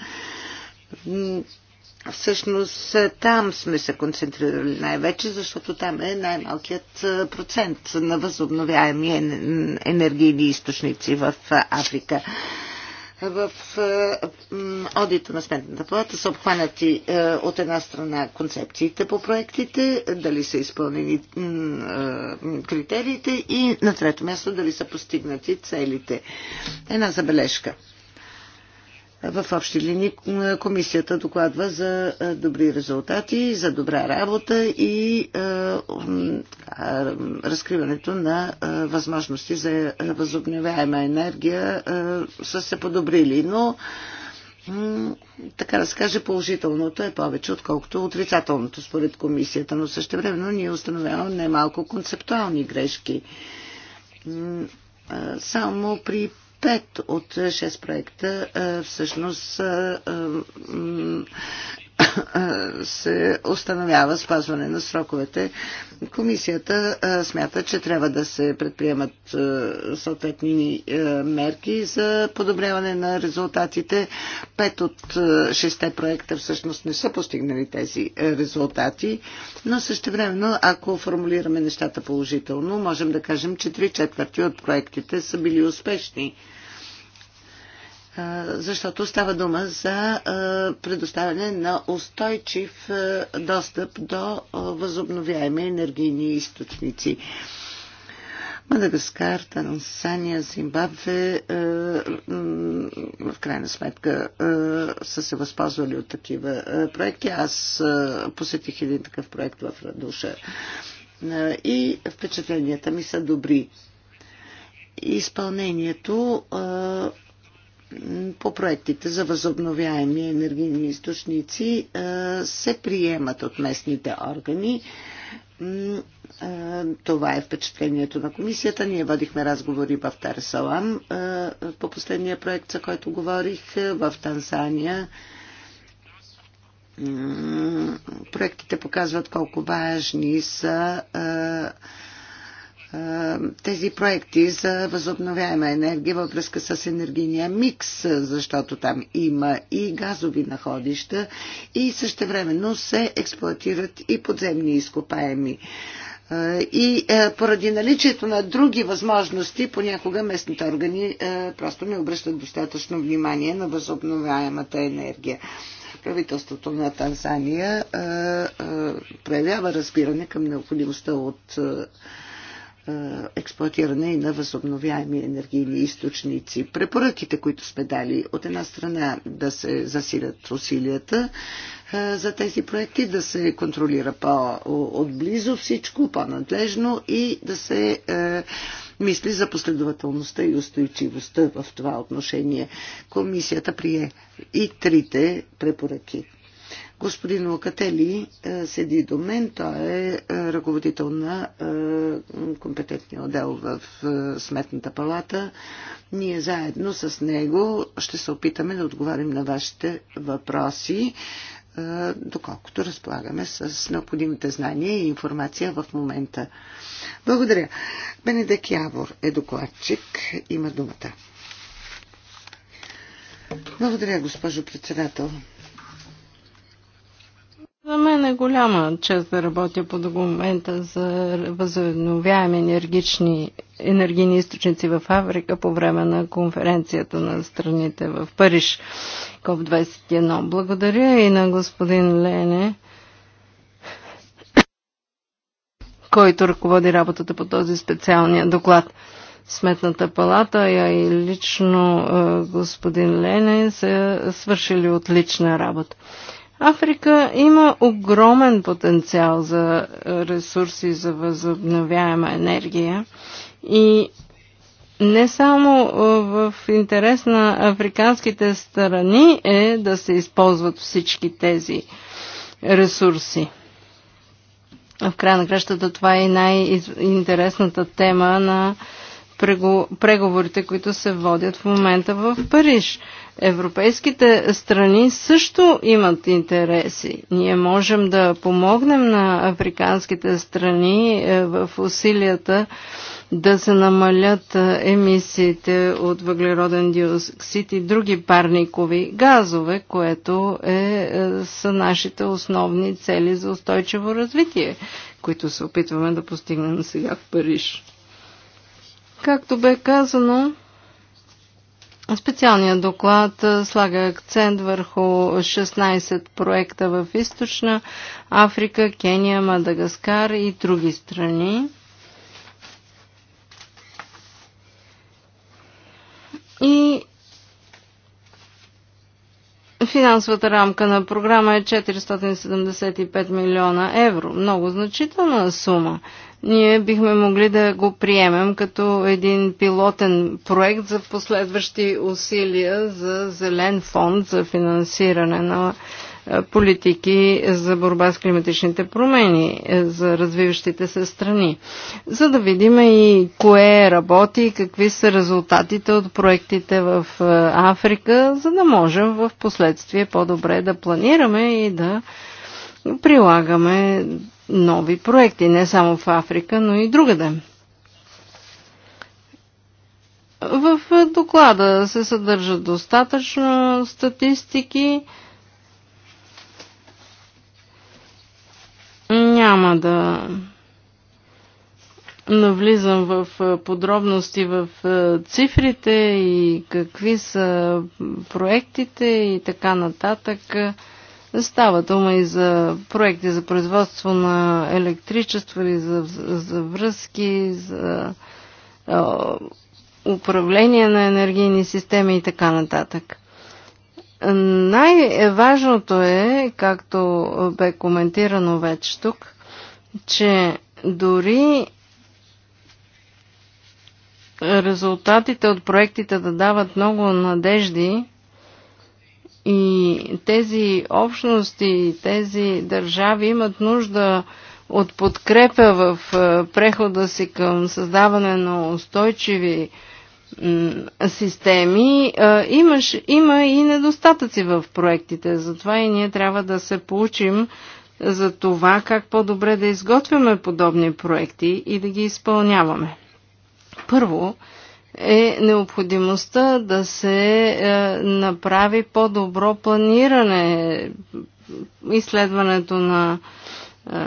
Всъщност там сме се концентрирали най-вече, защото там е най-малкият процент на възобновяеми енергийни източници в Африка в е, одита на Сметната палата са обхванати е, от една страна концепциите по проектите, дали са изпълнени е, критериите и на трето място дали са постигнати целите. Една забележка. В общи линии комисията докладва за добри резултати, за добра работа и разкриването на възможности за възобновяема енергия са се подобрили, но така да се каже, положителното е повече, отколкото отрицателното според комисията, но също времено ние установяваме немалко концептуални грешки. Само при Пет от шест проекта всъщност се установява спазване на сроковете. Комисията смята, че трябва да се предприемат съответни мерки за подобряване на резултатите. Пет от шесте проекта всъщност не са постигнали тези резултати, но времено, ако формулираме нещата положително, можем да кажем, че три четвърти от проектите са били успешни защото става дума за предоставяне на устойчив достъп до възобновяеми енергийни източници. Мадагаскар, Тансания, Зимбабве в крайна сметка са се възползвали от такива проекти. Аз посетих един такъв проект в Радуша и впечатленията ми са добри. Изпълнението по проектите за възобновяеми енергийни източници е, се приемат от местните органи. Е, това е впечатлението на комисията. Ние водихме разговори в Тарсалам е, по последния проект, за който говорих, в Танзания. Проектите показват колко важни са тези проекти за възобновяема енергия във връзка с енергийния микс, защото там има и газови находища и същевременно се експлуатират и подземни изкопаеми. И поради наличието на други възможности, понякога местните органи просто не обръщат достатъчно внимание на възобновяемата енергия правителството на Танзания проявява разбиране към необходимостта от е, експлуатиране и на възобновяеми енергийни източници. Препоръките, които сме дали, от една страна да се засилят усилията е, за тези проекти, да се контролира по-отблизо всичко, по-надлежно и да се е, мисли за последователността и устойчивостта в това отношение. Комисията прие и трите препоръки. Господин Локатели е, седи до мен. Той е, е ръководител на е, компетентния отдел в Сметната палата. Ние заедно с него ще се опитаме да отговарим на вашите въпроси, доколкото разполагаме с необходимите знания и информация в момента. Благодаря. Бенедек Явор е докладчик. Има думата. Благодаря, госпожо председател. За мен е голяма чест да работя по документа за възобновяеми енергични, енергийни източници в Африка по време на конференцията на страните в Париж, КОП-21. Благодаря и на господин Лене, който ръководи работата по този специалния доклад. Сметната палата, я и лично е, господин Лене са свършили отлична работа. Африка има огромен потенциал за ресурси за възобновяема енергия и не само е, в интерес на африканските страни е да се използват всички тези ресурси. В края на кращата това е най-интересната тема на преговорите, които се водят в момента в Париж. Европейските страни също имат интереси. Ние можем да помогнем на африканските страни е, в усилията да се намалят е, емисиите от въглероден диоксид и други парникови газове, което е, е, са нашите основни цели за устойчиво развитие, които се опитваме да постигнем сега в Париж. Както бе казано, специалният доклад слага акцент върху 16 проекта в Източна Африка, Кения, Мадагаскар и други страни. И финансовата рамка на програма е 475 милиона евро. Много значителна сума ние бихме могли да го приемем като един пилотен проект за последващи усилия за зелен фонд за финансиране на е, политики за борба с климатичните промени е, за развиващите се страни, за да видим и кое работи и какви са резултатите от проектите в е, Африка, за да можем в последствие по-добре да планираме и да прилагаме нови проекти, не само в Африка, но и другаде. В доклада се съдържат достатъчно статистики. Няма да навлизам в подробности в цифрите и какви са проектите и така нататък. Става дума и за проекти за производство на електричество или за, за връзки, за е, управление на енергийни системи и така нататък. Най-важното е, както бе коментирано вече тук, че дори резултатите от проектите да дават много надежди, и тези общности, тези държави имат нужда от подкрепа в е, прехода си към създаване на устойчиви системи. Е, имаш, има и недостатъци в проектите, затова и ние трябва да се получим за това как по-добре да изготвяме подобни проекти и да ги изпълняваме. Първо, е необходимостта да се е, направи по-добро планиране, изследването на е,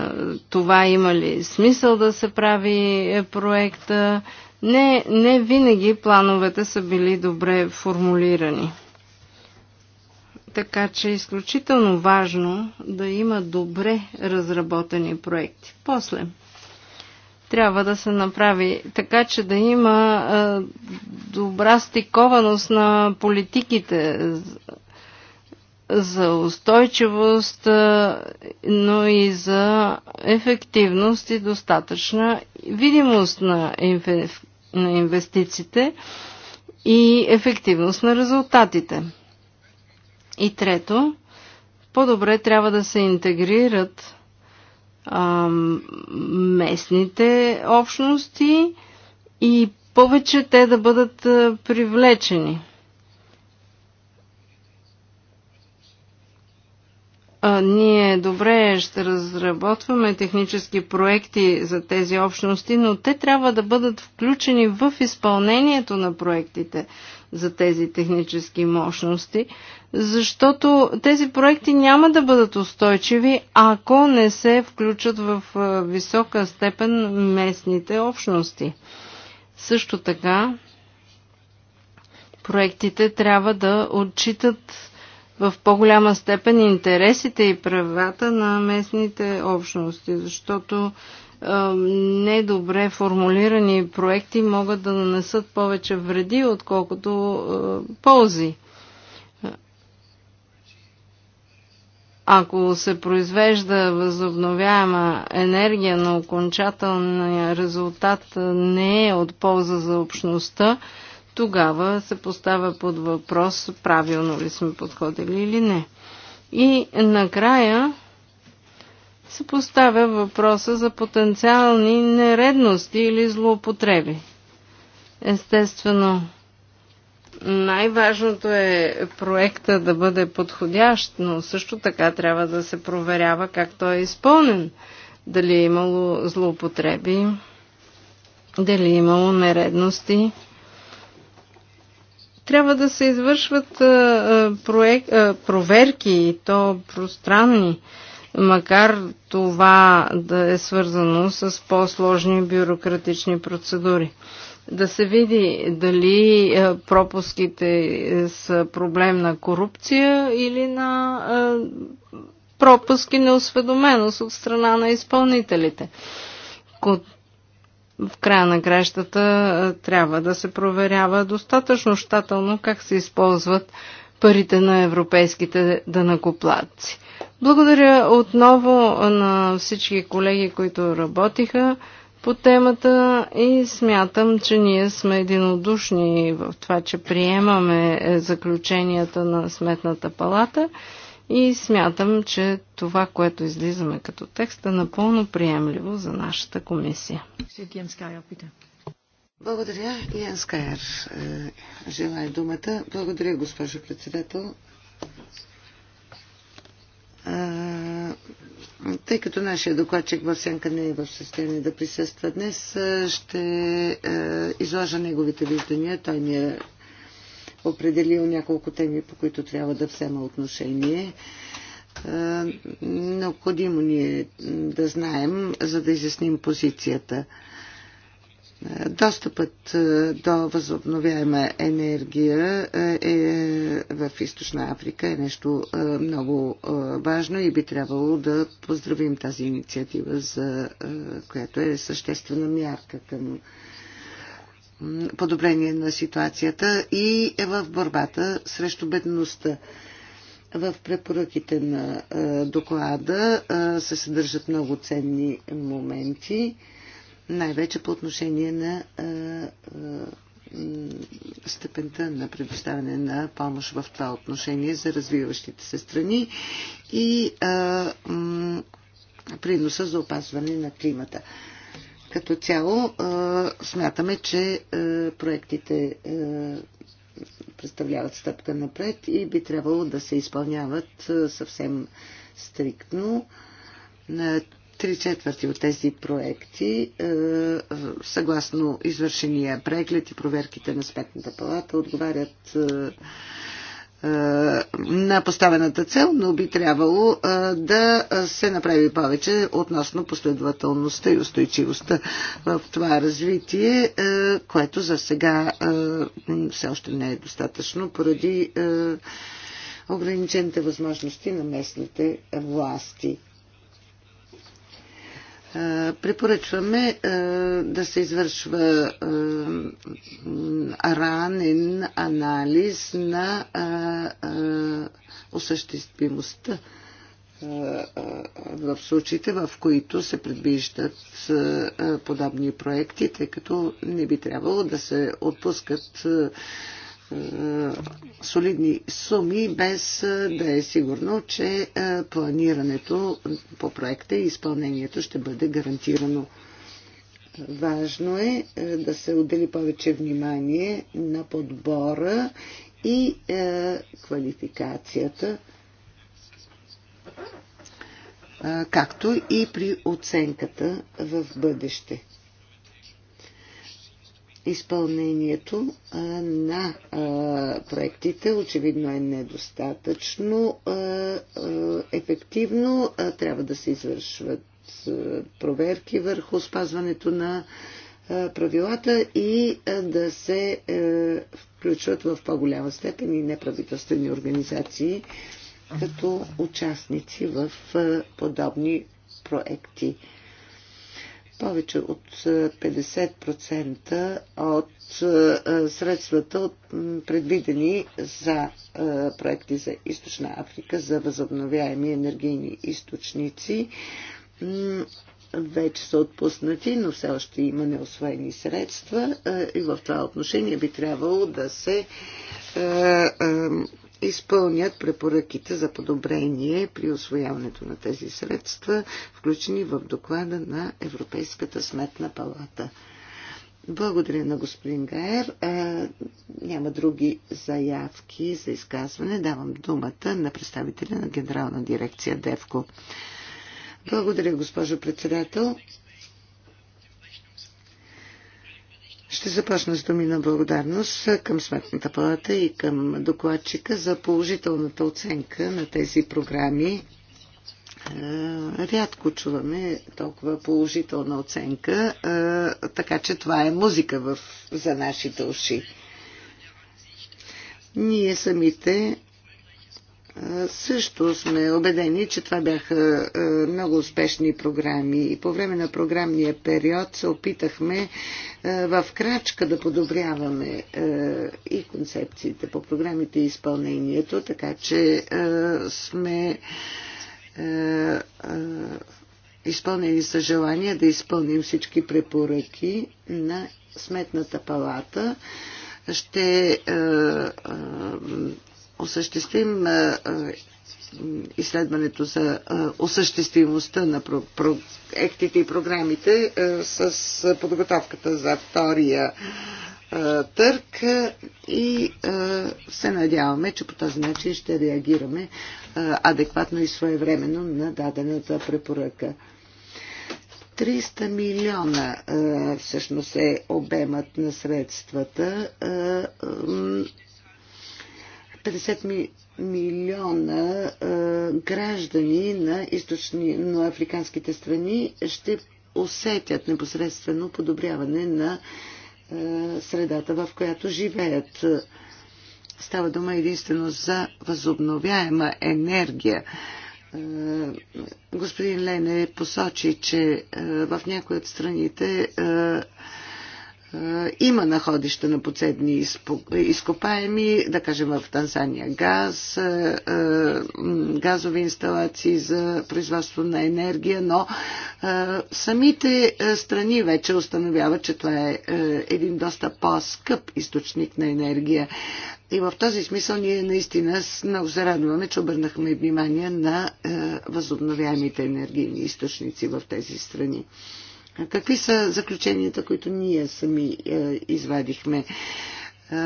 това има ли смисъл да се прави е, проекта. Не, не винаги плановете са били добре формулирани. Така че е изключително важно да има добре разработени проекти. После, трябва да се направи, така че да има а, добра стикованост на политиките за устойчивост, а, но и за ефективност и достатъчна видимост на, на инвестициите и ефективност на резултатите. И трето, по-добре трябва да се интегрират местните общности и повече те да бъдат привлечени. ние добре ще разработваме технически проекти за тези общности, но те трябва да бъдат включени в изпълнението на проектите за тези технически мощности, защото тези проекти няма да бъдат устойчиви, ако не се включат в висока степен местните общности. Също така, проектите трябва да отчитат в по-голяма степен интересите и правата на местните общности, защото недобре формулирани проекти могат да нанесат повече вреди, отколкото ползи. Ако се произвежда възобновяема енергия, но окончателния резултат не е от полза за общността, тогава се поставя под въпрос правилно ли сме подходили или не. И накрая се поставя въпроса за потенциални нередности или злоупотреби. Естествено, най-важното е проекта да бъде подходящ, но също така трябва да се проверява как той е изпълнен. Дали е имало злоупотреби, дали е имало нередности. Трябва да се извършват проверки и то пространни макар това да е свързано с по-сложни бюрократични процедури. Да се види дали е, пропуските е, са проблем на корупция или на е, пропуски на неосведоменост от страна на изпълнителите. В края на кращата трябва да се проверява достатъчно щателно как се използват парите на европейските данакоплатци. Благодаря отново на всички колеги, които работиха по темата и смятам, че ние сме единодушни в това, че приемаме е, заключенията на Сметната палата и смятам, че това, което излизаме като текст е напълно приемливо за нашата комисия. Благодаря. Ян Скайер е, желая думата. Благодаря, госпожо председател тъй като нашия докладчик в не е в състояние да присъства днес, ще изложа неговите виждания. Той ми е определил няколко теми, по които трябва да взема отношение. Необходимо ни е да знаем, за да изясним позицията. Достъпът е, до възобновяема енергия е, е, в Източна Африка е нещо е, много важно и би трябвало да поздравим тази инициатива, за, която е съществена мярка към подобрение на ситуацията и е в борбата срещу бедността. В препоръките на доклада се съдържат много ценни моменти най-вече по отношение на степента на предоставяне на помощ в това отношение за развиващите се страни и приноса за опазване на климата. Като цяло смятаме, че проектите представляват стъпка напред и би трябвало да се изпълняват съвсем стриктно три четвърти от тези проекти, е, е, съгласно извършения преглед и проверките на Сметната палата, отговарят е, на поставената цел, но би трябвало да се направи повече относно последователността и устойчивостта в това развитие, което за сега все още не е достатъчно поради ограничените възможности на местните власти. Е, препоръчваме е, да се извършва е, ранен анализ на осъществимостта в случаите, в които се предвиждат подобни проекти, тъй като не би трябвало да се отпускат солидни суми, без да е сигурно, че планирането по проекта и изпълнението ще бъде гарантирано. Важно е да се отдели повече внимание на подбора и квалификацията, както и при оценката в бъдеще изпълнението на проектите очевидно е недостатъчно ефективно. Трябва да се извършват проверки върху спазването на правилата и да се включват в по-голяма степен и неправителствени организации като участници в подобни проекти повече от 50% е, от е, е, средствата предвидени за проекти за Източна Африка, за възобновяеми енергийни източници, вече са отпуснати, но все още има неосвоени средства и в това отношение би трябвало да се изпълнят препоръките за подобрение при освояването на тези средства, включени в доклада на Европейската сметна палата. Благодаря на господин Гаер. А, няма други заявки за изказване. Давам думата на представителя на Генерална дирекция ДЕВКО. Благодаря, госпожо председател. Ще започна с думи на благодарност към Сметната палата и към докладчика за положителната оценка на тези програми. Е, рядко чуваме толкова положителна оценка, е, така че това е музика в, за нашите уши. Ние самите също сме убедени, че това бяха е, много успешни програми и по време на програмния период се опитахме е, в крачка да подобряваме е, и концепциите по програмите и изпълнението, така че сме изпълнени са желание да изпълним всички препоръки на Сметната палата. Ще осъществим изследването за осъществимостта на проектите и програмите с подготовката за втория търк и се надяваме, че по този начин ще реагираме адекватно и своевременно на дадената препоръка. 300 милиона всъщност е обемът на средствата 50 ми, милиона а, е, граждани на източни, на африканските страни ще усетят непосредствено подобряване на а, е, средата, в която живеят. Става дума единствено за възобновяема енергия. Е, господин Лене посочи, че в някои от страните е, има находища на подседни изкопаеми, да кажем в Танзания газ, е, е, газови инсталации за производство на енергия, но самите страни вече установяват, че това е един доста по-скъп източник на енергия. И в този смисъл ние наистина много се радваме, че обърнахме внимание на възобновяемите енергийни източници в тези страни. Какви са заключенията, които ние сами е, извадихме? Е,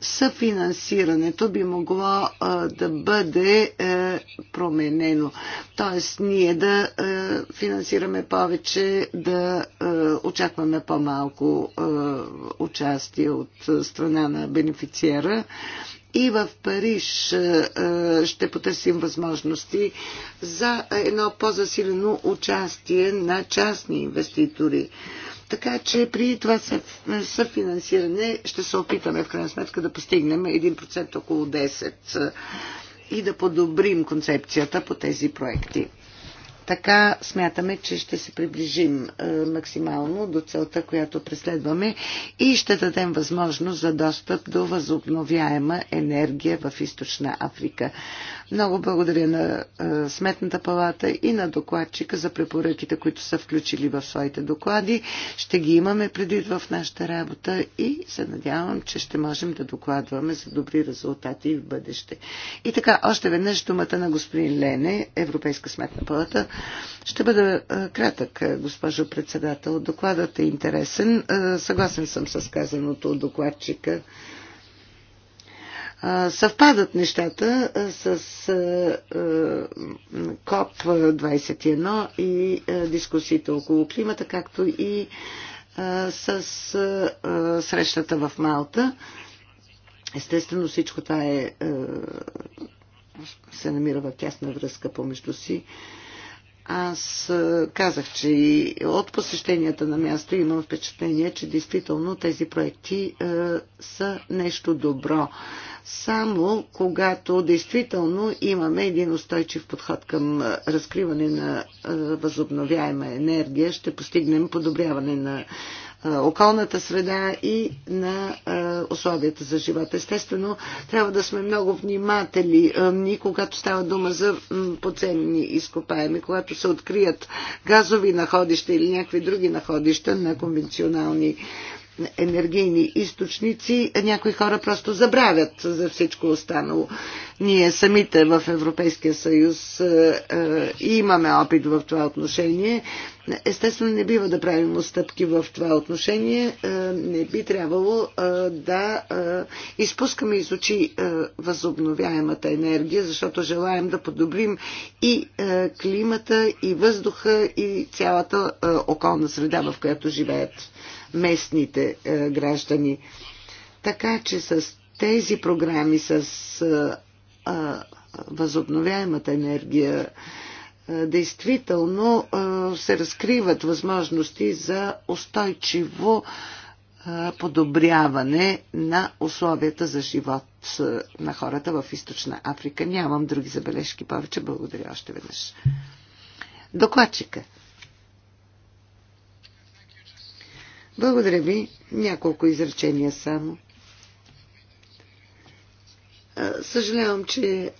съфинансирането би могло е, да бъде е, променено. Тоест ние да е, финансираме повече, да е, очакваме по-малко е, участие от страна на бенефициера, и в Париж е, е, ще потърсим възможности за едно по-засилено участие на частни инвеститори. Така че при това съфинансиране ще се опитаме в крайна сметка да постигнем 1% около 10% е, и да подобрим концепцията по тези проекти. Така смятаме, че ще се приближим е, максимално до целта, която преследваме и ще дадем възможност за достъп до възобновяема енергия в Източна Африка. Много благодаря на е, Сметната палата и на докладчика за препоръките, които са включили в своите доклади. Ще ги имаме предвид в нашата работа и се надявам, че ще можем да докладваме за добри резултати в бъдеще. И така, още веднъж думата на господин Лене, Европейска сметна палата, ще бъда кратък, госпожо председател. Докладът е интересен. Съгласен съм с казаното от докладчика. Съвпадат нещата с КОП-21 и дискусиите около климата, както и с срещата в Малта. Естествено всичко това е, се намира в тясна връзка помежду си. Аз казах, че и от посещенията на място имам впечатление, че действително тези проекти е, са нещо добро. Само когато действително имаме един устойчив подход към разкриване на е, възобновяема енергия, ще постигнем подобряване на околната среда и на условията за живот. Естествено, трябва да сме много внимателни, когато става дума за поценни изкопаеми, когато се открият газови находища или някакви други находища на конвенционални енергийни източници, някои хора просто забравят за всичко останало. Ние самите в Европейския съюз е, е, имаме опит в това отношение. Естествено не бива да правим отстъпки в това отношение. Е, не би трябвало е, да е, изпускаме из очи е, възобновяемата енергия, защото желаем да подобрим и е, климата, и въздуха, и цялата е, околна среда, в която живеят местните е, граждани. Така че с тези програми, с е, е, възобновяемата енергия, действително се разкриват възможности за устойчиво подобряване на условията за живот на хората в Източна Африка. Нямам други забележки повече. Благодаря още веднъж. Докладчика. Благодаря ви. Няколко изречения само. Съжалявам, че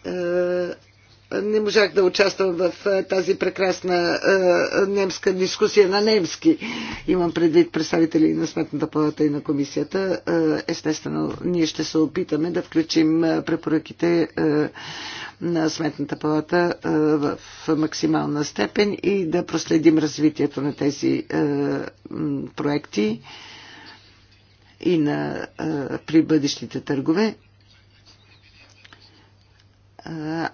не можах да участвам в е, тази прекрасна е, немска дискусия на немски. Имам предвид представители на Сметната палата и на комисията. Е, естествено, ние ще се опитаме да включим препоръките на Сметната палата в максимална степен и да проследим развитието на тези проекти и на, при бъдещите търгове.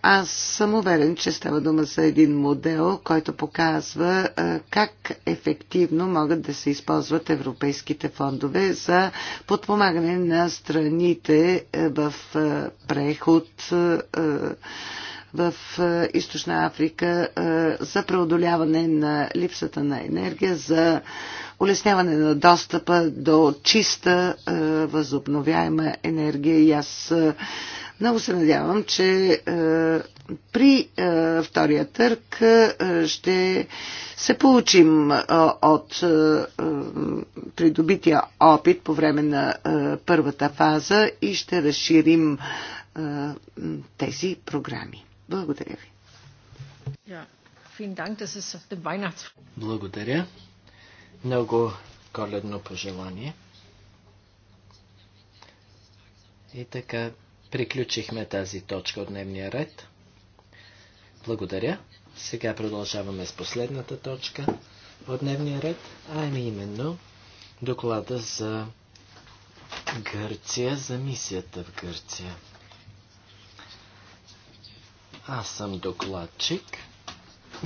Аз съм уверен, че става дума за един модел, който показва как ефективно могат да се използват европейските фондове за подпомагане на страните в преход в Източна Африка за преодоляване на липсата на енергия, за улесняване на достъпа до чиста възобновяема енергия. И аз много се надявам, че е, при е, втория а, е, ще се получим от придобития опит по време на първата фаза и ще разширим тези програми. Благодаря ви. Благодаря. Много коледно пожелание. И така, Приключихме тази точка от дневния ред. Благодаря. Сега продължаваме с последната точка от дневния ред, а е именно доклада за Гърция, за мисията в Гърция. Аз съм докладчик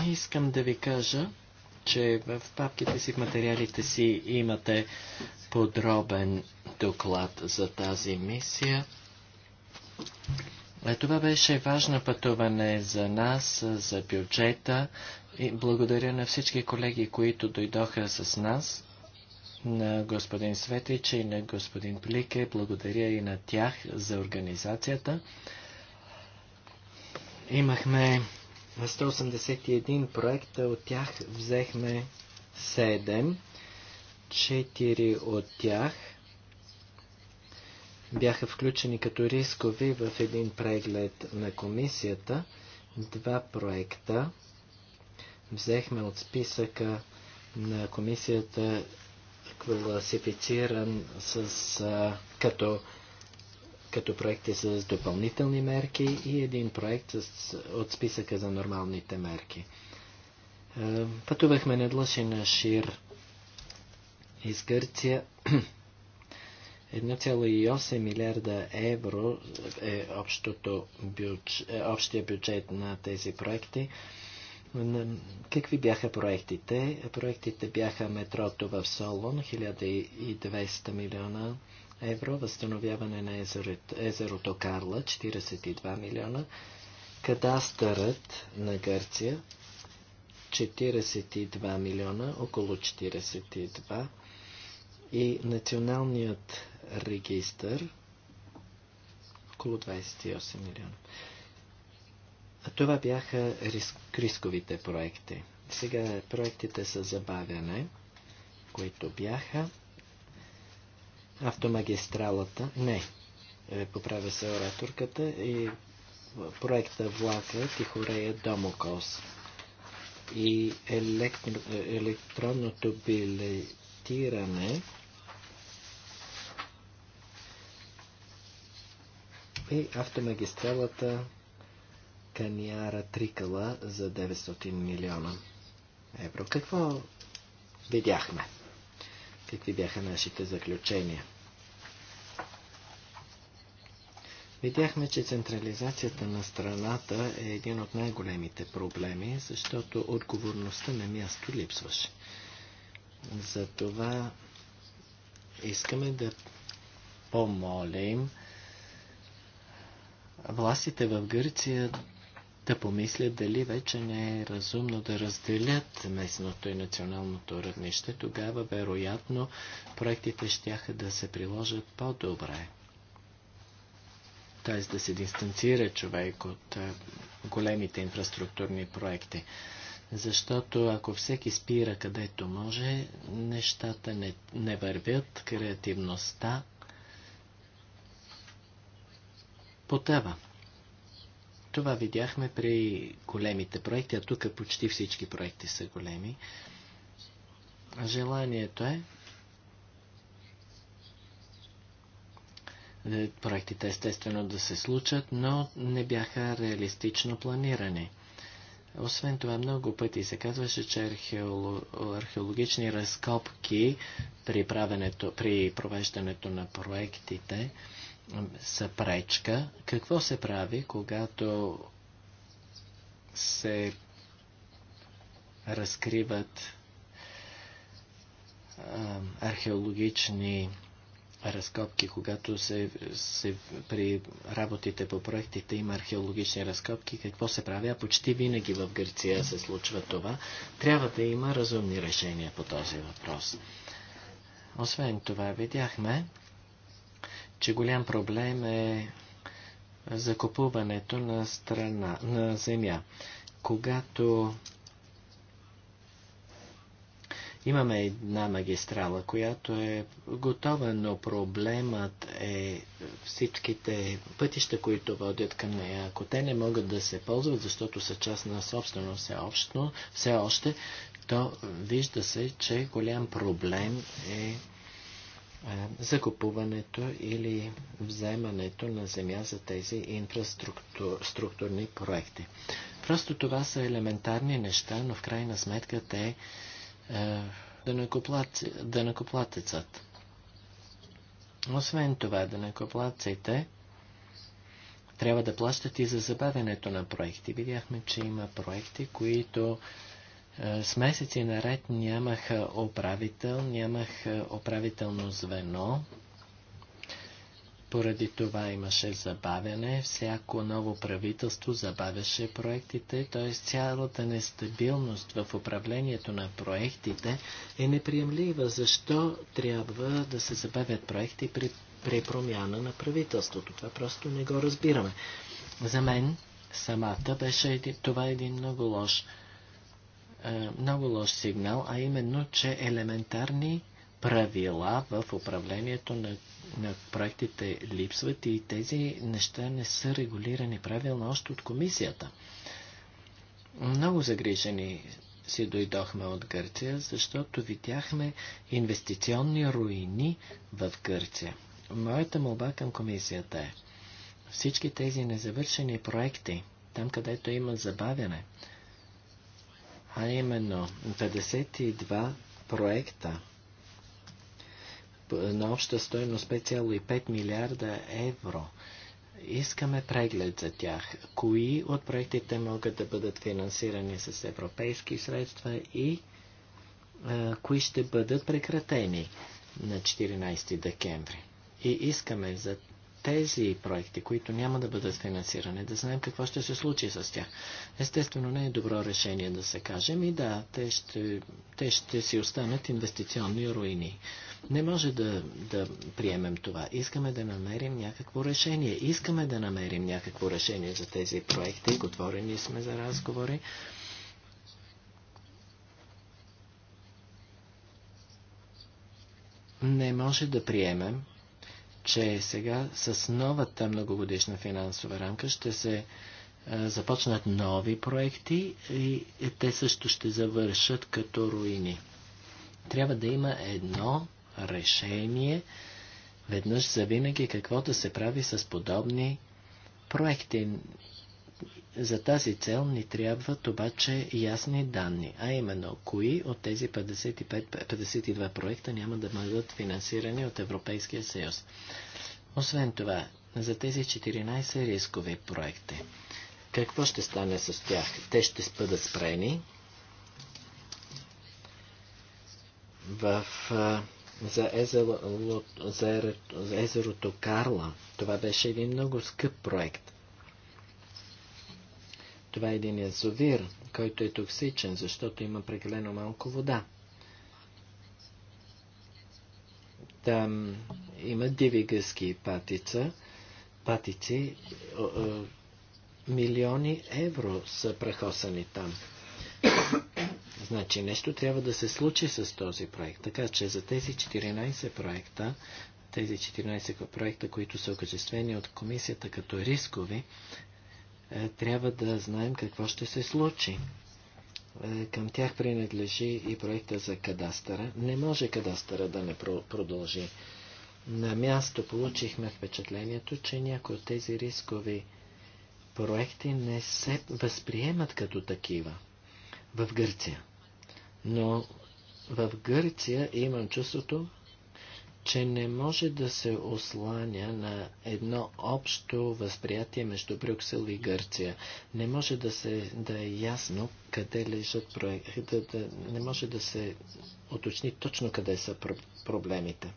и искам да ви кажа, че в папките си, в материалите си имате подробен доклад за тази мисия. Е, това беше важно пътуване за нас, за бюджета. И благодаря на всички колеги, които дойдоха с нас, на господин Светич и на господин Плике. Благодаря и на тях за организацията. Имахме 181 проекта, от тях взехме 7. Четири от тях – бяха включени като рискови в един преглед на комисията. Два проекта взехме от списъка на комисията класифициран с, а, като, като проекти с допълнителни мерки и един проект с, от списъка за нормалните мерки. А, пътувахме на Шир из Гърция 1,8 милиарда евро е общото бюдж, е, общия бюджет на тези проекти. Какви бяха проектите? Проектите бяха метрото в Солон, 1200 милиона евро, възстановяване на езерото, езерото Карла, 42 милиона, кадастърът на Гърция, 42 милиона, около 42 милиона, и националният регистр около 28 милиона. А това бяха риск, рисковите проекти. Сега проектите са забавяне, които бяха автомагистралата, не, е, поправя се ораторката и проекта Влака Тихорея Домокос и електро, е, електронното билетиране и е, автомагистралата Каниара Трикала за 900 милиона евро. Какво видяхме? Какви бяха нашите заключения? Видяхме, че централизацията на страната е един от най-големите проблеми, защото отговорността на място липсваше. Затова искаме да помолим властите в Гърция да помислят дали вече не е разумно да разделят местното и националното равнище, тогава вероятно проектите ще да се приложат по-добре. Т.е. да се дистанцира човек от е, големите инфраструктурни проекти. Защото ако всеки спира където може, нещата не, не вървят, креативността потъва. Това видяхме при големите проекти, а тук почти всички проекти са големи. Желанието е, е проектите естествено да се случат, но не бяха реалистично планирани. Освен това, много пъти се казваше, че археологични разкопки при, правенето, при провеждането на проектите са пречка. Какво се прави, когато се разкриват археологични разкопки, когато се, се, при работите по проектите има археологични разкопки, какво се прави? А почти винаги в Гърция се случва това. Трябва да има разумни решения по този въпрос. Освен това, видяхме, че голям проблем е закупуването на страна, на земя. Когато имаме една магистрала, която е готова, но проблемът е всичките пътища, които водят към нея. Ако те не могат да се ползват, защото са част на собствено все, общо, все още, то вижда се, че голям проблем е закупуването или вземането на земя за тези инфраструктурни проекти. Просто това са елементарни неща, но в крайна сметка те е, дънакоплатецът. Да Освен това, дънакоплатците да трябва да плащат и за забавянето на проекти. Видяхме, че има проекти, които е, С месеци наред нямах управител, нямах е, управително звено. Поради това имаше забавяне, всяко ново правителство забавяше проектите, т.е. цялата нестабилност в управлението на проектите е неприемлива. Защо трябва да се забавят проекти при, при промяна на правителството? Това просто не го разбираме. За мен самата беше това е един много лош е, много лош сигнал, а именно, че елементарни правила в управлението на, на проектите липсват и тези неща не са регулирани правилно още от комисията. Много загрижени си дойдохме от Гърция, защото видяхме инвестиционни руини в Гърция. Моята молба към комисията е всички тези незавършени проекти, там където има забавяне, а именно 52 проекта на обща стоеност 5,5 милиарда евро. Искаме преглед за тях. Кои от проектите могат да бъдат финансирани с европейски средства и а, кои ще бъдат прекратени на 14 декември. И искаме за тези проекти, които няма да бъдат финансирани, да знаем какво ще се случи с тях. Естествено, не е добро решение да се кажем и да, те ще, те ще си останат инвестиционни руини. Не може да, да приемем това. Искаме да намерим някакво решение. Искаме да намерим някакво решение за тези проекти. Отворени сме за разговори. Не може да приемем че сега с новата многогодишна финансова рамка ще се е, започнат нови проекти и те също ще завършат като руини. Трябва да има едно решение веднъж за винаги какво да се прави с подобни проекти. За тази цел ни трябват обаче ясни данни, а именно кои от тези 55, 52 проекта няма да бъдат финансирани от Европейския съюз. Освен това, за тези 14 рискови проекти, какво ще стане с тях? Те ще бъдат спрени в, за, езеро, за езерото Карла. Това беше един много скъп проект това е един язовир, който е токсичен, защото има прекалено малко вода. Там има диви гъски патица, патици, милиони евро са прахосани там. Значи нещо трябва да се случи с този проект. Така че за тези 14 проекта, тези 14 проекта, които са окачествени от комисията като рискови, е, трябва да знаем какво ще се случи. Е, към тях принадлежи и проекта за кадастъра. Не може кадастъра да не продължи. На място получихме впечатлението, че някои от тези рискови проекти не се възприемат като такива в Гърция. Но в Гърция имам чувството, че не може да се осланя на едно общо възприятие между Брюксел и Гърция. Не може да, се, да е ясно къде лежат проекти, да, да, не може да се уточни точно къде са про проблемите.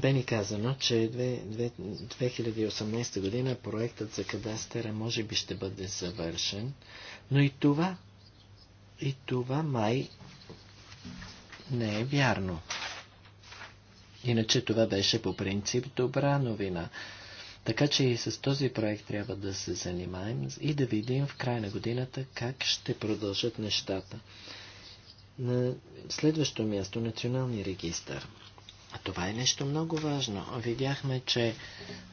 Бе ми казано, че 2018 година проектът за кадастъра може би ще бъде завършен, но и това, и това май не е вярно. Иначе това беше по принцип добра новина. Така че и с този проект трябва да се занимаем и да видим в края на годината как ще продължат нещата. На следващо място националния регистър. А това е нещо много важно. Видяхме, че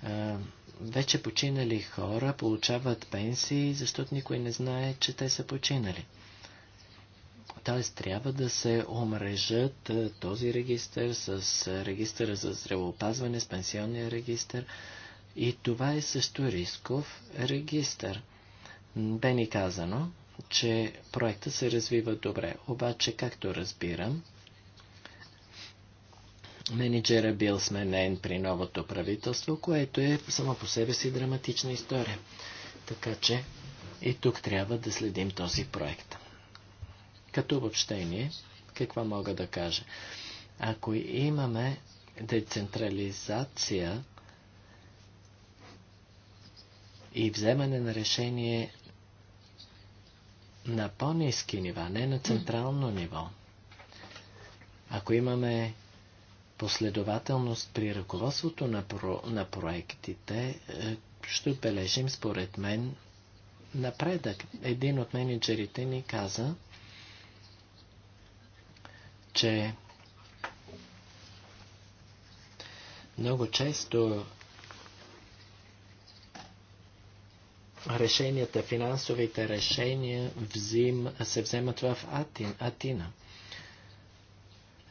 а, вече починали хора получават пенсии, защото никой не знае, че те са починали т.е. трябва да се омрежат е, този регистр с е, регистъра за здравеопазване, с пенсионния регистр. И това е също рисков регистр. Бе ни казано, че проекта се развива добре, обаче, както разбирам, менеджера бил сменен при новото правителство, което е само по себе си драматична история. Така че и тук трябва да следим този проект. Като обобщение, какво мога да кажа? Ако имаме децентрализация и вземане на решение на по-низки нива, не на централно ниво, ако имаме последователност при ръководството на, про, на проектите, е, ще бележим според мен напредък. Един от менеджерите ни каза, че много често решенията, финансовите решения взим, се вземат в Атин, Атина.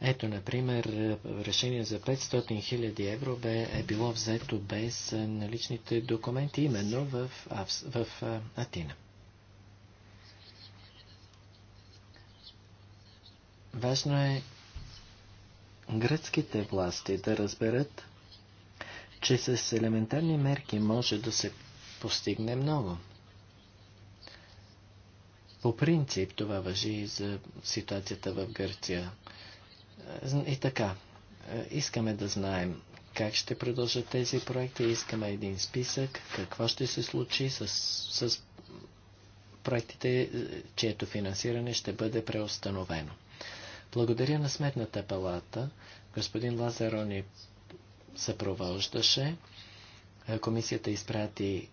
Ето, например, решение за 500 000 евро бе, е било взето без наличните документи, именно в, в, в Атина. Важно е гръцките власти да разберат, че с елементарни мерки може да се постигне много. По принцип това въжи и за ситуацията в Гърция. И така, искаме да знаем как ще продължат тези проекти, искаме един списък, какво ще се случи с, с проектите, чието финансиране ще бъде преустановено. Благодаря на Сметната палата. Господин Лазарони съпровождаше. Комисията изпрати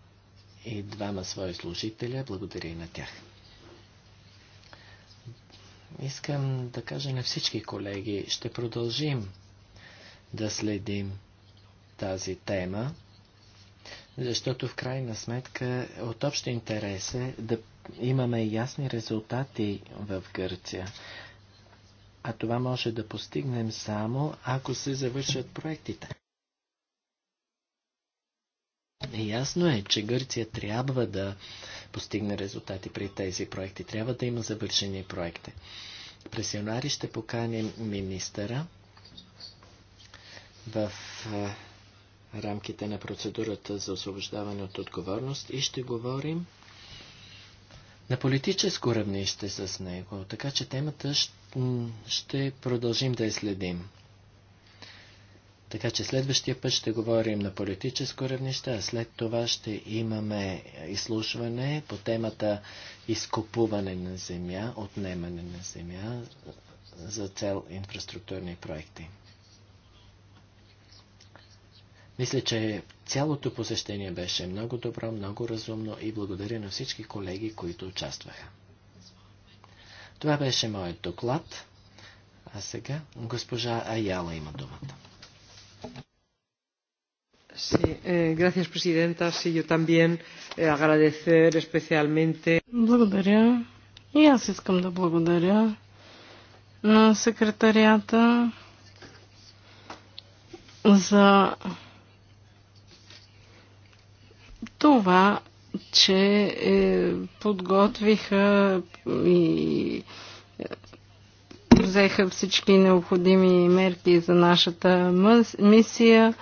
и двама свои служителя. Благодаря и на тях. Искам да кажа на всички колеги, ще продължим да следим тази тема, защото в крайна сметка от общ интерес е да имаме ясни резултати в Гърция а това може да постигнем само ако се завършат проектите. Ясно е, че Гърция трябва да постигне резултати при тези проекти. Трябва да има завършени проекти. През януари ще поканим министъра в рамките на процедурата за освобождаване от отговорност и ще говорим на политическо равнище с него. Така че темата ще ще продължим да я следим. Така че следващия път ще говорим на политическо равнище, а след това ще имаме изслушване по темата изкупуване на земя, отнемане на земя за цел инфраструктурни проекти. Мисля, че цялото посещение беше много добро, много разумно и благодаря на всички колеги, които участваха. Това беше моят доклад. А сега госпожа Аяла има думата. Sí, eh, gracias, presidenta. Sí, yo también eh, agradecer especialmente. Благодаря. И аз искам да благодаря на секретарията за това, че е, подготвиха и е, взеха всички необходими мерки за нашата мисия.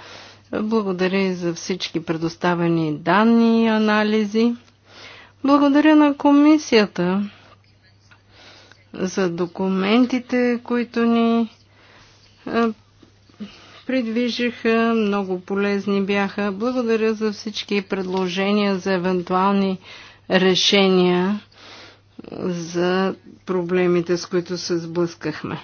Благодаря за всички предоставени данни и анализи. Благодаря на комисията за документите, които ни е, придвижиха, много полезни бяха. Благодаря за всички предложения за евентуални решения за проблемите, с които се сблъскахме.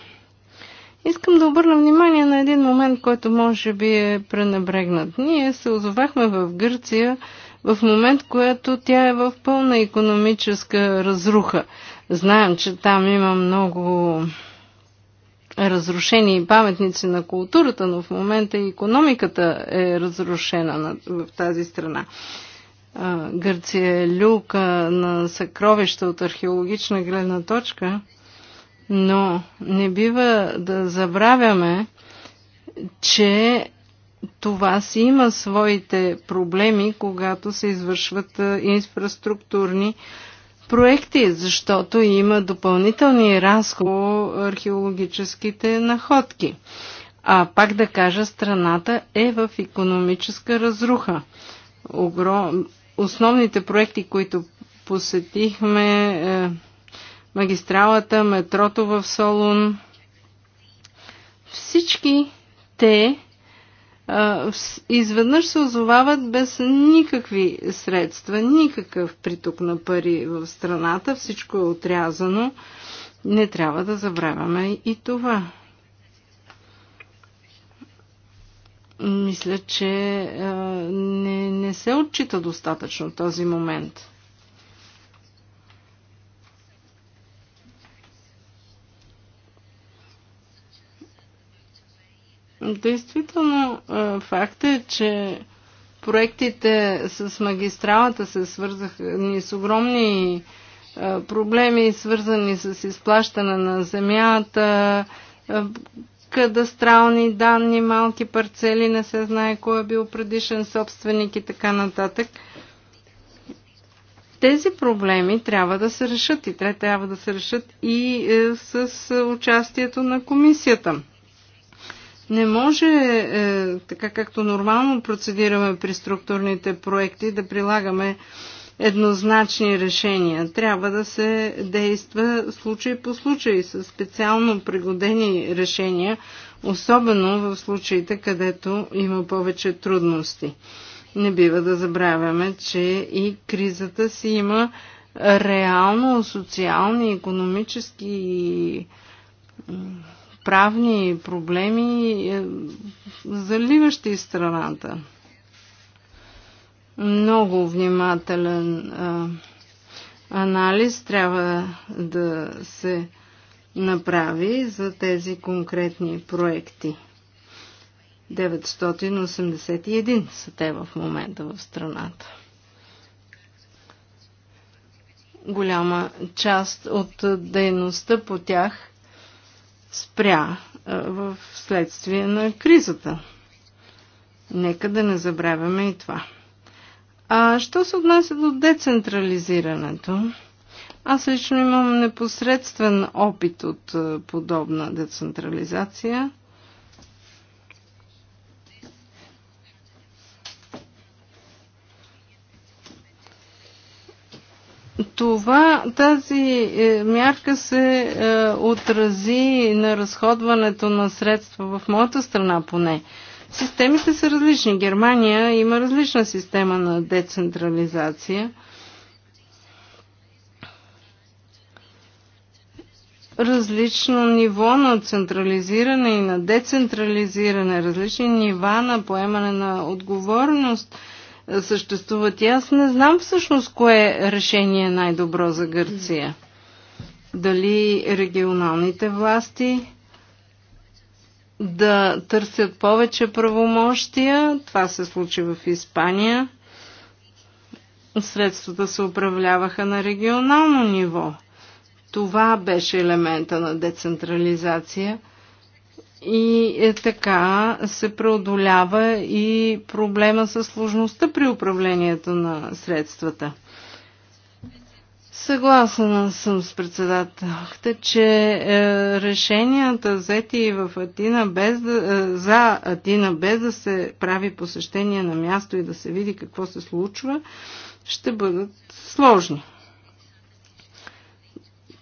Искам да обърна внимание на един момент, който може би е пренебрегнат. Ние се озовахме в Гърция в момент, което тя е в пълна економическа разруха. Знаем, че там има много разрушени паметници на културата, но в момента и економиката е разрушена в тази страна. Гърция е люка на съкровища от археологична гледна точка, но не бива да забравяме, че това си има своите проблеми, когато се извършват инфраструктурни а, проекти, защото има допълнителни разходи археологическите находки. А пак да кажа, страната е в економическа разруха. Огром... Основните проекти, които посетихме, е, магистралата, метрото в Солун, всички те изведнъж се озовават без никакви средства, никакъв приток на пари в страната, всичко е отрязано. Не трябва да забравяме и това. Мисля, че не, не се отчита достатъчно този момент. Действително факт е, че проектите с магистралата се свързаха ни с огромни проблеми, свързани с изплащане на земята, кадастрални данни, малки парцели, не се знае кой е бил предишен собственик и така нататък. Тези проблеми трябва да се решат и те трябва да се решат и е, с участието на комисията. Не може, е, така както нормално процедираме при структурните проекти, да прилагаме еднозначни решения. Трябва да се действа случай по случай с специално пригодени решения, особено в случаите, където има повече трудности. Не бива да забравяме, че и кризата си има реално социални, економически и правни проблеми, е, заливащи страната. Много внимателен а, е, анализ трябва да се направи за тези конкретни проекти. 981 са те в момента в страната. Голяма част от дейността по тях спря в следствие на кризата. Нека да не забравяме и това. А що се отнася до децентрализирането? Аз лично имам непосредствен опит от подобна децентрализация – това, тази е, мярка се е, отрази на разходването на средства в моята страна поне. Системите са различни. Германия има различна система на децентрализация. Различно ниво на централизиране и на децентрализиране, различни нива на поемане на отговорност – съществуват. И аз не знам всъщност кое решение е най-добро за Гърция. Дали регионалните власти да търсят повече правомощия. Това се случи в Испания. Средствата се управляваха на регионално ниво. Това беше елемента на децентрализация – и е така се преодолява и проблема с сложността при управлението на средствата. Съгласна съм с председателката, че е, решенията взети в Атина без да, е, за Атина без да се прави посещение на място и да се види какво се случва, ще бъдат сложни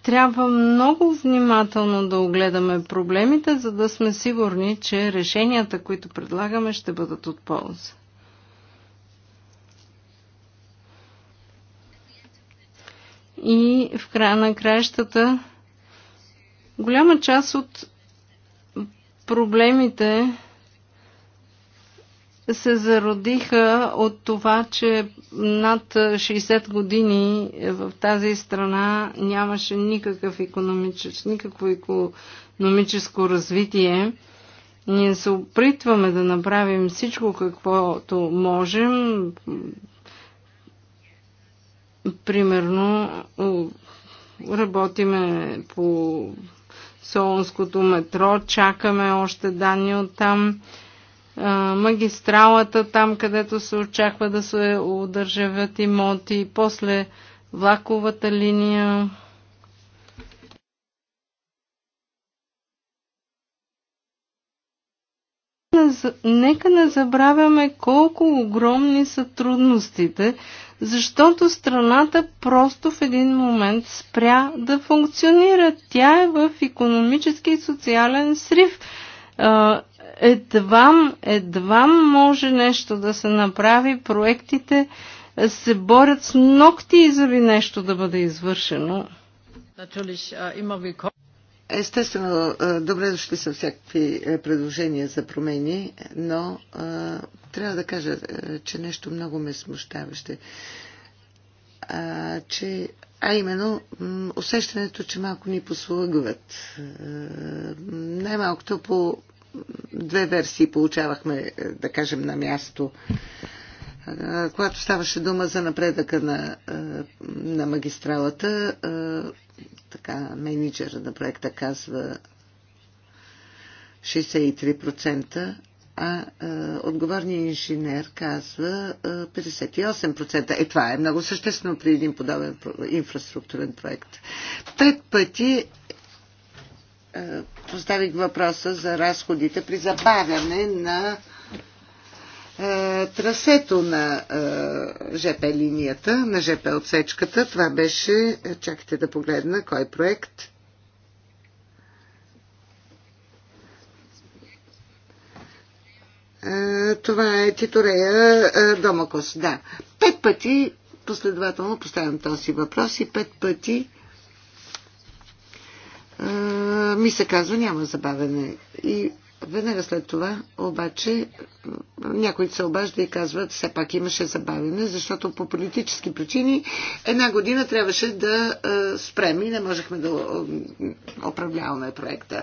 трябва много внимателно да огледаме проблемите, за да сме сигурни, че решенията, които предлагаме, ще бъдат от полза. И в края на краищата, голяма част от проблемите се зародиха от това, че над 60 години в тази страна нямаше никакъв економичес, никакво економическо развитие. Ние се опритваме да направим всичко каквото можем. Примерно работиме по Солонското метро, чакаме още данни от там магистралата там, където се очаква да се удържавят имоти, после влаковата линия. Нека не забравяме колко огромни са трудностите, защото страната просто в един момент спря да функционира. Тя е в економически и социален срив едва, едва може нещо да се направи. Проектите се борят с ногти и зави нещо да бъде извършено. Естествено, добре дошли са всякакви е, предложения за промени, но трябва да кажа, е, че нещо много ме смущаваще. А, че, а именно усещането, че малко ни послугват. Е, най-малкото по две версии получавахме, е, да кажем, на място. Е, когато ставаше дума за напредъка на, е, на магистралата, така, менеджера на проекта казва 63%, а отговорният инженер казва 58%. Е, това е много съществено при един подобен инфраструктурен проект. Пет пъти е, поставих въпроса за разходите при забавяне на е, трасето на е, ЖП линията, на ЖП отсечката. Това беше, чакайте да погледна, кой проект. Това е Титорея Домакос. Да. Пет пъти последователно поставям този въпрос и пет пъти ми се казва няма забавене. И веднага след това обаче някой се обажда и казва, все пак имаше забавене, защото по политически причини една година трябваше да спрем и не можехме да управляваме проекта.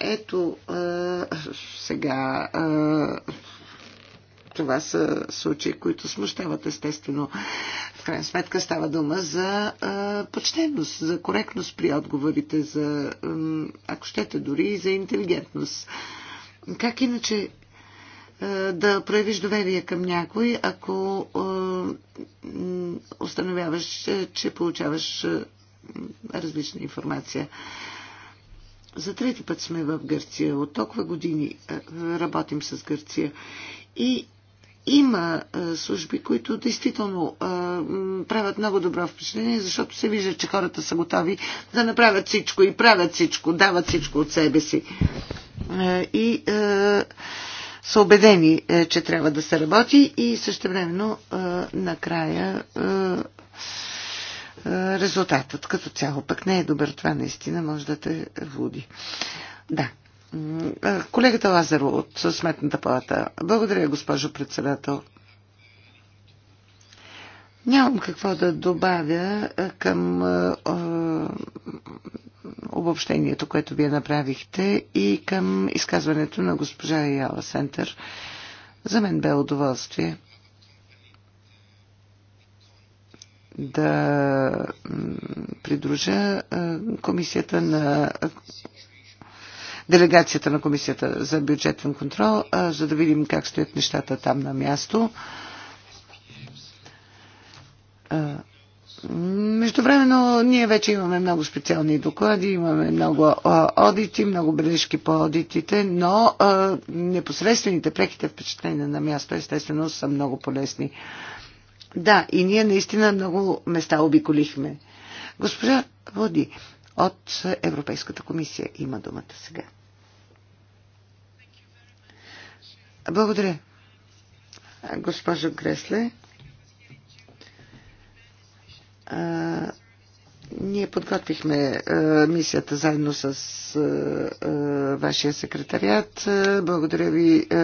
Ето, сега това са случаи, които смущават естествено. В крайна сметка става дума за а, почтенност, за коректност при отговорите, за, ако щете, дори и за интелигентност. Как иначе да проявиш доверие към някой, ако установяваш, че получаваш различна информация. За трети път сме в Гърция. От толкова години работим с Гърция. И има служби, които действително правят много добро впечатление, защото се вижда, че хората са готови да направят всичко и правят всичко, дават всичко от себе си. И са убедени, е, че трябва да се работи и същевременно накрая резултатът като цяло пък не е добър. Това наистина може да те води. Да, Колегата Лазаро от Сметната палата. Благодаря, госпожо председател. Нямам какво да добавя към обобщението, което вие направихте и към изказването на госпожа Яла Сентър. За мен бе удоволствие да придружа комисията на делегацията на Комисията за бюджетен контрол, за да видим как стоят нещата там на място. Междувременно ние вече имаме много специални доклади, имаме много одити, много бележки по одитите, но непосредствените преките впечатления на място естествено са много полезни. Да, и ние наистина много места обиколихме. Госпожа Води от Европейската комисия има думата сега. Благодаря. Госпожо Гресле, а, ние подготвихме а, мисията заедно с а, а, вашия секретариат. Благодаря ви а,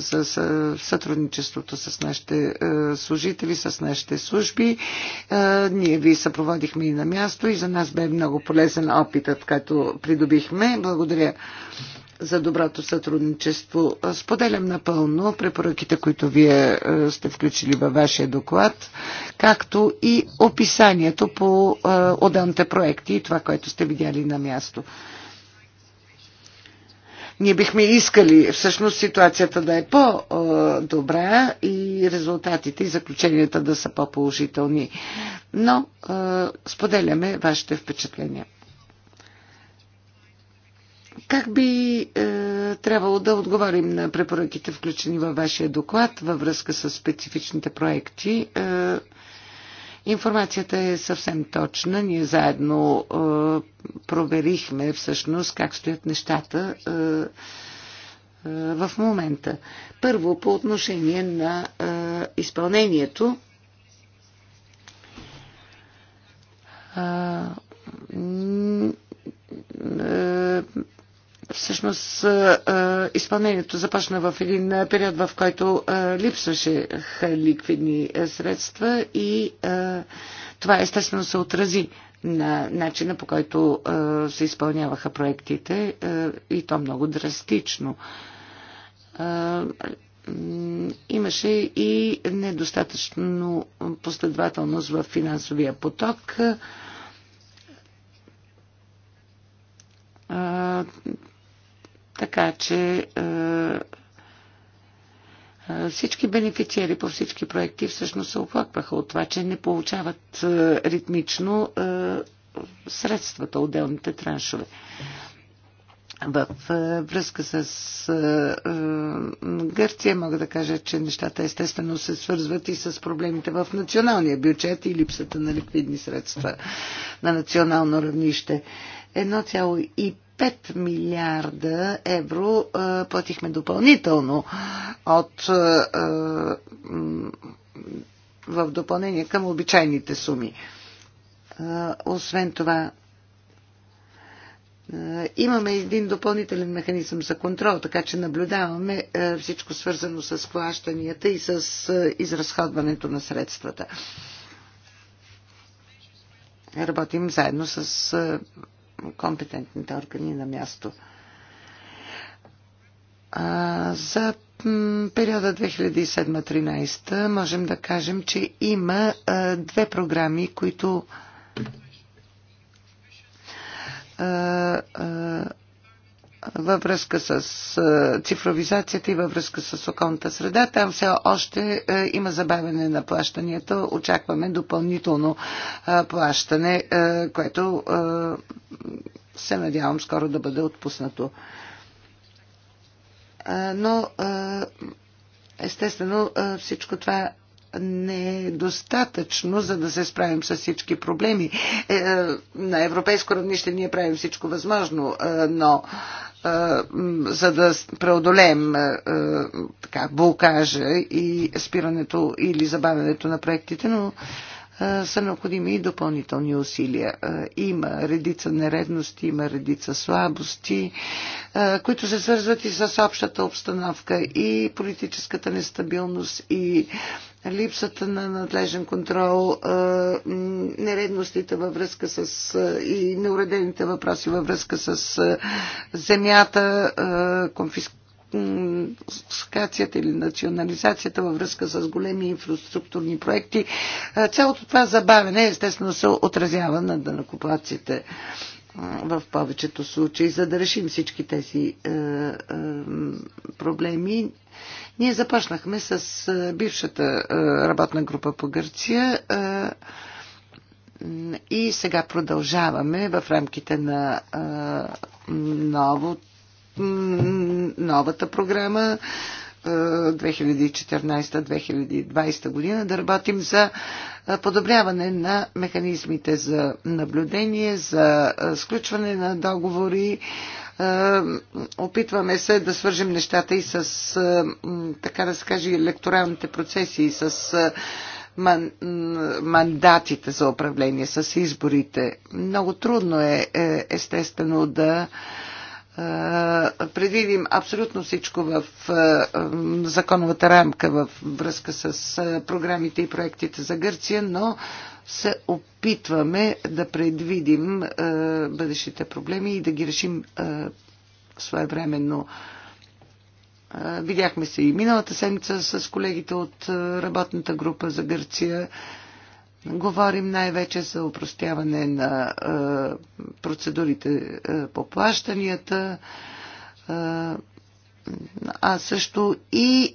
за, за сътрудничеството с нашите а, служители, с нашите служби. А, ние ви съпроводихме и на място и за нас бе много полезен опитът, който придобихме. Благодаря за доброто сътрудничество. Споделям напълно препоръките, които вие е, сте включили във вашия доклад, както и описанието по е, отделните проекти и това, което сте видяли на място. Ние бихме искали всъщност ситуацията да е по-добра и резултатите и заключенията да са по-положителни. Но е, споделяме вашите впечатления. Как би е, трябвало да отговорим на препоръките, включени във вашия доклад, във връзка с специфичните проекти? Е, информацията е съвсем точна. Ние заедно е, проверихме всъщност как стоят нещата е, е, в момента. Първо, по отношение на е, изпълнението. Е, е Всъщност изпълнението започна в един период, в който липсваше ликвидни средства и това естествено се отрази на начина по който се изпълняваха проектите и то много драстично. Имаше и недостатъчно последователност в финансовия поток така че е, е, всички бенефициери по всички проекти всъщност се оплакваха от това, че не получават е, ритмично средствата, отделните траншове. В връзка с Гърция мога да кажа, че нещата естествено се свързват и с проблемите в националния бюджет и липсата на ликвидни средства на национално равнище. 5 милиарда евро платихме допълнително от в допълнение към обичайните суми. Освен това, имаме един допълнителен механизъм за контрол, така че наблюдаваме всичко свързано с плащанията и с изразходването на средствата. Работим заедно с компетентните органи на място. А, за периода 2007-2013 можем да кажем, че има а, две програми, които а, а, във връзка с цифровизацията и във връзка с околната среда. Там все още има забавяне на плащанията. Очакваме допълнително плащане, което се надявам скоро да бъде отпуснато. Но естествено всичко това не е достатъчно, за да се справим с всички проблеми. Е, е, на европейско равнище ние правим всичко възможно, е, но за да преодолеем така, блокажа и спирането или забавянето на проектите, но са необходими и допълнителни усилия. Има редица нередности, има редица слабости, които се свързват и с общата обстановка, и политическата нестабилност, и липсата на надлежен контрол, нередностите във връзка с и неуредените въпроси във връзка с земята, конфискацията или национализацията във връзка с големи инфраструктурни проекти. Цялото това забавене естествено се отразява на данакоплаците в повечето случаи, за да решим всички тези е, е, проблеми. Ние започнахме с е, бившата работна група по Гърция и сега продължаваме в рамките на ново, новата програма 2014-2020 година да работим за подобряване на механизмите за наблюдение, за сключване на договори. Опитваме се да свържем нещата и с, така да се каже, електоралните процеси и с мандатите за управление, с изборите. Много трудно е, е естествено, да предвидим абсолютно всичко в законовата рамка в връзка с програмите и проектите за Гърция, но се опитваме да предвидим бъдещите проблеми и да ги решим своевременно. Видяхме се и миналата седмица с колегите от работната група за Гърция. Говорим най-вече за упростяване на е, процедурите е, по плащанията, е, а също и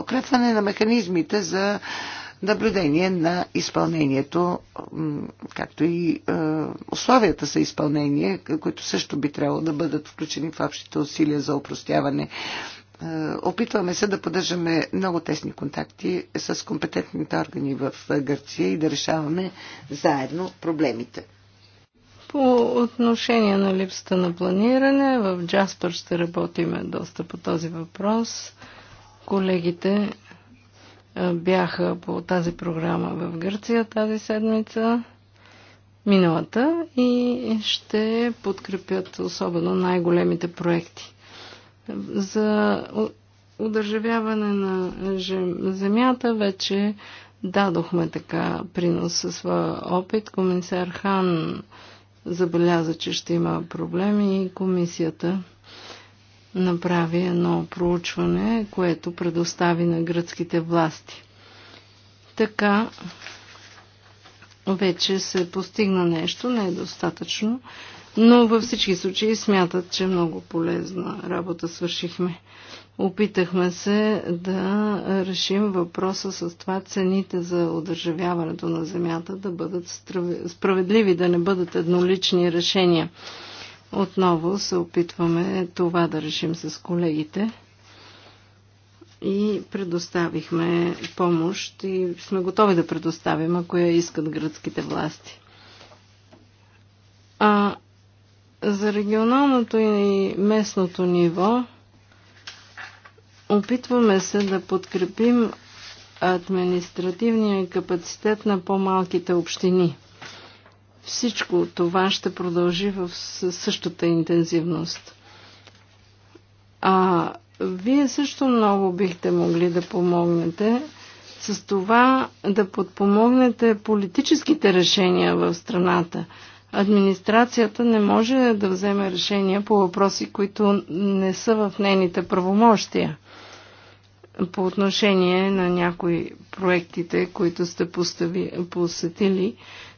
укрепване на механизмите за наблюдение на изпълнението, както и условията за изпълнение, които също би трябвало да бъдат включени в общите усилия за упростяване е, опитваме се да поддържаме много тесни контакти с компетентните органи в Гърция и да решаваме заедно проблемите. По отношение на липсата на планиране, в Джаспър ще работиме доста по този въпрос. Колегите е, бяха по тази програма в Гърция тази седмица, миналата, и ще подкрепят особено най-големите проекти. За удържавяване на земята вече дадохме така принос със своя опит. Комисар Хан забеляза, че ще има проблеми и комисията направи едно проучване, което предостави на гръцките власти. Така вече се постигна нещо, не е достатъчно, но във всички случаи смятат, че много полезна работа свършихме. Опитахме се да решим въпроса с това цените за удържавяването на земята да бъдат справедливи, да не бъдат еднолични решения. Отново се опитваме това да решим с колегите и предоставихме помощ и сме готови да предоставим, ако я искат гръцките власти. А за регионалното и местното ниво опитваме се да подкрепим административния капацитет на по-малките общини. Всичко това ще продължи в същата интензивност. А вие също много бихте могли да помогнете с това да подпомогнете политическите решения в страната – администрацията не може да вземе решения по въпроси, които не са в нейните правомощия по отношение на някои проектите, които сте постави, посетили.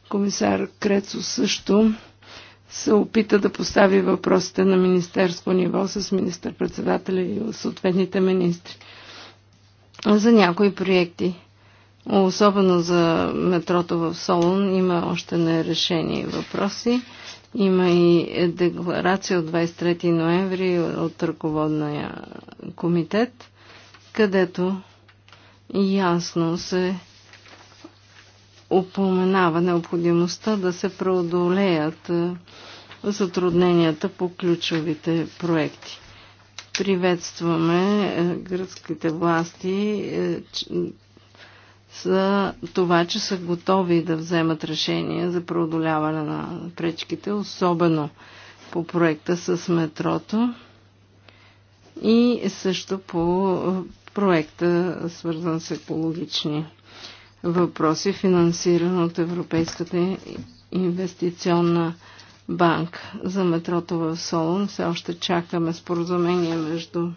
Комисар Крецо също се опита да постави въпросите на министерско ниво с министър-председателя и съответните министри за някои проекти. Особено за метрото в Солун има още нерешени въпроси. Има и декларация от 23 ноември от ръководния комитет, където ясно се упоменава необходимостта да се преодолеят затрудненията по ключовите проекти. Приветстваме гръцките власти, за това, че са готови да вземат решение за преодоляване на пречките, особено по проекта с метрото и също по проекта, свързан с екологични въпроси, финансиран от Европейската инвестиционна банк за метрото в Солон. Все още чакаме споразумение между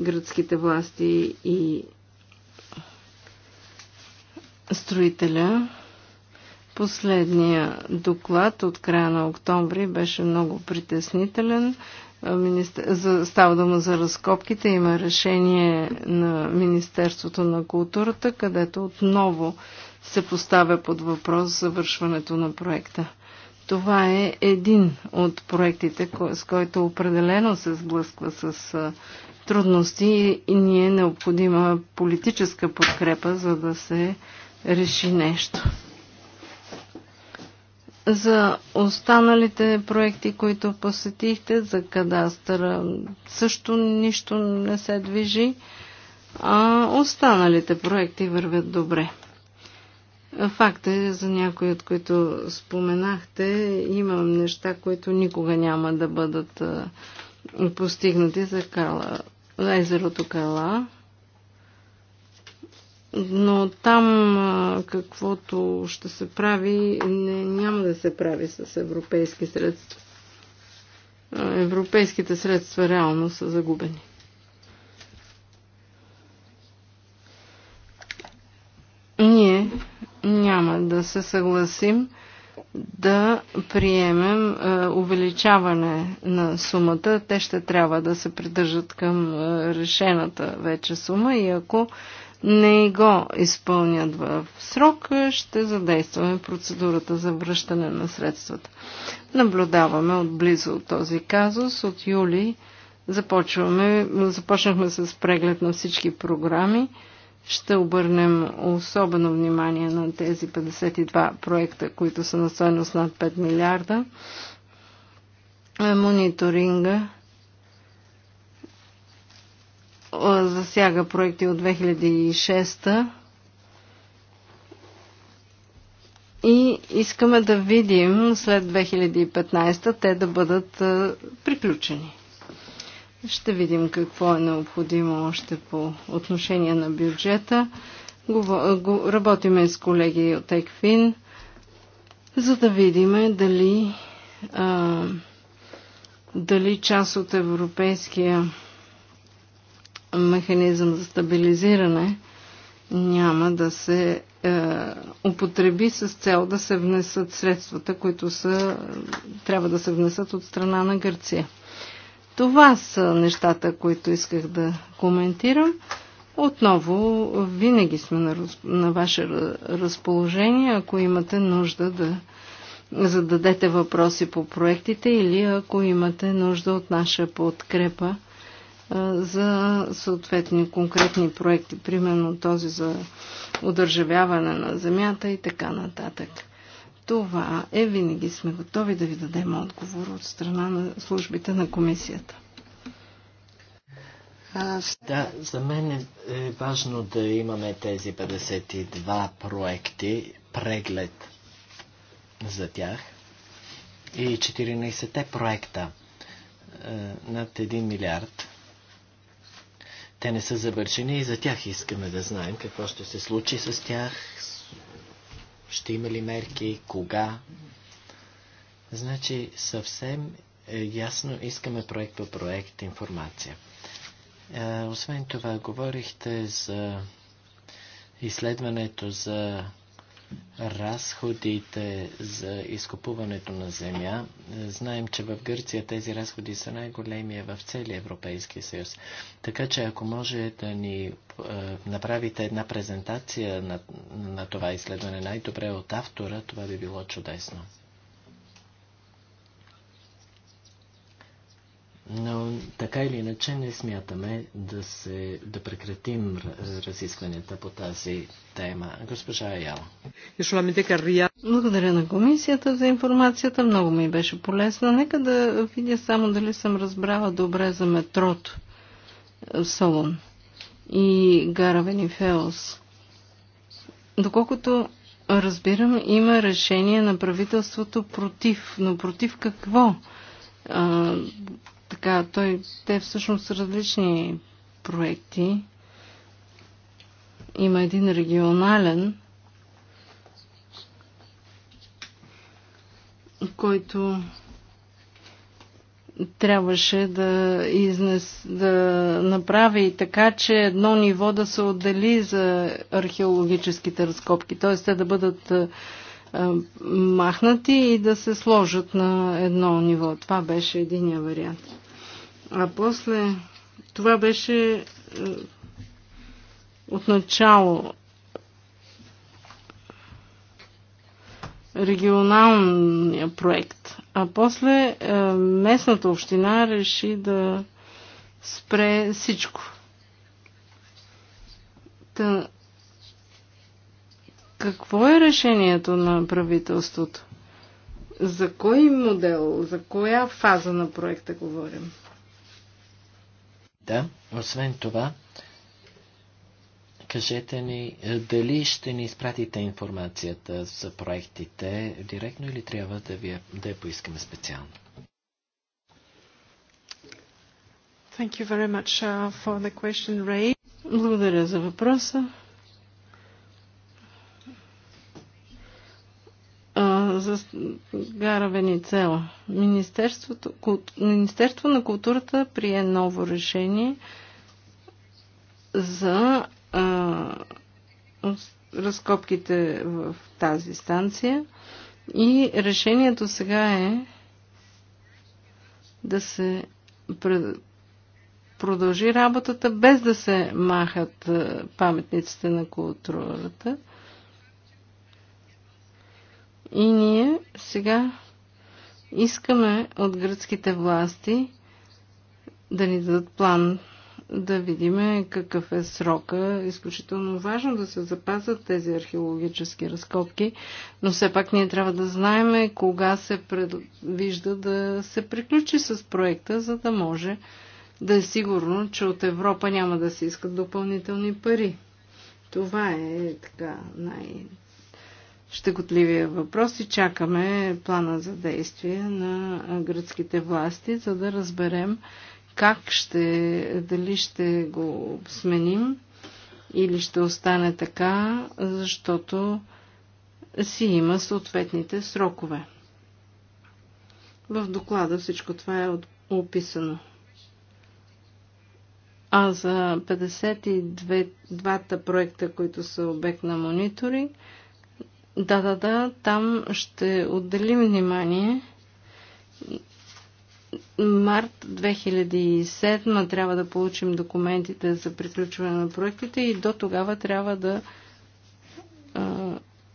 гръцките власти и строителя. Последния доклад от края на октомври беше много притеснителен. Става дума за разкопките. Има решение на Министерството на културата, където отново се поставя под въпрос завършването на проекта. Това е един от проектите, с който определено се сблъсква с трудности и ни е необходима политическа подкрепа, за да се реши нещо. За останалите проекти, които посетихте, за кадастъра също нищо не се движи, а останалите проекти вървят добре. Факт е, за някои от които споменахте, имам неща, които никога няма да бъдат постигнати за Кала, езерото Кала но там каквото ще се прави, не, няма да се прави с европейски средства. Европейските средства реално са загубени. Ние няма да се съгласим да приемем е, увеличаване на сумата. Те ще трябва да се придържат към е, решената вече сума и ако е, не го изпълнят в срок, ще задействаме процедурата за връщане на средствата. Наблюдаваме отблизо от този казус. От юли започваме, започнахме с преглед на всички програми. Ще обърнем особено внимание на тези 52 проекта, които са на стоеност над 5 милиарда. Мониторинга засяга проекти от 2006 и искаме да видим след 2015 те да бъдат приключени. Ще видим какво е необходимо още по отношение на бюджета. Работиме с колеги от ЕКФИН, за да видим дали, а, дали част от европейския механизъм за стабилизиране няма да се е, употреби с цел да се внесат средствата, които са, трябва да се внесат от страна на Гърция. Това са нещата, които исках да коментирам. Отново, винаги сме на, на ваше разположение, ако имате нужда да зададете въпроси по проектите или ако имате нужда от наша подкрепа за съответни конкретни проекти, примерно този за удържавяване на земята и така нататък. Това е винаги сме готови да ви дадем отговор от страна на службите на комисията. да, за мен е, е важно да имаме тези 52 проекти, преглед за тях и 14-те проекта е, над 1 милиард те не са завършени и за тях искаме да знаем какво ще се случи с тях, ще има ли мерки, кога. Значи съвсем е, ясно искаме проект по проект информация. Е, освен това, говорихте за изследването за разходите за изкупуването на земя. Знаем, че в Гърция тези разходи са най големи в целия Европейски съюз. Така че ако може да ни е, направите една презентация на, на това изследване най-добре от автора, това би било чудесно. Но така или иначе не смятаме да, се, да прекратим разискванията по тази тема. Госпожа Аяла. Благодаря на комисията за информацията. Много ми беше полезна. Нека да видя само дали съм разбрала добре за метрото в Солон и Гара Венифеос. Доколкото разбирам, има решение на правителството против. Но против какво? така. Той, те всъщност са различни проекти. Има един регионален, който трябваше да, изнес, да направи така, че едно ниво да се отдели за археологическите разкопки, т.е. те да бъдат махнати и да се сложат на едно ниво. Това беше единия вариант. А после това беше е, отначало регионалния проект. А после е, местната община реши да спре всичко. Та, какво е решението на правителството? За кой модел, за коя фаза на проекта говорим? Да, освен това, кажете ни, е, дали ще ни изпратите информацията за проектите директно или трябва да, ви, да я поискаме специално? Thank you very much uh, for the question, Ray. Благодаря за въпроса. за гара Венецела. Министерството, култ, Министерство на културата прие ново решение за а, разкопките в тази станция и решението сега е да се продължи работата без да се махат паметниците на културата – и ние сега искаме от гръцките власти да ни дадат план, да видим какъв е срока. Изключително важно да се запазят тези археологически разкопки, но все пак ние трябва да знаем кога се предвижда да се приключи с проекта, за да може да е сигурно, че от Европа няма да се искат допълнителни пари. Това е така най- щекотливия въпрос и чакаме плана за действие на гръцките власти, за да разберем как ще, дали ще го сменим или ще остане така, защото си има съответните срокове. В доклада всичко това е описано. А за 52-та проекта, които са обект на мониторинг, да, да, да, там ще отделим внимание. Март 2007 трябва да получим документите за приключване на проектите и до тогава трябва да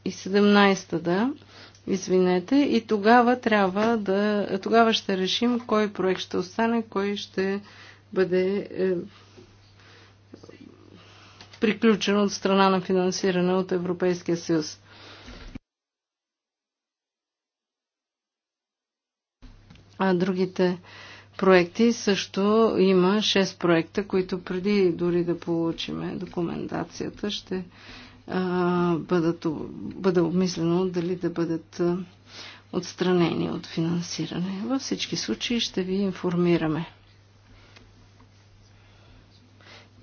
и 17-та, да, извинете, и тогава трябва да, тогава ще решим кой проект ще остане, кой ще бъде е, приключен от страна на финансиране от Европейския съюз. А другите проекти също има 6 проекта, които преди дори да получиме документацията ще а, бъдат, бъде обмислено дали да бъдат а, отстранени от финансиране. Във всички случаи ще ви информираме.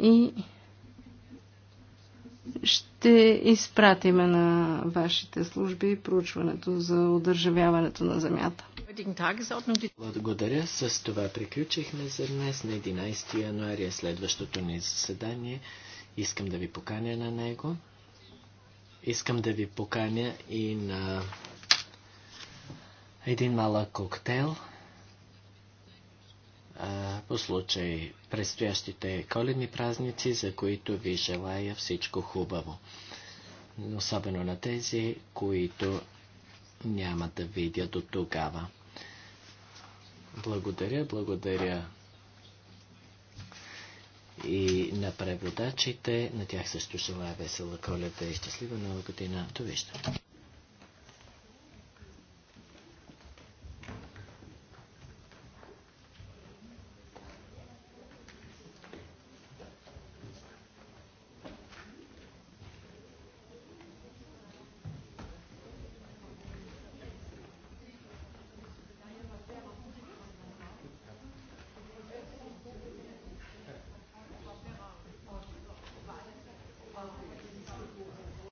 И ще изпратиме на вашите служби проучването за удържавяването на земята. Благодаря. С това приключихме за днес на 11 януаря е следващото ни заседание. Искам да ви поканя на него. Искам да ви поканя и на един малък коктейл по случай предстоящите коледни празници, за които ви желая всичко хубаво. Особено на тези, които няма да видя до тогава. Благодаря, благодаря и на преводачите. На тях също желая весела коледа и щастлива нова година. Довиждане!